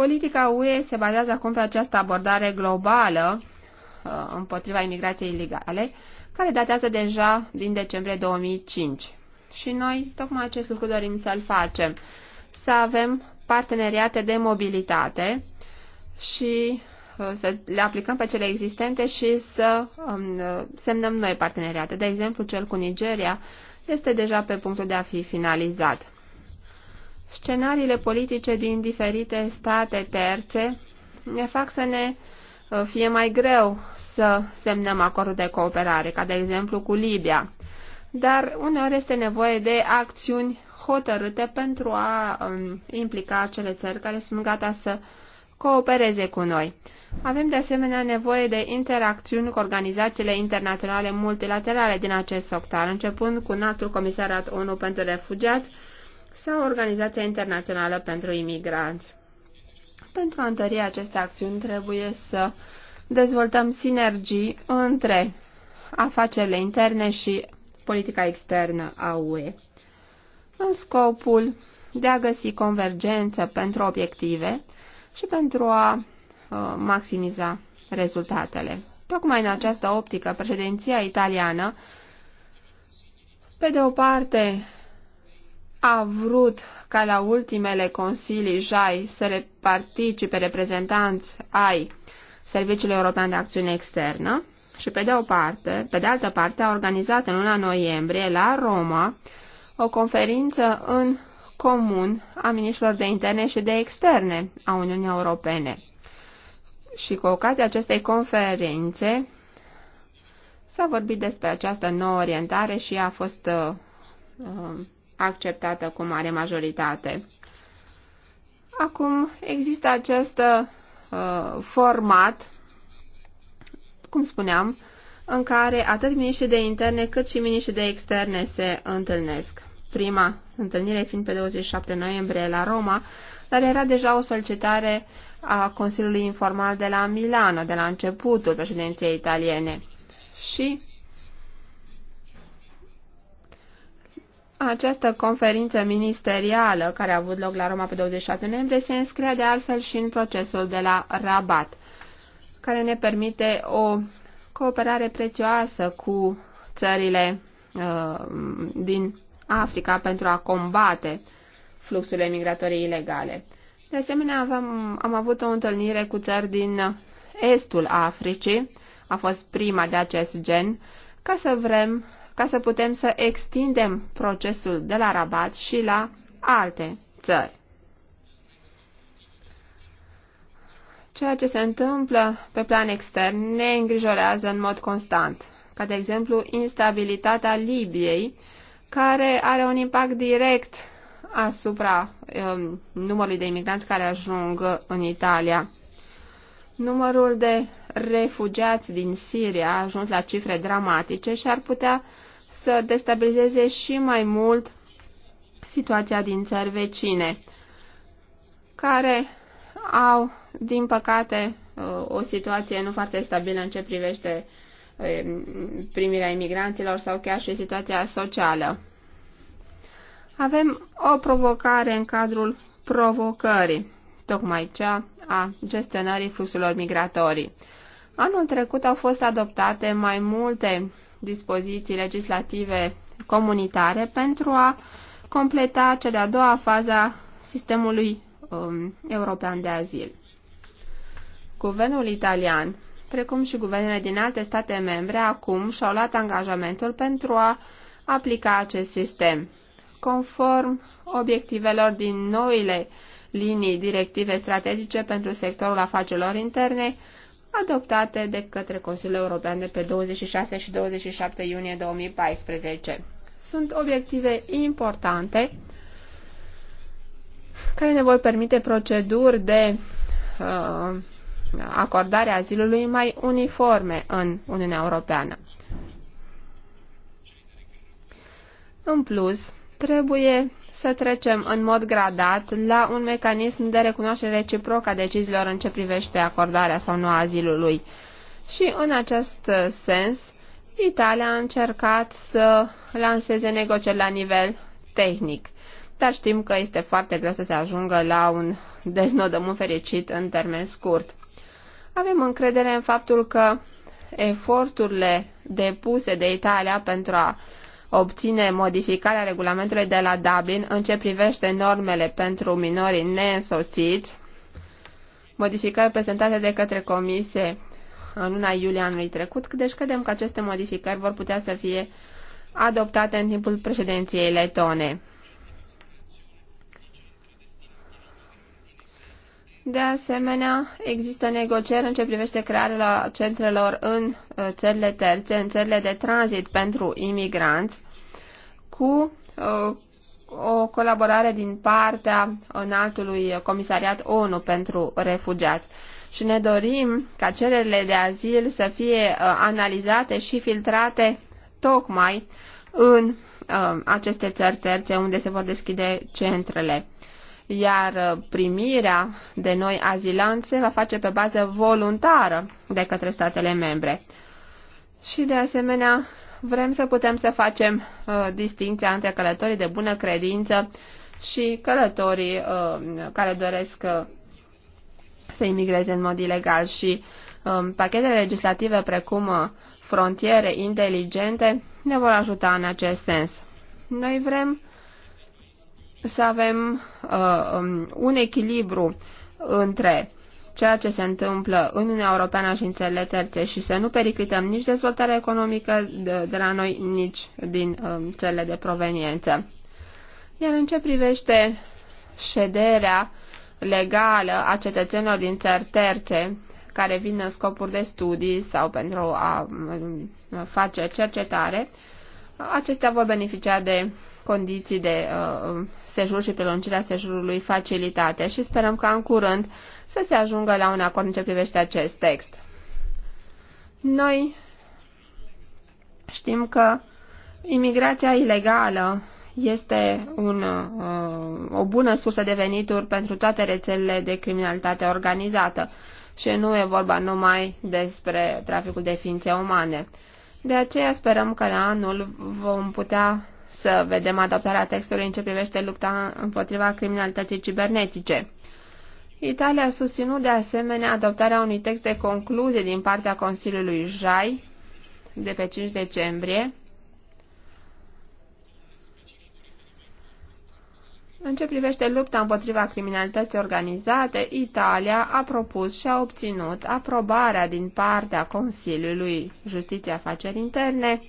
Politica UE se bazează acum pe această abordare globală uh, împotriva imigrației ilegale, care datează deja din decembrie 2005. Și noi tocmai acest lucru dorim să-l facem, să avem parteneriate de mobilitate și uh, să le aplicăm pe cele existente și să um, semnăm noi parteneriate. De exemplu, cel cu Nigeria este deja pe punctul de a fi finalizat. Scenariile politice din diferite state terțe ne fac să ne uh, fie mai greu să semnăm acordul de cooperare, ca de exemplu cu Libia. Dar uneori este nevoie de acțiuni hotărâte pentru a um, implica acele țări care sunt gata să coopereze cu noi. Avem de asemenea nevoie de interacțiuni cu organizațiile internaționale multilaterale din acest sector, începând cu înaltul comisariat ONU pentru refugiați sau Organizația Internațională pentru Imigranți. Pentru a întări aceste acțiuni trebuie să dezvoltăm sinergii între afacerile interne și politica externă a UE, în scopul de a găsi convergență pentru obiective și pentru a uh, maximiza rezultatele. Tocmai în această optică, președinția italiană, pe de o parte, a vrut ca la ultimele consilii JAI să participe reprezentanți ai Serviciului European de Acțiune Externă și pe de o parte, pe de altă parte a organizat în luna noiembrie la Roma o conferință în comun a ministrilor de interne și de externe a Uniunii Europene. Și cu ocazia acestei conferințe s-a vorbit despre această nouă orientare și a fost uh, uh acceptată cu mare majoritate. Acum există acest uh, format, cum spuneam, în care atât miniștrii de interne cât și miniștrii de externe se întâlnesc. Prima întâlnire fiind pe 27 noiembrie la Roma, dar era deja o solicitare a Consiliului Informal de la Milano, de la începutul președinției italiene. Și Această conferință ministerială care a avut loc la Roma pe 27 noiembrie se înscrie de altfel și în procesul de la Rabat, care ne permite o cooperare prețioasă cu țările uh, din Africa pentru a combate fluxurile migratorii ilegale. De asemenea, am, am avut o întâlnire cu țări din estul Africii, a fost prima de acest gen, ca să vrem ca să putem să extindem procesul de la Rabat și la alte țări. Ceea ce se întâmplă pe plan extern ne îngrijorează în mod constant, ca de exemplu instabilitatea Libiei, care are un impact direct asupra um, numărului de imigranți care ajung în Italia. Numărul de refugiați din Siria a ajuns la cifre dramatice și ar putea să destabilizeze și mai mult situația din țări vecine, care au, din păcate, o situație nu foarte stabilă în ce privește eh, primirea imigranților sau chiar și situația socială. Avem o provocare în cadrul provocării, tocmai cea a gestionării fluxurilor migratorii. Anul trecut au fost adoptate mai multe dispoziții legislative comunitare pentru a completa cea de-a doua fază a sistemului um, european de azil. Guvernul italian, precum și guvernele din alte state membre, acum și-au luat angajamentul pentru a aplica acest sistem, conform obiectivelor din noile linii directive strategice pentru sectorul afacerilor interne, adoptate de către Consiliul European de pe 26 și 27 iunie 2014. Sunt obiective importante care ne vor permite proceduri de uh, acordare a azilului mai uniforme în Uniunea Europeană. În plus, trebuie să trecem în mod gradat la un mecanism de recunoaștere reciprocă a deciziilor în ce privește acordarea sau nu a azilului. Și în acest sens, Italia a încercat să lanseze negocieri la nivel tehnic, dar știm că este foarte greu să se ajungă la un deznodământ fericit în termen scurt. Avem încredere în faptul că eforturile depuse de Italia pentru a obține modificarea regulamentului de la Dublin în ce privește normele pentru minorii neînsoțiți, modificări prezentate de către comisie în luna iulie anului trecut, deci credem că aceste modificări vor putea să fie adoptate în timpul președinției letone. De asemenea, există negocieri în ce privește crearea centrelor în uh, țările terțe, în țările de tranzit pentru imigranți, cu uh, o colaborare din partea înaltului comisariat ONU pentru refugiați. Și ne dorim ca cererile de azil să fie uh, analizate și filtrate tocmai în uh, aceste țări terțe unde se vor deschide centrele. Iar primirea de noi azilanți se va face pe bază voluntară de către statele membre. Și de asemenea, vrem să putem să facem uh, distinția între călătorii de bună credință și călătorii uh, care doresc uh, să imigreze în mod ilegal și uh, pachetele legislative precum uh, frontiere inteligente ne vor ajuta în acest sens. Noi vrem să avem uh, um, un echilibru între ceea ce se întâmplă în Uniunea Europeană și în țările terțe și să nu periclităm nici dezvoltarea economică de, de la noi, nici din um, țările de proveniență. Iar în ce privește șederea legală a cetățenilor din țări terțe care vin în scopuri de studii sau pentru a um, face cercetare, acestea vor beneficia de condiții de uh, um, sejur și prelungirea sejurului facilitate și sperăm ca în curând să se ajungă la un acord în ce privește acest text. Noi știm că imigrația ilegală este un, uh, o bună sursă de venituri pentru toate rețelele de criminalitate organizată și nu e vorba numai despre traficul de ființe umane. De aceea sperăm că la anul vom putea să vedem adoptarea textului în ce privește lupta împotriva criminalității cibernetice. Italia a susținut de asemenea adoptarea unui text de concluzie din partea Consiliului JAI de pe 5 decembrie În ce privește lupta împotriva criminalității organizate, Italia a propus și a obținut aprobarea din partea Consiliului Justiție Afaceri Interne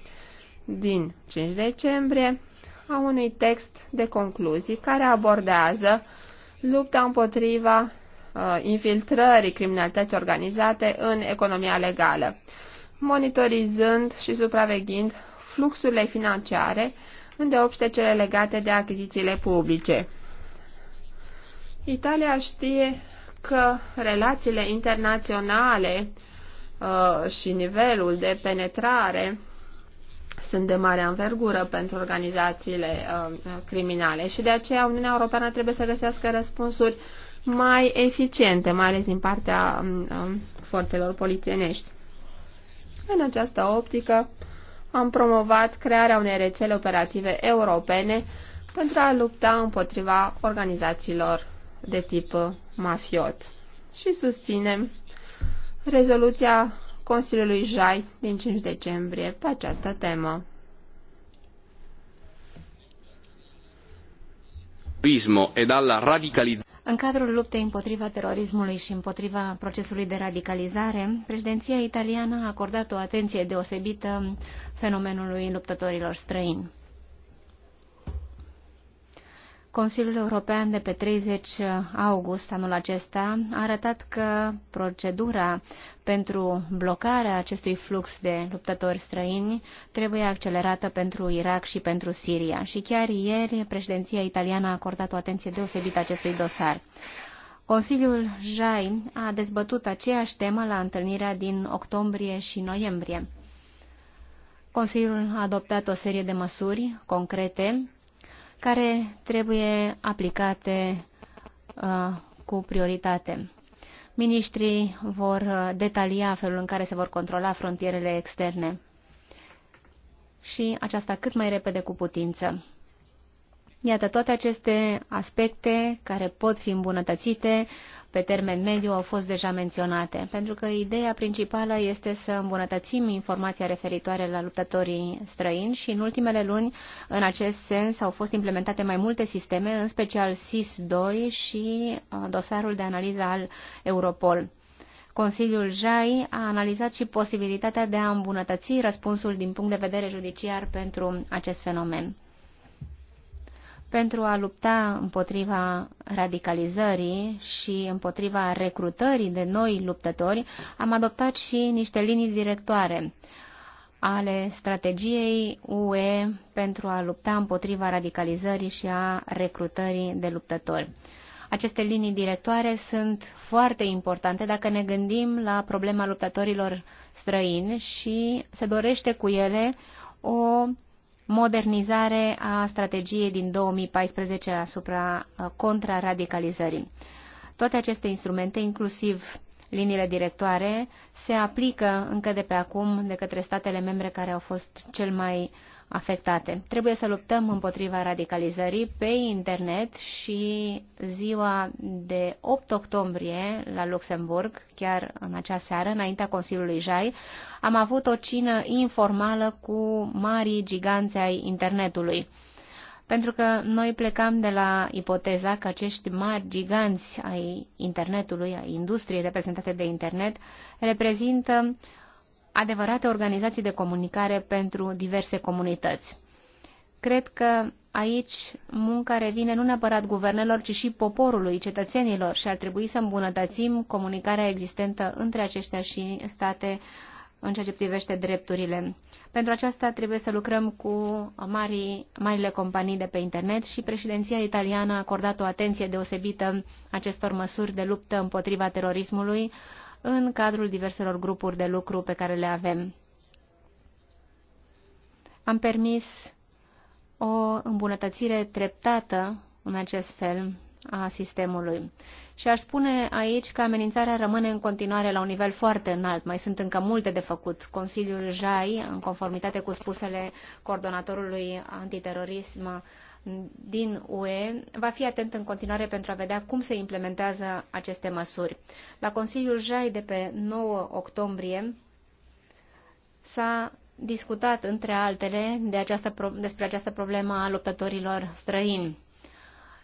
din 5 decembrie a unui text de concluzii care abordează lupta împotriva uh, infiltrării criminalității organizate în economia legală, monitorizând și supraveghind fluxurile financiare, deopște cele legate de achizițiile publice. Italia știe că relațiile internaționale uh, și nivelul de penetrare sunt de mare anvergură pentru organizațiile uh, criminale și de aceea Uniunea Europeană trebuie să găsească răspunsuri mai eficiente, mai ales din partea uh, forțelor polițienești. În această optică am promovat crearea unei rețele operative europene pentru a lupta împotriva organizațiilor de tip mafiot și susținem rezoluția Consiliului JAI din 5 decembrie pe această temă. În cadrul luptei împotriva terorismului și împotriva procesului de radicalizare, președinția italiană a acordat o atenție deosebită fenomenului luptătorilor străini. Consiliul European de pe 30 august anul acesta a arătat că procedura pentru blocarea acestui flux de luptători străini trebuie accelerată pentru Irak și pentru Siria. Și chiar ieri, președinția italiană a acordat o atenție deosebită acestui dosar. Consiliul JAI a dezbătut aceeași temă la întâlnirea din octombrie și noiembrie. Consiliul a adoptat o serie de măsuri concrete care trebuie aplicate uh, cu prioritate. Ministrii vor uh, detalia felul în care se vor controla frontierele externe și aceasta cât mai repede cu putință. Iată, toate aceste aspecte care pot fi îmbunătățite pe termen mediu au fost deja menționate, pentru că ideea principală este să îmbunătățim informația referitoare la luptătorii străini și în ultimele luni, în acest sens, au fost implementate mai multe sisteme, în special SIS-2 și uh, dosarul de analiză al Europol. Consiliul JAI a analizat și posibilitatea de a îmbunătăți răspunsul din punct de vedere judiciar pentru acest fenomen pentru a lupta împotriva radicalizării și împotriva recrutării de noi luptători, am adoptat și niște linii directoare ale strategiei UE pentru a lupta împotriva radicalizării și a recrutării de luptători. Aceste linii directoare sunt foarte importante dacă ne gândim la problema luptătorilor străini și se dorește cu ele o modernizare a strategiei din 2014 asupra uh, contraradicalizării. Toate aceste instrumente, inclusiv liniile directoare, se aplică încă de pe acum de către statele membre care au fost cel mai uh, afectate. Trebuie să luptăm împotriva radicalizării pe internet și ziua de 8 octombrie la Luxemburg, chiar în acea seară, înaintea Consiliului Jai, am avut o cină informală cu marii giganți ai internetului pentru că noi plecam de la ipoteza că acești mari giganți ai internetului, ai industriei reprezentate de internet, reprezintă adevărate organizații de comunicare pentru diverse comunități. Cred că aici munca revine nu neapărat guvernelor, ci și poporului, cetățenilor și ar trebui să îmbunătățim comunicarea existentă între aceștia și state în ceea ce privește drepturile. Pentru aceasta trebuie să lucrăm cu marii, marile companii de pe internet și președinția italiană a acordat o atenție deosebită acestor măsuri de luptă împotriva terorismului, în cadrul diverselor grupuri de lucru pe care le avem. Am permis o îmbunătățire treptată în acest fel a sistemului. Și aș spune aici că amenințarea rămâne în continuare la un nivel foarte înalt. Mai sunt încă multe de făcut. Consiliul JAI, în conformitate cu spusele coordonatorului antiterorism din UE va fi atent în continuare pentru a vedea cum se implementează aceste măsuri. La Consiliul JAI de pe 9 octombrie s-a discutat, între altele, de această, despre această problemă a luptătorilor străini,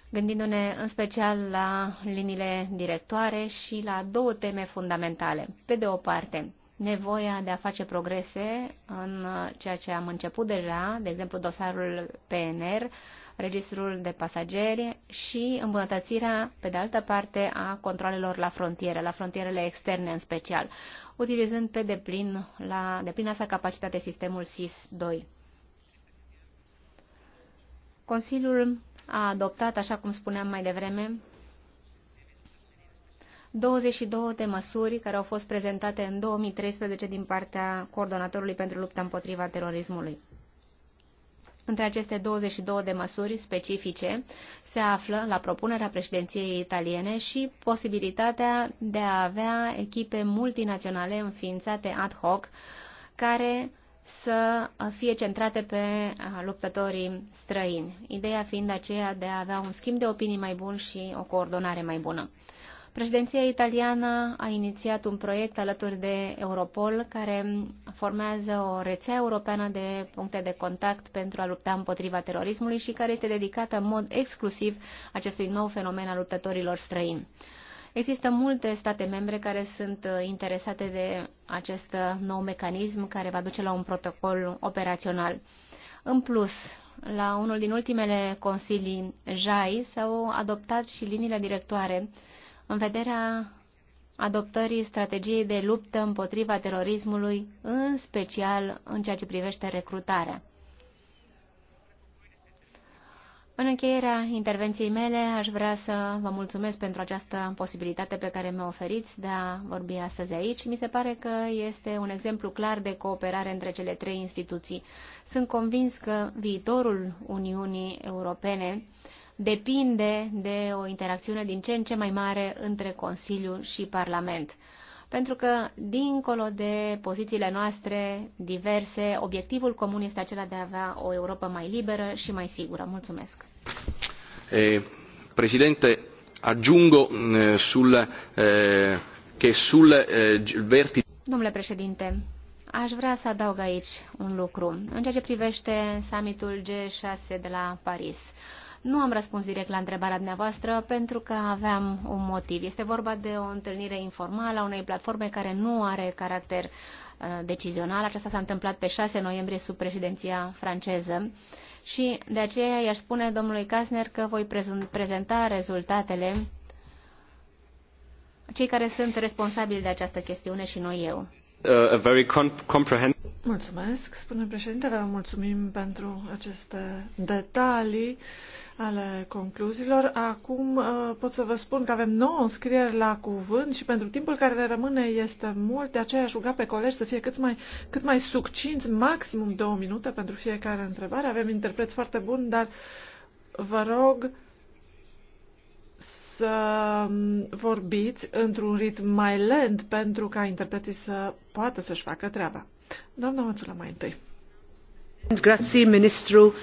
gândindu-ne în special la liniile directoare și la două teme fundamentale. Pe de o parte, nevoia de a face progrese în uh, ceea ce am început deja, de exemplu dosarul PNR, registrul de pasageri și îmbunătățirea, pe de altă parte, a controlelor la frontiere, la frontierele externe în special, utilizând pe deplin, la deplina sa capacitate sistemul SIS-2. Consiliul a adoptat, așa cum spuneam mai devreme, 22 de măsuri care au fost prezentate în 2013 din partea Coordonatorului pentru lupta împotriva terorismului. Între aceste 22 de măsuri specifice se află, la propunerea președinției italiene, și posibilitatea de a avea echipe multinaționale înființate ad hoc, care să fie centrate pe luptătorii străini, ideea fiind aceea de a avea un schimb de opinii mai bun și o coordonare mai bună. Președinția italiană a inițiat un proiect alături de Europol care formează o rețea europeană de puncte de contact pentru a lupta împotriva terorismului și care este dedicată în mod exclusiv acestui nou fenomen al luptătorilor străini. Există multe state membre care sunt interesate de acest nou mecanism care va duce la un protocol operațional. În plus, la unul din ultimele consilii JAI s-au adoptat și liniile directoare în vederea adoptării strategiei de luptă împotriva terorismului, în special în ceea ce privește recrutarea. În încheierea intervenției mele, aș vrea să vă mulțumesc pentru această posibilitate pe care mi-o oferiți de a vorbi astăzi aici. Mi se pare că este un exemplu clar de cooperare între cele trei instituții. Sunt convins că viitorul Uniunii Europene depinde de o interacțiune din ce în ce mai mare între Consiliu și Parlament. Pentru că, dincolo de pozițiile noastre diverse, obiectivul comun este acela de a avea o Europa mai liberă și mai sigură. Mulțumesc. Eh, președinte, aggiungo eh, sul, eh, che sul eh, Domnule președinte, Aș vrea să adaug aici un lucru în ceea ce privește summitul g 6 de la Paris. Nu am răspuns direct la întrebarea dumneavoastră pentru că aveam un motiv. Este vorba de o întâlnire informală a unei platforme care nu are caracter uh, decizional. Aceasta s-a întâmplat pe 6 noiembrie sub președinția franceză și de aceea i-aș spune domnului Kastner că voi prezenta rezultatele cei care sunt responsabili de această chestiune și noi eu. Uh, Mulțumesc, spune președintele, vă mulțumim pentru aceste detalii ale concluziilor. Acum uh, pot să vă spun că avem nouă înscrieri la cuvânt și pentru timpul care ne rămâne este mult, de aceea aș ruga pe colegi să fie cât mai, cât mai succinți, maximum două minute pentru fiecare întrebare. Avem interpreți foarte buni, dar vă rog să um, vorbiți într-un ritm mai lent pentru ca interpreții să poată să-și facă treaba. Doamna Mațula, mai întâi. Grazie, ministru,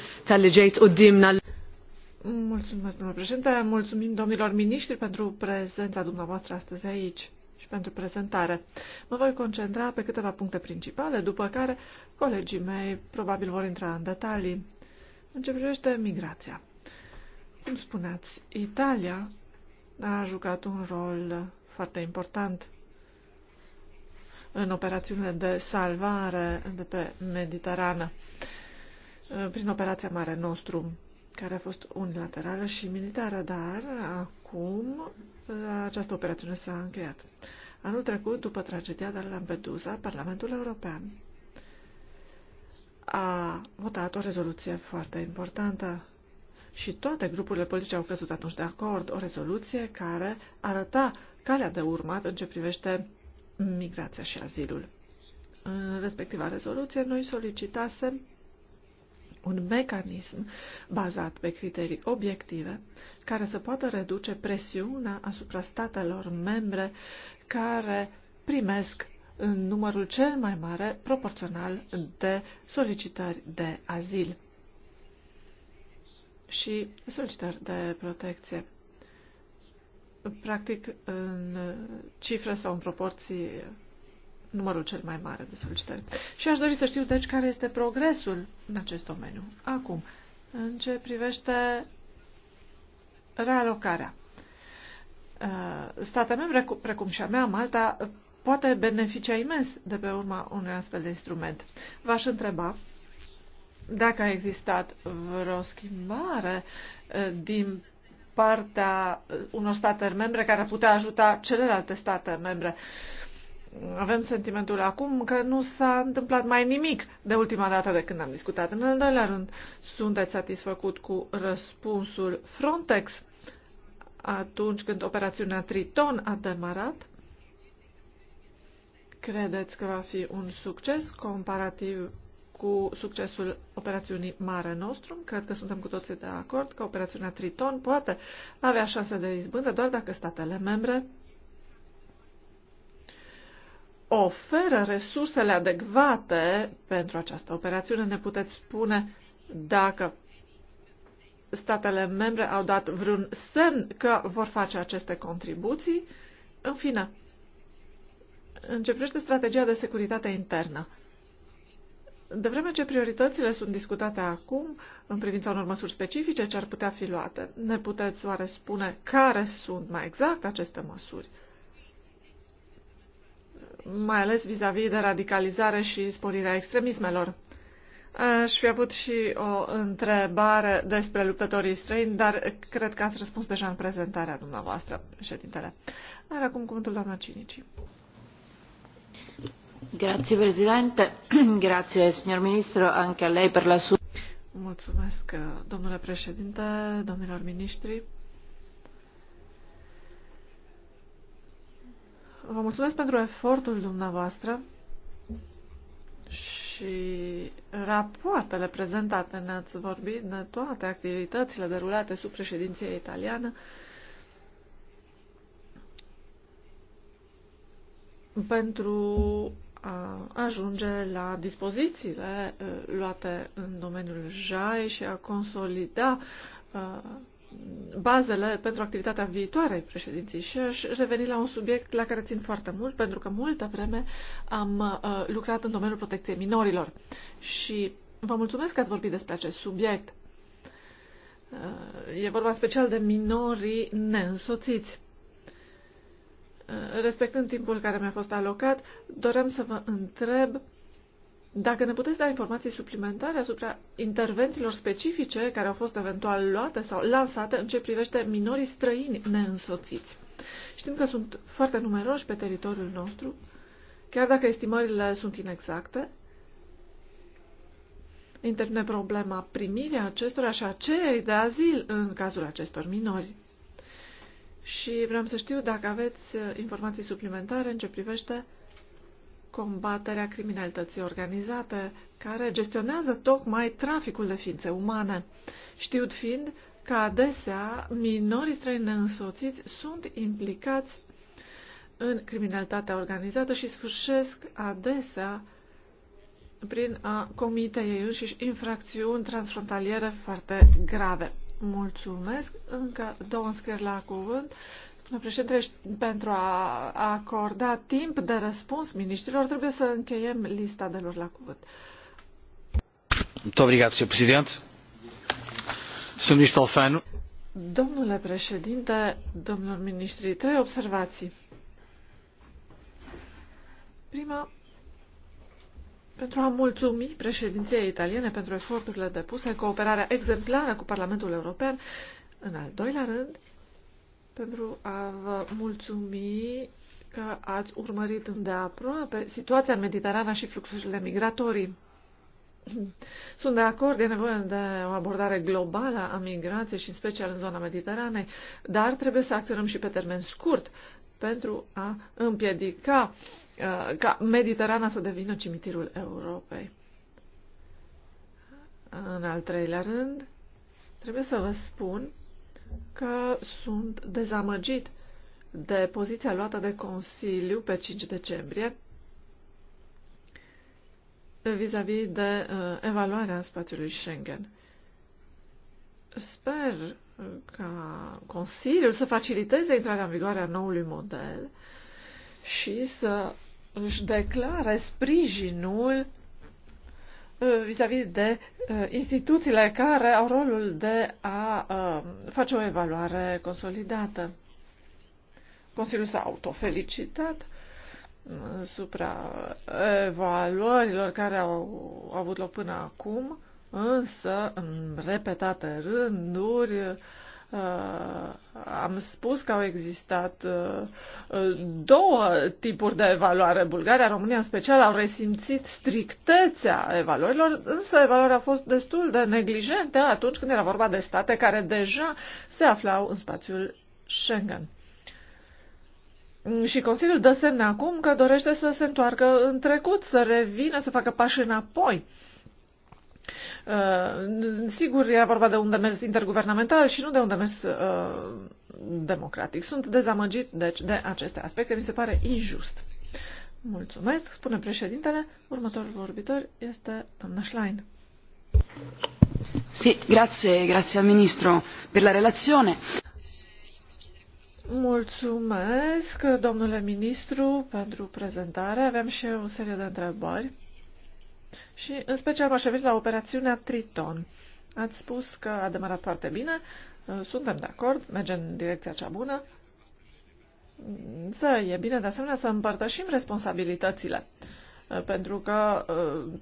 Mulțumesc, domnule președinte. Mulțumim domnilor miniștri pentru prezența dumneavoastră astăzi aici și pentru prezentare. Mă voi concentra pe câteva puncte principale, după care colegii mei probabil vor intra în detalii. În ce privește migrația. Cum spuneați, Italia a jucat un rol foarte important în operațiunile de salvare de pe Mediterană, prin operația Mare Nostrum, care a fost unilaterală și militară, dar acum uh, această operațiune s-a încheiat. Anul trecut, după tragedia de la Lampedusa, Parlamentul European a votat o rezoluție foarte importantă și toate grupurile politice au căzut atunci de acord, o rezoluție care arăta calea de urmat în ce privește migrația și azilul. În respectiva rezoluție, noi solicitasem un mecanism bazat pe criterii obiective care să poată reduce presiunea asupra statelor membre care primesc în numărul cel mai mare proporțional de solicitări de azil și solicitări de protecție practic, în cifre sau în proporții, numărul cel mai mare de solicitări. Și aș dori să știu, deci, care este progresul în acest domeniu. Acum, în ce privește realocarea. Uh, state membre, precum și a mea, Malta, poate beneficia imens de pe urma unui astfel de instrument. V-aș întreba dacă a existat vreo schimbare uh, din partea unor state membre care ar putea ajuta celelalte state membre. Avem sentimentul acum că nu s-a întâmplat mai nimic de ultima dată de când am discutat. În al doilea rând, sunteți satisfăcut cu răspunsul Frontex atunci când operațiunea Triton a demarat? Credeți că va fi un succes comparativ cu succesul operațiunii Mare Nostrum. Cred că suntem cu toții de acord că operațiunea Triton poate avea șanse de izbândă doar dacă statele membre oferă resursele adecvate pentru această operațiune. Ne puteți spune dacă statele membre au dat vreun semn că vor face aceste contribuții. În fine, începește strategia de securitate internă. De vreme ce prioritățile sunt discutate acum, în privința unor măsuri specifice ce ar putea fi luate, ne puteți oare spune care sunt mai exact aceste măsuri? Mai ales vis-a-vis -vis de radicalizare și sporirea extremismelor. Aș fi avut și o întrebare despre luptătorii străini, dar cred că ați răspuns deja în prezentarea dumneavoastră, președintele. Are acum cuvântul doamna Cinici. Grazie Presidente, <clears throat> grazie signor Mulțumesc, domnule președinte, domnilor miniștri. Vă mulțumesc pentru efortul dumneavoastră și rapoartele prezentate. Ne-ați vorbit de toate activitățile derulate sub președinția italiană. pentru a ajunge la dispozițiile luate în domeniul JAI și a consolida bazele pentru activitatea viitoarei președinții și aș reveni la un subiect la care țin foarte mult, pentru că multă vreme am lucrat în domeniul protecției minorilor și vă mulțumesc că ați vorbit despre acest subiect. E vorba special de minorii neînsoțiți respectând timpul care mi-a fost alocat, doream să vă întreb dacă ne puteți da informații suplimentare asupra intervențiilor specifice care au fost eventual luate sau lansate în ce privește minorii străini neînsoțiți. Știm că sunt foarte numeroși pe teritoriul nostru, chiar dacă estimările sunt inexacte. Intervine problema primirii acestora și a cererii de azil în cazul acestor minori și vreau să știu dacă aveți uh, informații suplimentare în ce privește combaterea criminalității organizate, care gestionează tocmai traficul de ființe umane, știut fiind că adesea minorii străini neînsoțiți sunt implicați în criminalitatea organizată și sfârșesc adesea prin a comite ei înșiși infracțiuni transfrontaliere foarte grave. Mulțumesc. Încă două înscrieri la cuvânt. Domnule președinte, pentru a acorda timp de răspuns ministrilor, trebuie să încheiem lista de lor la cuvânt. Domnule președinte, domnilor ministri, trei observații. Prima, pentru a mulțumi președinției italiene pentru eforturile depuse, cooperarea exemplară cu Parlamentul European, în al doilea rând, pentru a vă mulțumi că ați urmărit îndeaproape situația în Mediterana și fluxurile migratorii. Sunt de acord, e nevoie de o abordare globală a migrației și în special în zona Mediteranei, dar trebuie să acționăm și pe termen scurt pentru a împiedica uh, Uh, ca Mediterana să devină cimitirul Europei. În al treilea rând, trebuie să vă spun că sunt dezamăgit de poziția luată de Consiliu pe 5 decembrie vis-a-vis -vis de uh, evaluarea spațiului Schengen. Sper ca Consiliul să faciliteze intrarea în vigoare a noului model și să își declare sprijinul uh, vis-a-vis -vis de uh, instituțiile care au rolul de a uh, face o evaluare consolidată. Consiliul s-a autofelicitat supra evaluărilor care au avut loc până acum, însă, în repetate rânduri, Uh, am spus că au existat uh, uh, două tipuri de evaluare. Bulgaria, România în special, au resimțit strictețea evaluărilor, însă evaluarea a fost destul de neglijentă atunci când era vorba de state care deja se aflau în spațiul Schengen. Și Consiliul dă semne acum că dorește să se întoarcă în trecut, să revină, să facă pași înapoi. Uh, Uh, sigur, era vorba de un demers interguvernamental și nu de un demers uh, democratic. Sunt dezamăgit, deci, de aceste aspecte. Mi se pare injust. Mulțumesc, spune președintele. Următorul vorbitor este doamna Schlein. Sì, grazie, grazie al Ministro per la relazione. Mulțumesc, domnule ministru, pentru prezentare. Avem și eu o serie de întrebări. Și în special m-aș la operațiunea Triton. Ați spus că a demarat foarte bine, uh, suntem de acord, mergem în direcția cea bună. Să e bine de asemenea să împărtășim responsabilitățile, uh, pentru că uh,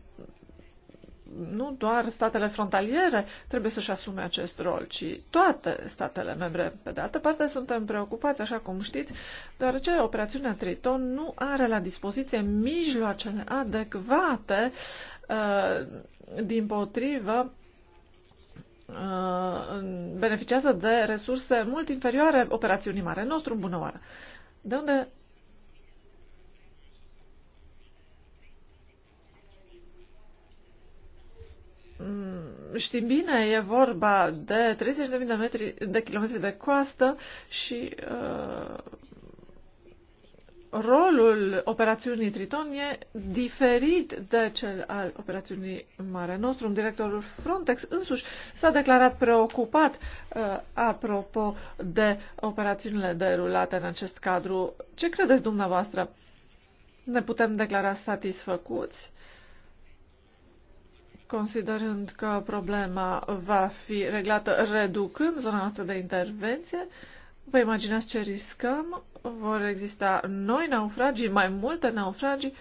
nu doar statele frontaliere trebuie să-și asume acest rol, ci toate statele membre. Pe de altă parte, suntem preocupați, așa cum știți, deoarece operațiunea Triton nu are la dispoziție mijloacele adecvate, uh, din potrivă, uh, beneficiază de resurse mult inferioare operațiunii mare nostru în bună oară. De unde Mm, știm bine, e vorba de 30.000 de, metri, de kilometri de coastă și uh, rolul operațiunii Triton e diferit de cel al operațiunii Mare Nostrum. Directorul Frontex însuși s-a declarat preocupat uh, apropo de operațiunile derulate în acest cadru. Ce credeți dumneavoastră? Ne putem declara satisfăcuți? considerând că problema va fi reglată reducând zona noastră de intervenție, vă imaginați ce riscăm? Vor exista noi naufragii, mai multe naufragii?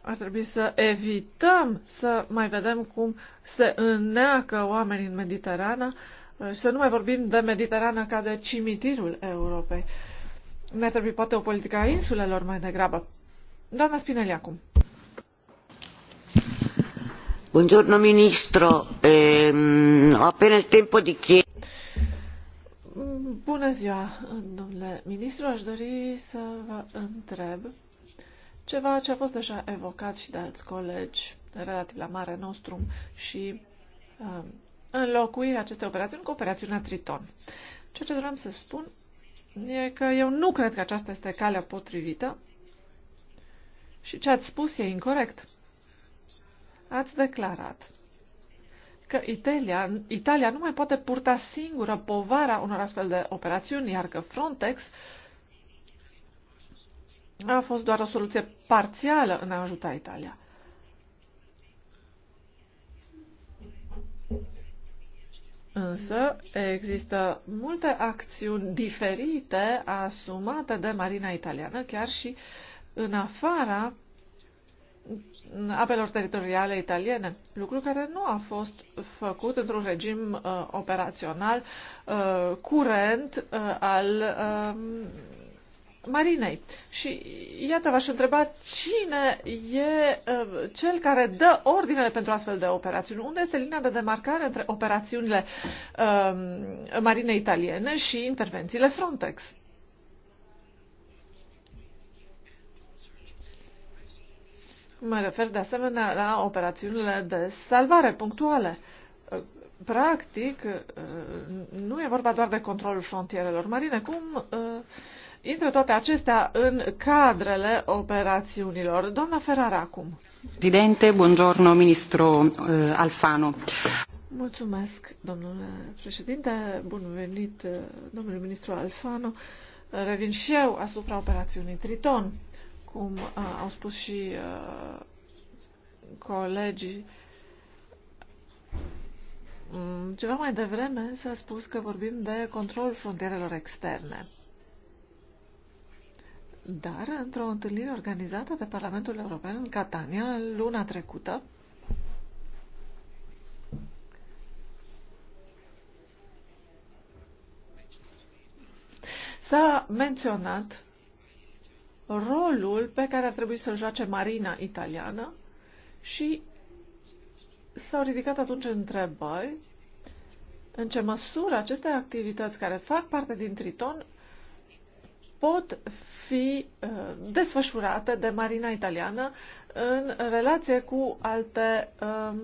Ar trebui să evităm să mai vedem cum se înneacă oamenii în Mediterana uh, și să nu mai vorbim de Mediterana ca de cimitirul Europei. Ne-ar trebui poate o politică a insulelor mai degrabă. Doamna Spinelli acum. Buongiorno Ministro, ehm, ho appena il tempo di chiedere. Bună ziua, domnule ministru. Aș dori să vă întreb ceva ce a fost deja evocat și de alți colegi relativ la Mare Nostrum și uh, înlocuirea acestei operațiuni cu operațiunea Triton. Ceea ce doream să spun e că eu nu cred că aceasta este calea potrivită și ce ați spus e incorrect ați declarat că Italia, Italia nu mai poate purta singură povara unor astfel de operațiuni, iar că Frontex a fost doar o soluție parțială în a ajuta Italia. Însă există multe acțiuni diferite asumate de marina italiană, chiar și în afara apelor teritoriale italiene, lucru care nu a fost făcut într-un regim uh, operațional uh, curent uh, al uh, marinei. Și iată, v-aș întreba cine e uh, cel care dă ordinele pentru astfel de operațiuni? Unde este linia de demarcare între operațiunile uh, marinei italiene și intervențiile Frontex? Mă refer de asemenea la operațiunile de salvare punctuale. Uh, practic, uh, nu e vorba doar de controlul frontierelor marine. Cum uh, intră toate acestea în cadrele operațiunilor? Doamna Ferrara, acum. Presidente, buongiorno, ministru Alfano. Mulțumesc, domnule președinte. Bun venit, domnule ministru Alfano. Revin și eu asupra operațiunii Triton cum uh, au spus și uh, colegii mm, ceva mai devreme s-a spus că vorbim de controlul frontierelor externe. Dar, într-o întâlnire organizată de Parlamentul European în Catania, luna trecută, s-a menționat rolul pe care ar trebui să-l joace marina italiană și s-au ridicat atunci întrebări în ce măsură aceste activități care fac parte din Triton pot fi uh, desfășurate de marina italiană în relație cu alte um,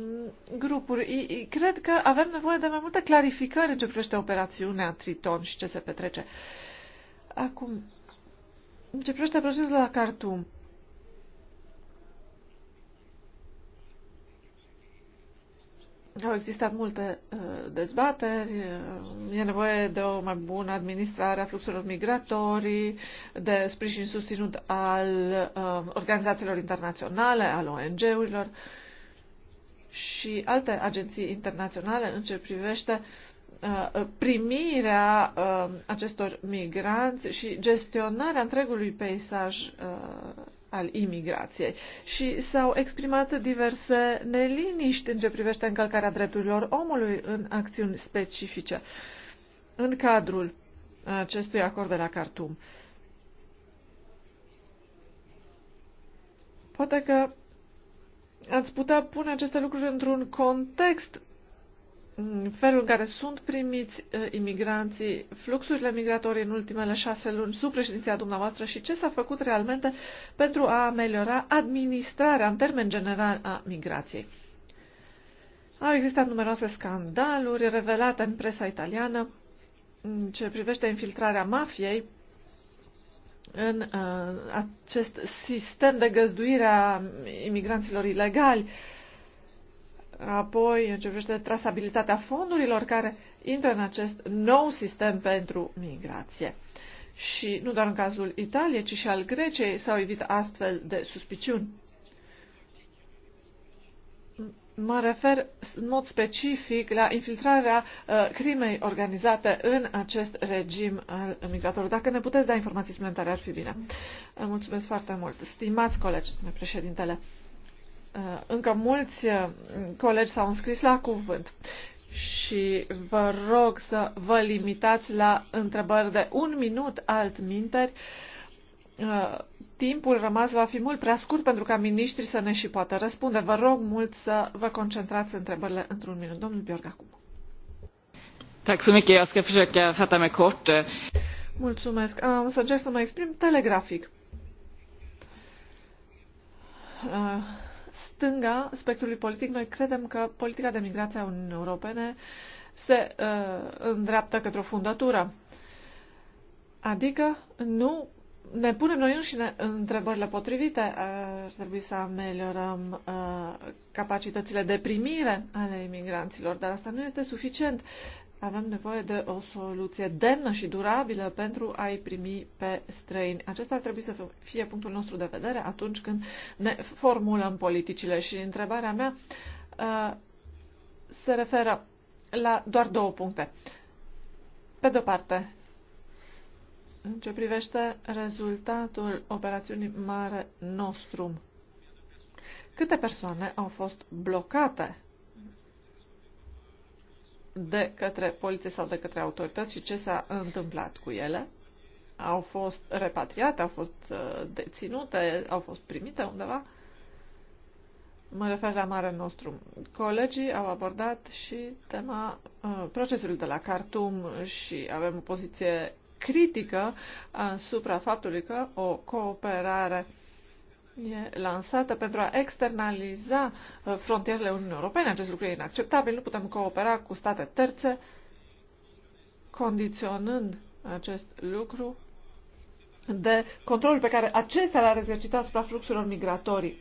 grupuri. Cred că avem nevoie de mai multe clarificări în ce privește operațiunea Triton și ce se petrece. Acum, ce privește procesul la Khartoum, Au existat multe uh, dezbateri, uh, e nevoie de o mai bună administrare a fluxurilor migratorii, de sprijin susținut al uh, organizațiilor internaționale, al ONG-urilor și alte agenții internaționale în ce privește uh, Uh, primirea uh, acestor migranți și gestionarea întregului peisaj uh, al imigrației. Și s-au exprimat diverse neliniști în ce privește încălcarea drepturilor omului în acțiuni specifice în cadrul acestui acord de la Cartum. Poate că ați putea pune aceste lucruri într-un context felul în care sunt primiți uh, imigranții, fluxurile migratorii în ultimele șase luni sub președinția dumneavoastră și ce s-a făcut realmente pentru a ameliora administrarea în termen general a migrației. Au existat numeroase scandaluri revelate în presa italiană ce privește infiltrarea mafiei în uh, acest sistem de găzduire a imigranților ilegali uh, Apoi, în ce privește trasabilitatea fondurilor care intră în acest nou sistem pentru migrație. Și nu doar în cazul Italiei, ci și al Greciei s-au evit astfel de suspiciuni. Mă refer în mod specific la infiltrarea uh, crimei organizate în acest regim al migratorilor. Dacă ne puteți da informații suplimentare, ar fi bine. Mulțumesc foarte mult. Stimați colegi, președintele. Uh, încă mulți uh, colegi s-au înscris la cuvânt și vă rog să vă limitați la întrebări de un minut Alt minteri. Uh, timpul rămas va fi mult prea scurt pentru ca miniștrii să ne și poată răspunde. Vă rog mult să vă concentrați întrebările într-un minut. Domnul Bjorg, acum. så mycket. Jag ska försöka fatta mig kort. Mulțumesc. Am să încerc să mă exprim telegrafic. Uh stânga spectrului politic, noi credem că politica de migrație a Uniunii Europene se uh, îndreaptă către o fundatură. Adică nu ne punem noi înșine întrebările potrivite. Ar trebui să ameliorăm uh, capacitățile de primire ale imigranților, dar asta nu este suficient. Avem nevoie de o soluție demnă și durabilă pentru a-i primi pe străini. Acesta ar trebui să fie punctul nostru de vedere atunci când ne formulăm politicile. Și întrebarea mea uh, se referă la doar două puncte. Pe de-o parte, în ce privește rezultatul operațiunii Mare Nostrum, câte persoane au fost blocate de către poliție sau de către autorități și ce s-a întâmplat cu ele. Au fost repatriate, au fost uh, deținute, au fost primite undeva. Mă refer la mare nostru. Colegii au abordat și tema uh, procesului de la Khartoum și avem o poziție critică asupra faptului că o cooperare uh, e lansată pentru a externaliza uh, frontierele Uniunii Europene. Acest lucru e inacceptabil. Nu putem coopera cu state terțe condiționând acest lucru de controlul pe care acestea l-ar exercita asupra fluxurilor migratorii.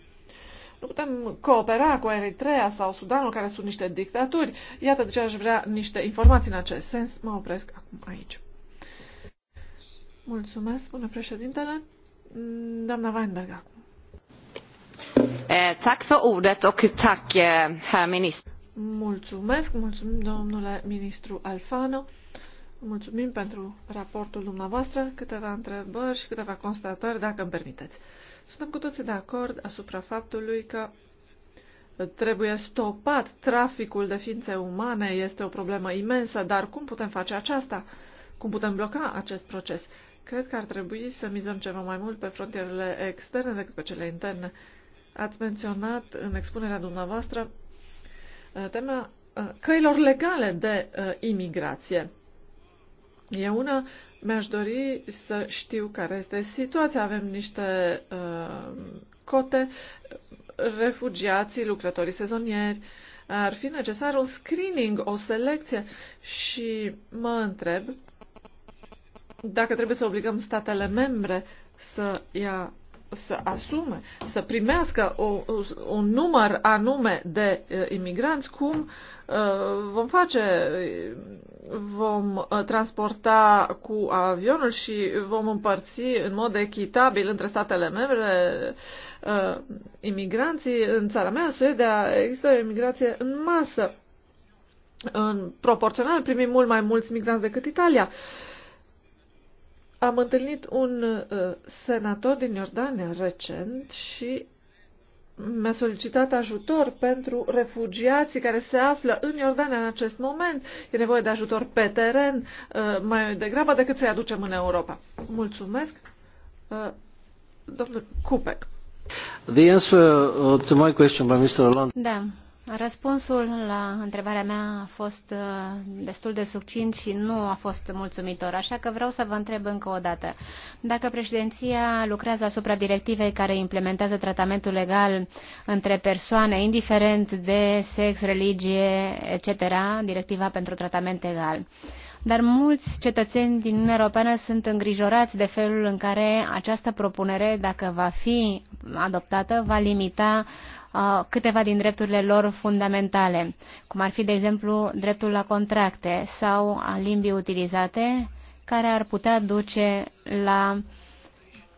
Nu putem coopera cu Eritrea sau Sudanul, care sunt niște dictaturi. Iată de ce aș vrea niște informații în acest sens. Mă opresc acum aici. Mulțumesc, spune președintele. Doamna Weinberg acum. Eh, eh, Mulțumesc, mulțumim domnule ministru Alfano. Mulțumim pentru raportul dumneavoastră, câteva întrebări și câteva constatări, dacă îmi permiteți. Suntem cu toții de acord asupra faptului că trebuie stopat traficul de ființe umane, este o problemă imensă, dar cum putem face aceasta? Cum putem bloca acest proces? Cred că ar trebui să mizăm ceva mai mult pe frontierele externe decât pe cele interne. Ați menționat în expunerea dumneavoastră uh, tema uh, căilor legale de uh, imigrație. E una, mi-aș dori să știu care este situația. Avem niște uh, cote, refugiații, lucrătorii sezonieri. Ar fi necesar un screening, o selecție și mă întreb dacă trebuie să obligăm statele membre să ia să asume, să primească o, un număr anume de uh, imigranți, cum uh, vom face? Vom uh, transporta cu avionul și vom împărți în mod echitabil între statele membre uh, imigranții. În țara mea, în Suedia, există o imigrație în masă. În proporțional primim mult mai mulți migranți decât Italia. Uh, am întâlnit un uh, senator din Iordania recent și mi-a solicitat ajutor pentru refugiații care se află în Iordania în acest moment. E nevoie de ajutor pe teren uh, mai degrabă decât să-i aducem în Europa. Mulțumesc. Uh, domnul Cupec. The answer to my question by Mr. Alon. Da. Răspunsul la întrebarea mea a fost uh, destul de succint și nu a fost mulțumitor, așa că vreau să vă întreb încă o dată. Dacă președinția lucrează asupra directivei care implementează tratamentul legal între persoane, indiferent de sex, religie, etc., directiva pentru tratament egal, dar mulți cetățeni din Uniunea Europeană sunt îngrijorați de felul în care această propunere, dacă va fi adoptată, va limita câteva din drepturile lor fundamentale, cum ar fi, de exemplu, dreptul la contracte sau a limbii utilizate, care ar putea duce la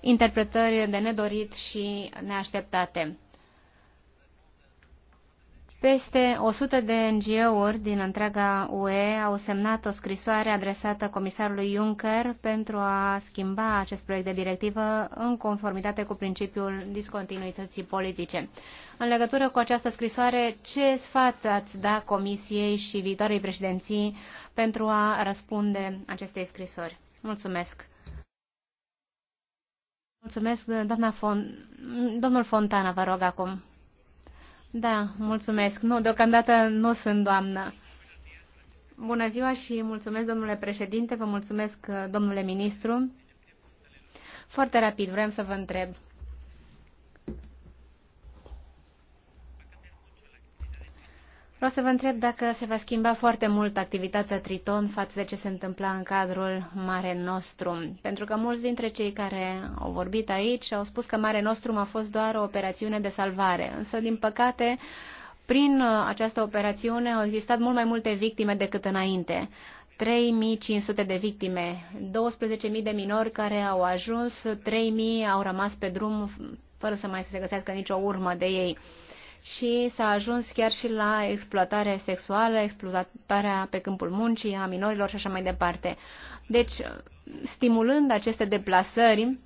interpretări de nedorit și neașteptate. Peste 100 de NGO-uri din întreaga UE au semnat o scrisoare adresată comisarului Juncker pentru a schimba acest proiect de directivă în conformitate cu principiul discontinuității politice. În legătură cu această scrisoare, ce sfat ați da Comisiei și viitoarei președinții pentru a răspunde acestei scrisori? Mulțumesc! Mulțumesc, doamna Fon... domnul Fontana, vă rog acum. Da, mulțumesc. Nu, deocamdată nu sunt doamnă. Bună ziua și mulțumesc, domnule președinte, vă mulțumesc, domnule ministru. Foarte rapid, vrem să vă întreb. Vreau să vă întreb dacă se va schimba foarte mult activitatea Triton față de ce se întâmpla în cadrul Mare Nostrum. Pentru că mulți dintre cei care au vorbit aici au spus că Mare Nostrum a fost doar o operațiune de salvare. Însă, din păcate, prin această operațiune au existat mult mai multe victime decât înainte. 3.500 de victime, 12.000 de minori care au ajuns, 3.000 au rămas pe drum fără să mai se găsească nicio urmă de ei și s-a ajuns chiar și la exploatare sexuală, exploatarea pe câmpul muncii, a minorilor și așa mai departe. Deci, stimulând aceste deplasări,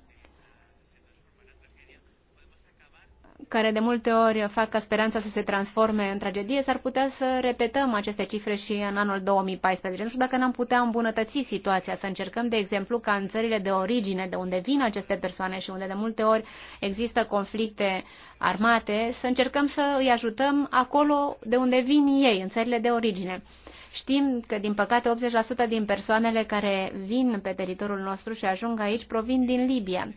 care de multe ori fac ca speranța să se transforme în tragedie, s-ar putea să repetăm aceste cifre și în anul 2014. Nu știu dacă n-am putea îmbunătăți situația, să încercăm, de exemplu, ca în țările de origine, de unde vin aceste persoane și unde de multe ori există conflicte armate, să încercăm să îi ajutăm acolo de unde vin ei, în țările de origine. Știm că, din păcate, 80% din persoanele care vin pe teritoriul nostru și ajung aici provin din Libia.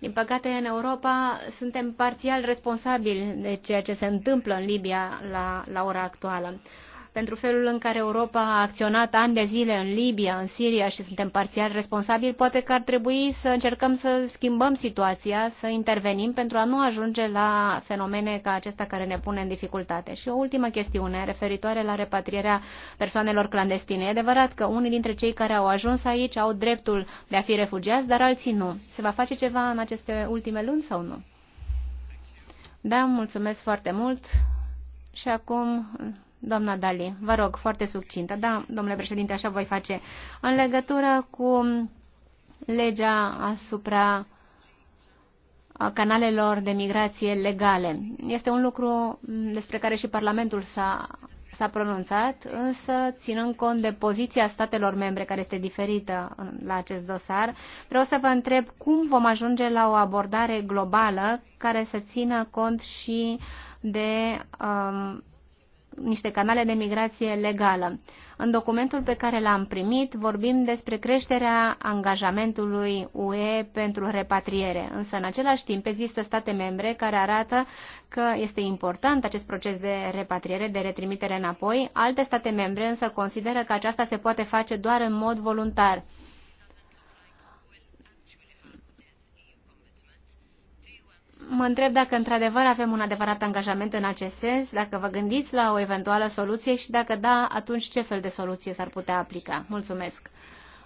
Din păcate, în Europa suntem parțial responsabili de ceea ce se întâmplă în Libia la, la ora actuală pentru felul în care Europa a acționat ani de zile în Libia, în Siria și suntem parțial responsabili, poate că ar trebui să încercăm să schimbăm situația, să intervenim pentru a nu ajunge la fenomene ca acesta care ne pune în dificultate. Și o ultimă chestiune referitoare la repatrierea persoanelor clandestine. E adevărat că unii dintre cei care au ajuns aici au dreptul de a fi refugiați, dar alții nu. Se va face ceva în aceste ultime luni sau nu? Da, mulțumesc foarte mult. Și acum Doamna Dali, vă rog, foarte succintă. Da, domnule președinte, așa voi face. În legătură cu legea asupra canalelor de migrație legale. Este un lucru despre care și Parlamentul s-a s-a pronunțat, însă ținând cont de poziția statelor membre care este diferită la acest dosar, vreau să vă întreb cum vom ajunge la o abordare globală care să țină cont și de um, niște canale de migrație legală. În documentul pe care l-am primit vorbim despre creșterea angajamentului UE pentru repatriere, însă în același timp există state membre care arată că este important acest proces de repatriere, de retrimitere înapoi, alte state membre însă consideră că aceasta se poate face doar în mod voluntar. mă întreb dacă într-adevăr avem un adevărat angajament în acest sens, dacă vă gândiți la o eventuală soluție și dacă da, atunci ce fel de soluție s-ar putea aplica. Mulțumesc!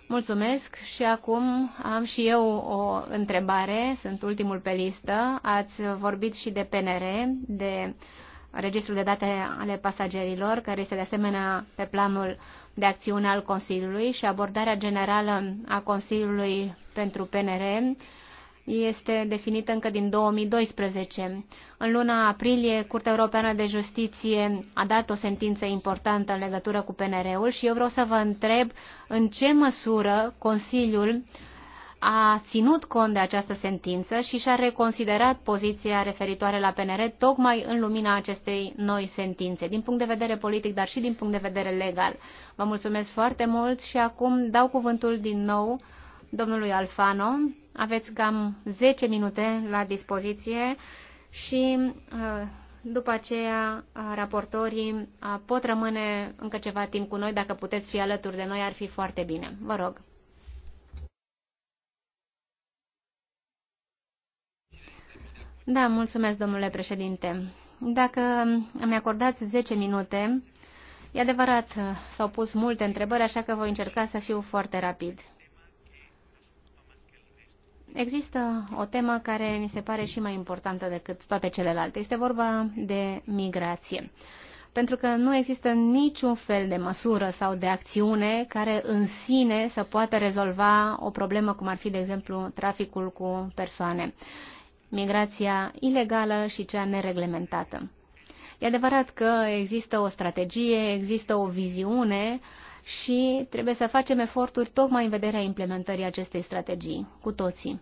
Mulțumesc și acum am și eu o întrebare, sunt ultimul pe listă. Ați vorbit și de PNR, de registrul de date ale pasagerilor, care este de asemenea pe planul de acțiune al Consiliului și abordarea generală a Consiliului pentru PNR este definită încă din 2012. În luna aprilie, Curtea Europeană de Justiție a dat o sentință importantă în legătură cu PNR-ul și eu vreau să vă întreb în ce măsură Consiliul a ținut cont de această sentință și și-a reconsiderat poziția referitoare la PNR tocmai în lumina acestei noi sentințe, din punct de vedere politic, dar și din punct de vedere legal. Vă mulțumesc foarte mult și acum dau cuvântul din nou domnului Alfano aveți cam 10 minute la dispoziție și uh, după aceea uh, raportorii uh, pot rămâne încă ceva timp cu noi. Dacă puteți fi alături de noi, ar fi foarte bine. Vă rog. Da, mulțumesc, domnule președinte. Dacă îmi acordați 10 minute, e adevărat, s-au pus multe întrebări, așa că voi încerca să fiu foarte rapid există o temă care mi se pare și mai importantă decât toate celelalte. Este vorba de migrație. Pentru că nu există niciun fel de măsură sau de acțiune care în sine să poată rezolva o problemă cum ar fi, de exemplu, traficul cu persoane, migrația ilegală și cea nereglementată. E adevărat că există o strategie, există o viziune uh, și trebuie să facem eforturi tocmai în vederea implementării acestei strategii, cu toții.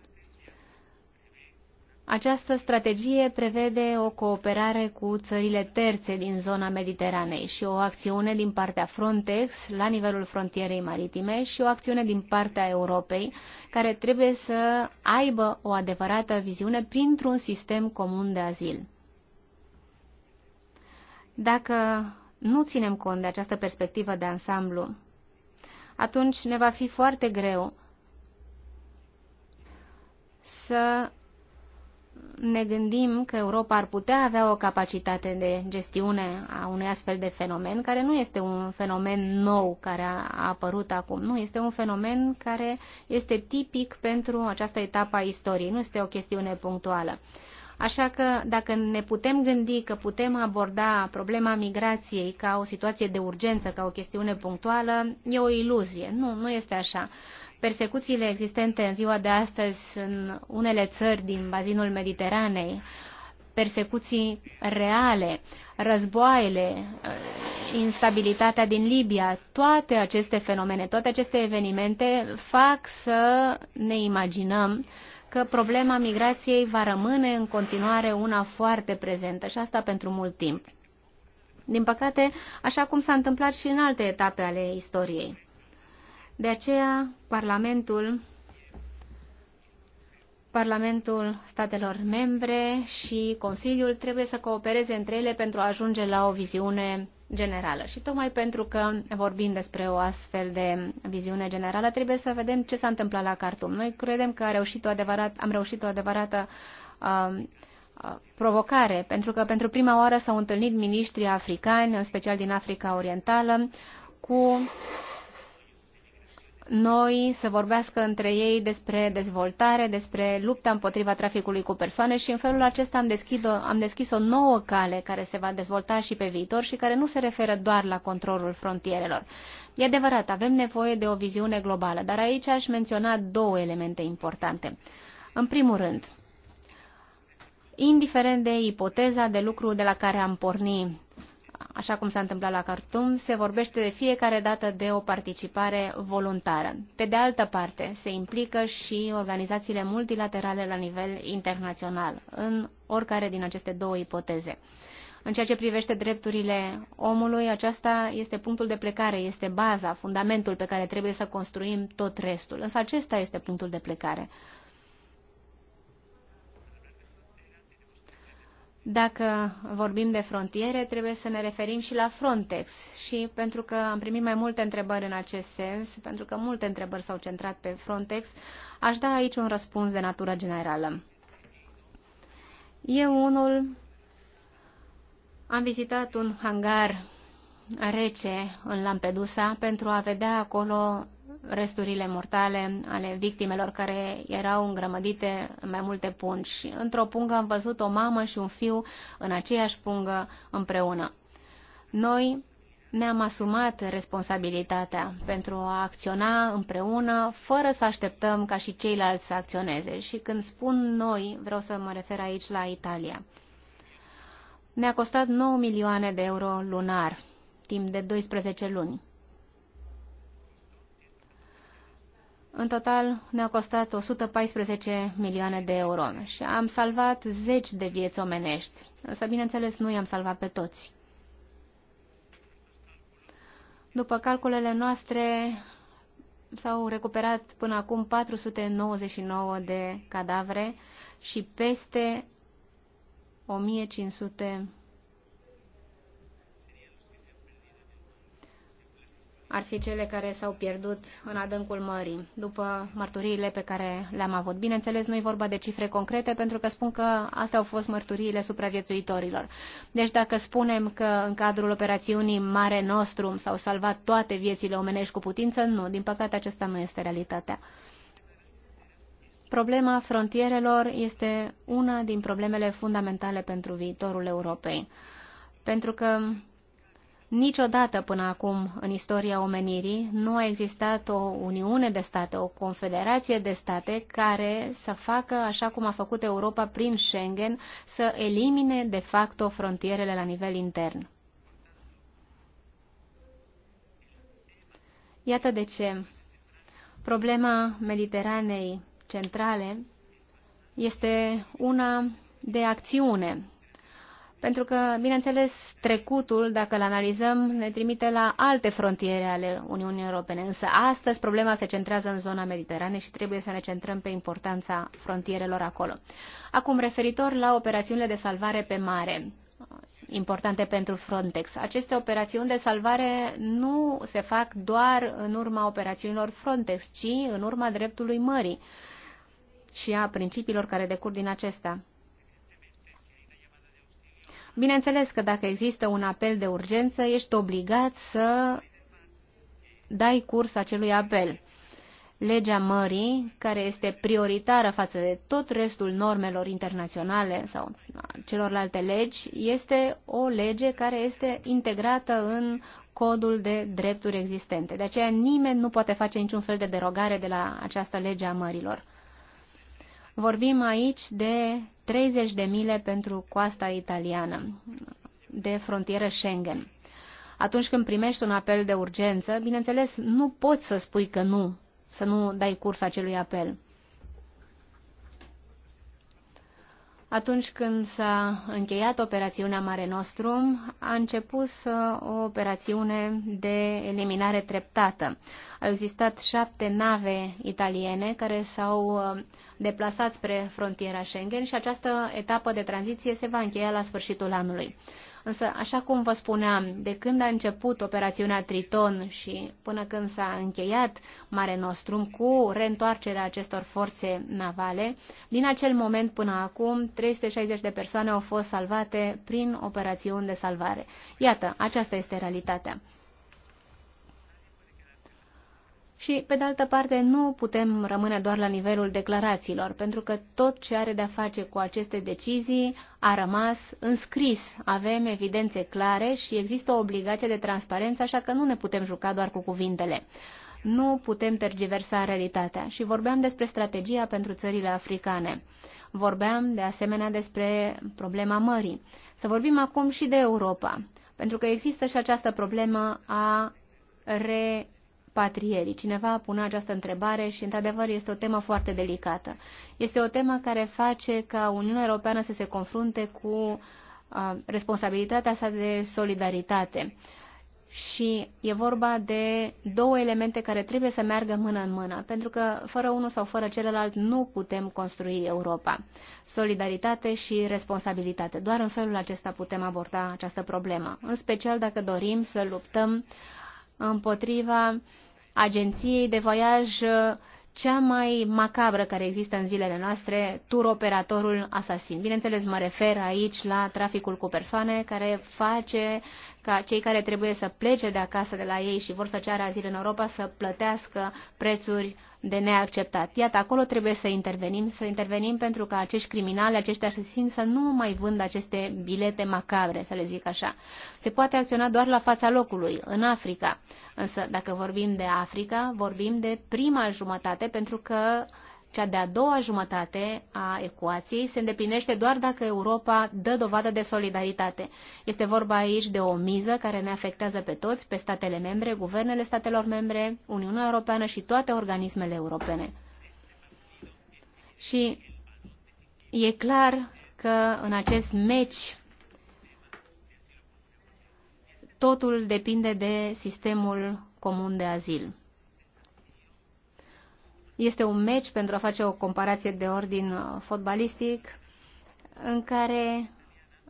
Această strategie prevede o cooperare cu țările terțe din zona Mediteranei și o acțiune din partea Frontex la nivelul frontierei maritime și o acțiune din partea Europei, care trebuie să aibă o adevărată viziune printr-un sistem comun de azil. Dacă nu ținem cont de această perspectivă de ansamblu, atunci ne va fi foarte greu să ne gândim că Europa ar putea avea o capacitate de gestiune a unui astfel de fenomen, care nu este un fenomen nou care a apărut acum, nu, este un fenomen care este tipic pentru această etapă a istoriei, nu este o chestiune punctuală. Așa că dacă ne putem gândi că putem aborda problema migrației ca o situație de urgență, ca o chestiune punctuală, e o iluzie. Nu, nu este așa. Persecuțiile existente în ziua de astăzi în unele țări din bazinul Mediteranei, persecuții reale, războaiele, eh, instabilitatea din Libia, toate aceste fenomene, toate aceste evenimente fac să ne imaginăm uh, că problema migrației va rămâne în continuare una foarte prezentă și asta pentru mult timp. Din păcate, așa cum s-a întâmplat și în alte etape ale istoriei. De aceea, Parlamentul Parlamentul statelor membre și Consiliul trebuie să coopereze între ele pentru a ajunge la o viziune generală. Și tocmai pentru că vorbim despre o astfel de viziune generală, trebuie să vedem ce s-a întâmplat la cartum. Noi credem că a reușit o adevărat, am reușit o adevărată uh, provocare, pentru că pentru prima oară s-au întâlnit miniștrii africani, în special din Africa Orientală, cu noi să vorbească între ei despre dezvoltare, despre lupta împotriva traficului cu persoane și în felul acesta am deschis, o, am deschis o nouă cale care se va dezvolta și pe viitor și care nu se referă doar la controlul frontierelor. E adevărat, avem nevoie de o viziune globală, dar aici aș menționa două elemente importante. În primul rând, indiferent de ipoteza de lucru de la care am pornit, așa cum s-a întâmplat la Khartoum, se vorbește de fiecare dată de o participare voluntară. Pe de altă parte, se implică și organizațiile multilaterale la nivel internațional, în oricare din aceste două ipoteze. În ceea ce privește drepturile omului, aceasta este punctul de plecare, este baza, fundamentul pe care trebuie să construim tot restul. Însă acesta este punctul de plecare. Dacă vorbim de frontiere, trebuie să ne referim și la Frontex și pentru că am primit mai multe întrebări în acest sens, pentru că multe întrebări s-au centrat pe Frontex, aș da aici un răspuns de natură generală. Eu unul am vizitat un hangar rece în Lampedusa pentru a vedea acolo resturile mortale ale victimelor care erau îngrămădite în mai multe pungi. Într-o pungă am văzut o mamă și un fiu în aceeași pungă împreună. Noi ne-am asumat responsabilitatea pentru a acționa împreună, fără să așteptăm ca și ceilalți să acționeze. Și când spun noi, vreau să mă refer aici la Italia. Ne-a costat 9 milioane de euro lunar, timp de 12 luni. În total ne-a costat 114 milioane de euro și am salvat zeci de vieți omenești, însă bineînțeles nu i-am salvat pe toți. După calculele noastre, s-au recuperat până acum 499 de cadavre și peste 1500 ar fi cele care s-au pierdut în adâncul mării, după mărturiile pe care le-am avut. Bineînțeles, nu e vorba de cifre concrete, pentru că spun că astea au fost mărturiile supraviețuitorilor. Deci dacă spunem că în cadrul operațiunii Mare Nostrum s-au salvat toate viețile omenești cu putință, nu, din păcate aceasta nu este realitatea. Problema frontierelor este una din problemele fundamentale pentru viitorul Europei. Pentru că Niciodată până acum în istoria omenirii nu a existat o uniune de state, o confederație de state care să facă, așa cum a făcut Europa prin Schengen, să elimine de facto frontierele la nivel intern. Iată de ce problema Mediteranei centrale este una de acțiune pentru că, bineînțeles, trecutul, dacă îl analizăm, ne trimite la alte frontiere ale Uniunii Europene. Însă astăzi problema se centrează în zona mediterane și trebuie să ne centrăm pe importanța frontierelor acolo. Acum, referitor la operațiunile de salvare pe mare importante pentru Frontex. Aceste operațiuni de salvare nu se fac doar în urma operațiunilor Frontex, ci în urma dreptului mării și a principiilor care decur din acesta. Bineînțeles că dacă există un apel de urgență, ești obligat să dai curs acelui apel. Legea mării, care este prioritară față de tot restul normelor internaționale sau celorlalte legi, este o lege care este integrată în codul de drepturi existente. De aceea nimeni nu poate face niciun fel de derogare de la această lege a mărilor. Vorbim aici de 30 de mile pentru coasta italiană de frontieră Schengen. Atunci când primești un apel de urgență, bineînțeles, nu poți să spui că nu, să nu dai curs acelui apel. Atunci când s-a încheiat operațiunea Mare Nostrum, a început o operațiune de eliminare treptată. Au existat șapte nave italiene care s-au uh, deplasat spre frontiera Schengen și această etapă de tranziție se va încheia la sfârșitul anului. Însă, așa cum vă spuneam, de când a început operațiunea Triton și până când s-a încheiat Mare Nostrum cu reîntoarcerea acestor forțe navale, din acel moment până acum, 360 de persoane au fost salvate prin operațiuni de salvare. Iată, aceasta este realitatea. Și, pe de altă parte, nu putem rămâne doar la nivelul declarațiilor, pentru că tot ce are de-a face cu aceste decizii a rămas înscris. Avem evidențe clare și există o obligație de transparență, așa că nu ne putem juca doar cu cuvintele. Nu putem tergiversa realitatea. Și vorbeam despre strategia pentru țările africane. Vorbeam, de asemenea, despre problema mării. Să vorbim acum și de Europa, pentru că există și această problemă a re patrierii. Cineva pune această întrebare și, într-adevăr, este o temă foarte delicată. Este o temă care face ca Uniunea Europeană să se confrunte cu uh, responsabilitatea sa de solidaritate. Și e vorba de două elemente care trebuie să meargă mână în mână, pentru că fără unul sau fără celălalt nu putem construi Europa. Solidaritate și responsabilitate. Doar în felul acesta putem aborda această problemă, în special dacă dorim să luptăm uh, împotriva agenției de voiaj cea mai macabră care există în zilele noastre, tur operatorul asasin. Bineînțeles, mă refer aici la traficul cu persoane care face ca cei care trebuie să plece de acasă de la ei și vor să ceară azil în Europa să plătească prețuri de neacceptat. Iată, acolo trebuie să intervenim, să intervenim pentru ca acești criminali, acești asasin, să nu mai vând aceste bilete macabre, să le zic așa. Se poate acționa doar la fața locului, în Africa. Însă, dacă vorbim de Africa, vorbim de prima jumătate, pentru că cea de-a doua jumătate a ecuației se îndeplinește doar dacă Europa dă dovadă de solidaritate. Este vorba aici de o miză care ne afectează pe toți, pe statele membre, guvernele statelor membre, Uniunea Europeană și toate organismele europene. Și e clar că în acest meci Totul depinde de sistemul comun de azil. Este un meci pentru a face o comparație de ordin uh, fotbalistic în care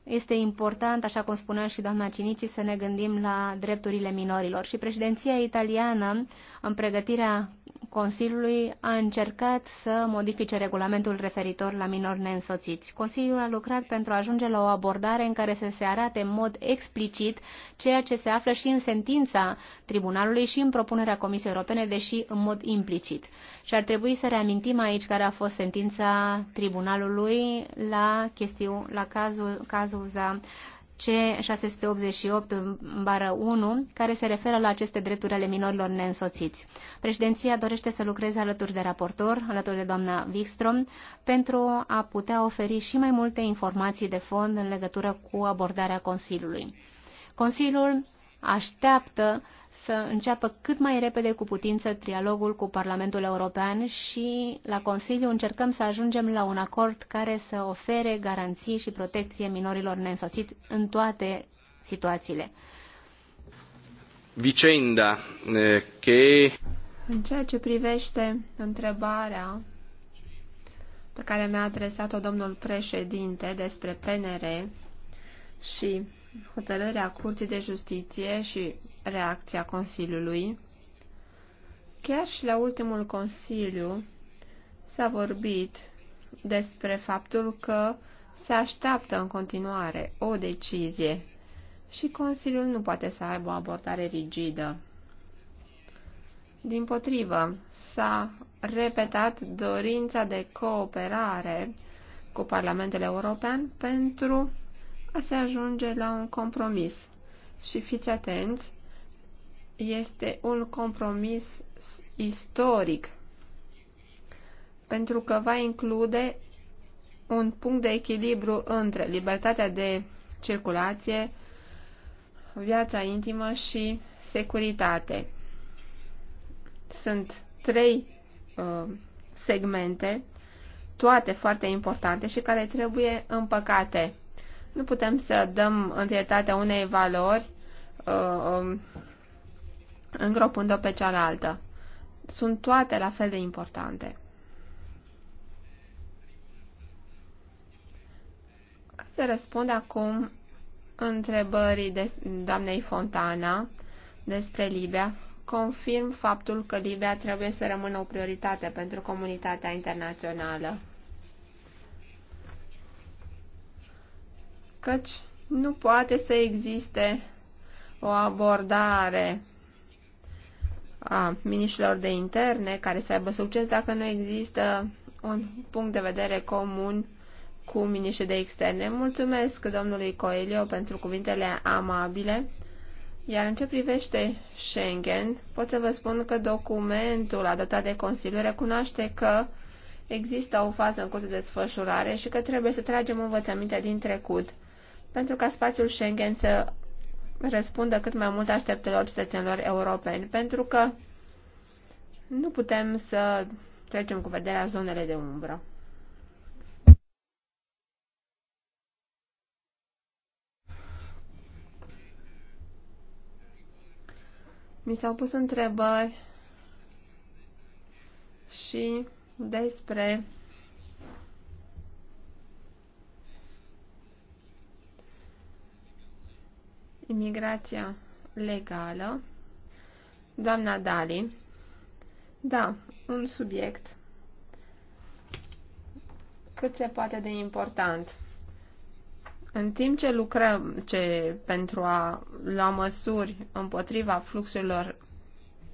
este important, așa cum spunea și doamna Cinici, să ne gândim la drepturile minorilor. Și președinția italiană, în pregătirea Consiliului a încercat să modifice regulamentul referitor la minori neînsoțiți. Consiliul a lucrat pentru a ajunge la o abordare în care să se arate în mod explicit ceea ce se află și în sentința Tribunalului și în propunerea Comisiei Europene, deși în mod implicit. Și ar trebui să reamintim aici care a fost sentința Tribunalului la, chestiu, la cazul, cazul za C688-1, care se referă la aceste drepturi ale minorilor neînsoțiți. Președinția dorește să lucreze alături de raportor, alături de doamna Wikström, pentru a putea oferi și mai multe informații de fond în legătură cu abordarea Consiliului. Consiliul așteaptă să înceapă cât mai repede cu putință trialogul cu Parlamentul European și la Consiliu încercăm să ajungem la un acord care să ofere garanții și protecție minorilor neînsoțiți în toate situațiile. Vicenda, eh, che... În ceea ce privește întrebarea pe care mi-a adresat-o domnul președinte despre PNR și hotărârea Curții de Justiție și reacția Consiliului. Chiar și la ultimul Consiliu s-a vorbit despre faptul că se așteaptă în continuare o decizie și Consiliul nu poate să aibă o abordare rigidă. Din potrivă, s-a repetat dorința de cooperare cu Parlamentul European pentru a se ajunge la un compromis. Și fiți atenți, este un compromis istoric, pentru că va include un punct de echilibru între libertatea de circulație, viața intimă și securitate. Sunt trei uh, segmente, toate foarte importante și care trebuie împăcate nu putem să dăm întâietate unei valori uh, um, îngropând-o pe cealaltă. Sunt toate la fel de importante. Ca să răspund acum întrebării de doamnei Fontana despre Libia, confirm faptul că Libia trebuie să rămână o prioritate pentru comunitatea internațională. căci nu poate să existe o abordare a miniștilor de interne care să aibă succes dacă nu există un punct de vedere comun cu miniștii de externe. Mulțumesc domnului Coelio pentru cuvintele amabile. Iar în ce privește Schengen, pot să vă spun că documentul adoptat de Consiliu recunoaște că există o fază în curs de desfășurare și că trebuie să tragem învățăminte din trecut pentru ca spațiul Schengen să răspundă cât mai mult așteptelor cetățenilor europeni, pentru că nu putem să trecem cu vederea zonele de umbră. Mi s-au pus întrebări și despre imigrația legală, doamna Dali. Da, un subiect cât se poate de important. În timp ce lucrăm ce, pentru a lua măsuri împotriva fluxurilor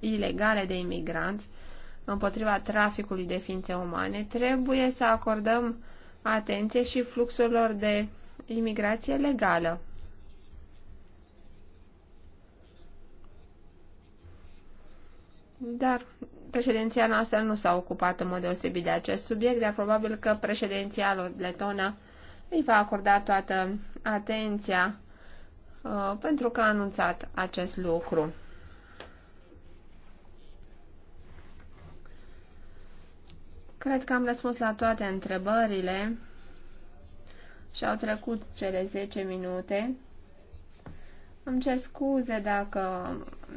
ilegale de imigranți, împotriva traficului de ființe umane, trebuie să acordăm atenție și fluxurilor de imigrație legală. Dar președinția noastră nu s-a ocupat în mod deosebit de acest subiect, dar probabil că președinția letona îi va acorda toată atenția uh, pentru că a anunțat acest lucru. Cred că am răspuns la toate întrebările și au trecut cele 10 minute. Îmi cer scuze dacă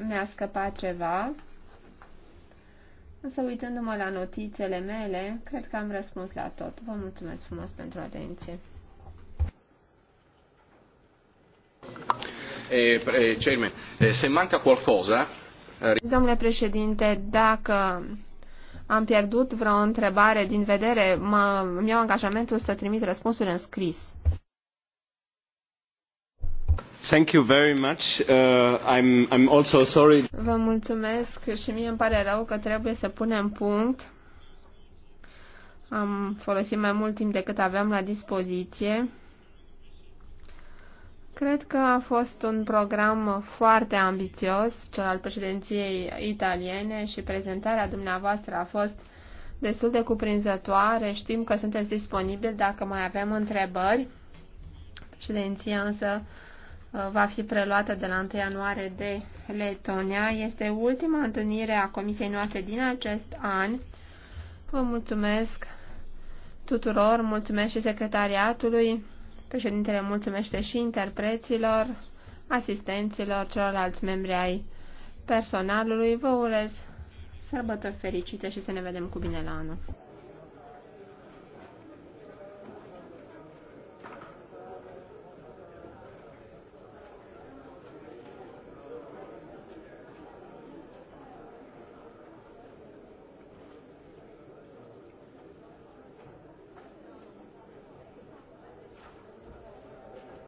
mi-a scăpat ceva. Însă, uitându-mă la notițele mele, cred că am răspuns la tot. Vă mulțumesc frumos pentru atenție. Eh, eh, eh, se manca qualcosa... Domnule președinte, dacă am pierdut vreo întrebare din vedere, mă, îmi iau angajamentul să trimit răspunsul în scris. Thank you very much. Uh, I'm, I'm also sorry. Vă mulțumesc și mie îmi pare rău că trebuie să punem punct. Am folosit mai mult timp decât aveam la dispoziție. Cred că a fost un program foarte ambițios, cel al președinției italiene și prezentarea dumneavoastră a fost destul de cuprinzătoare. Știm că sunteți disponibili dacă mai avem întrebări. Președinția însă va fi preluată de la 1 ianuarie de Letonia. Este ultima întâlnire a comisiei noastre din acest an. Vă mulțumesc tuturor, mulțumesc și secretariatului, președintele mulțumește și interpreților, asistenților, celorlalți membri ai personalului. Vă urez sărbători fericite și să ne vedem cu bine la anul.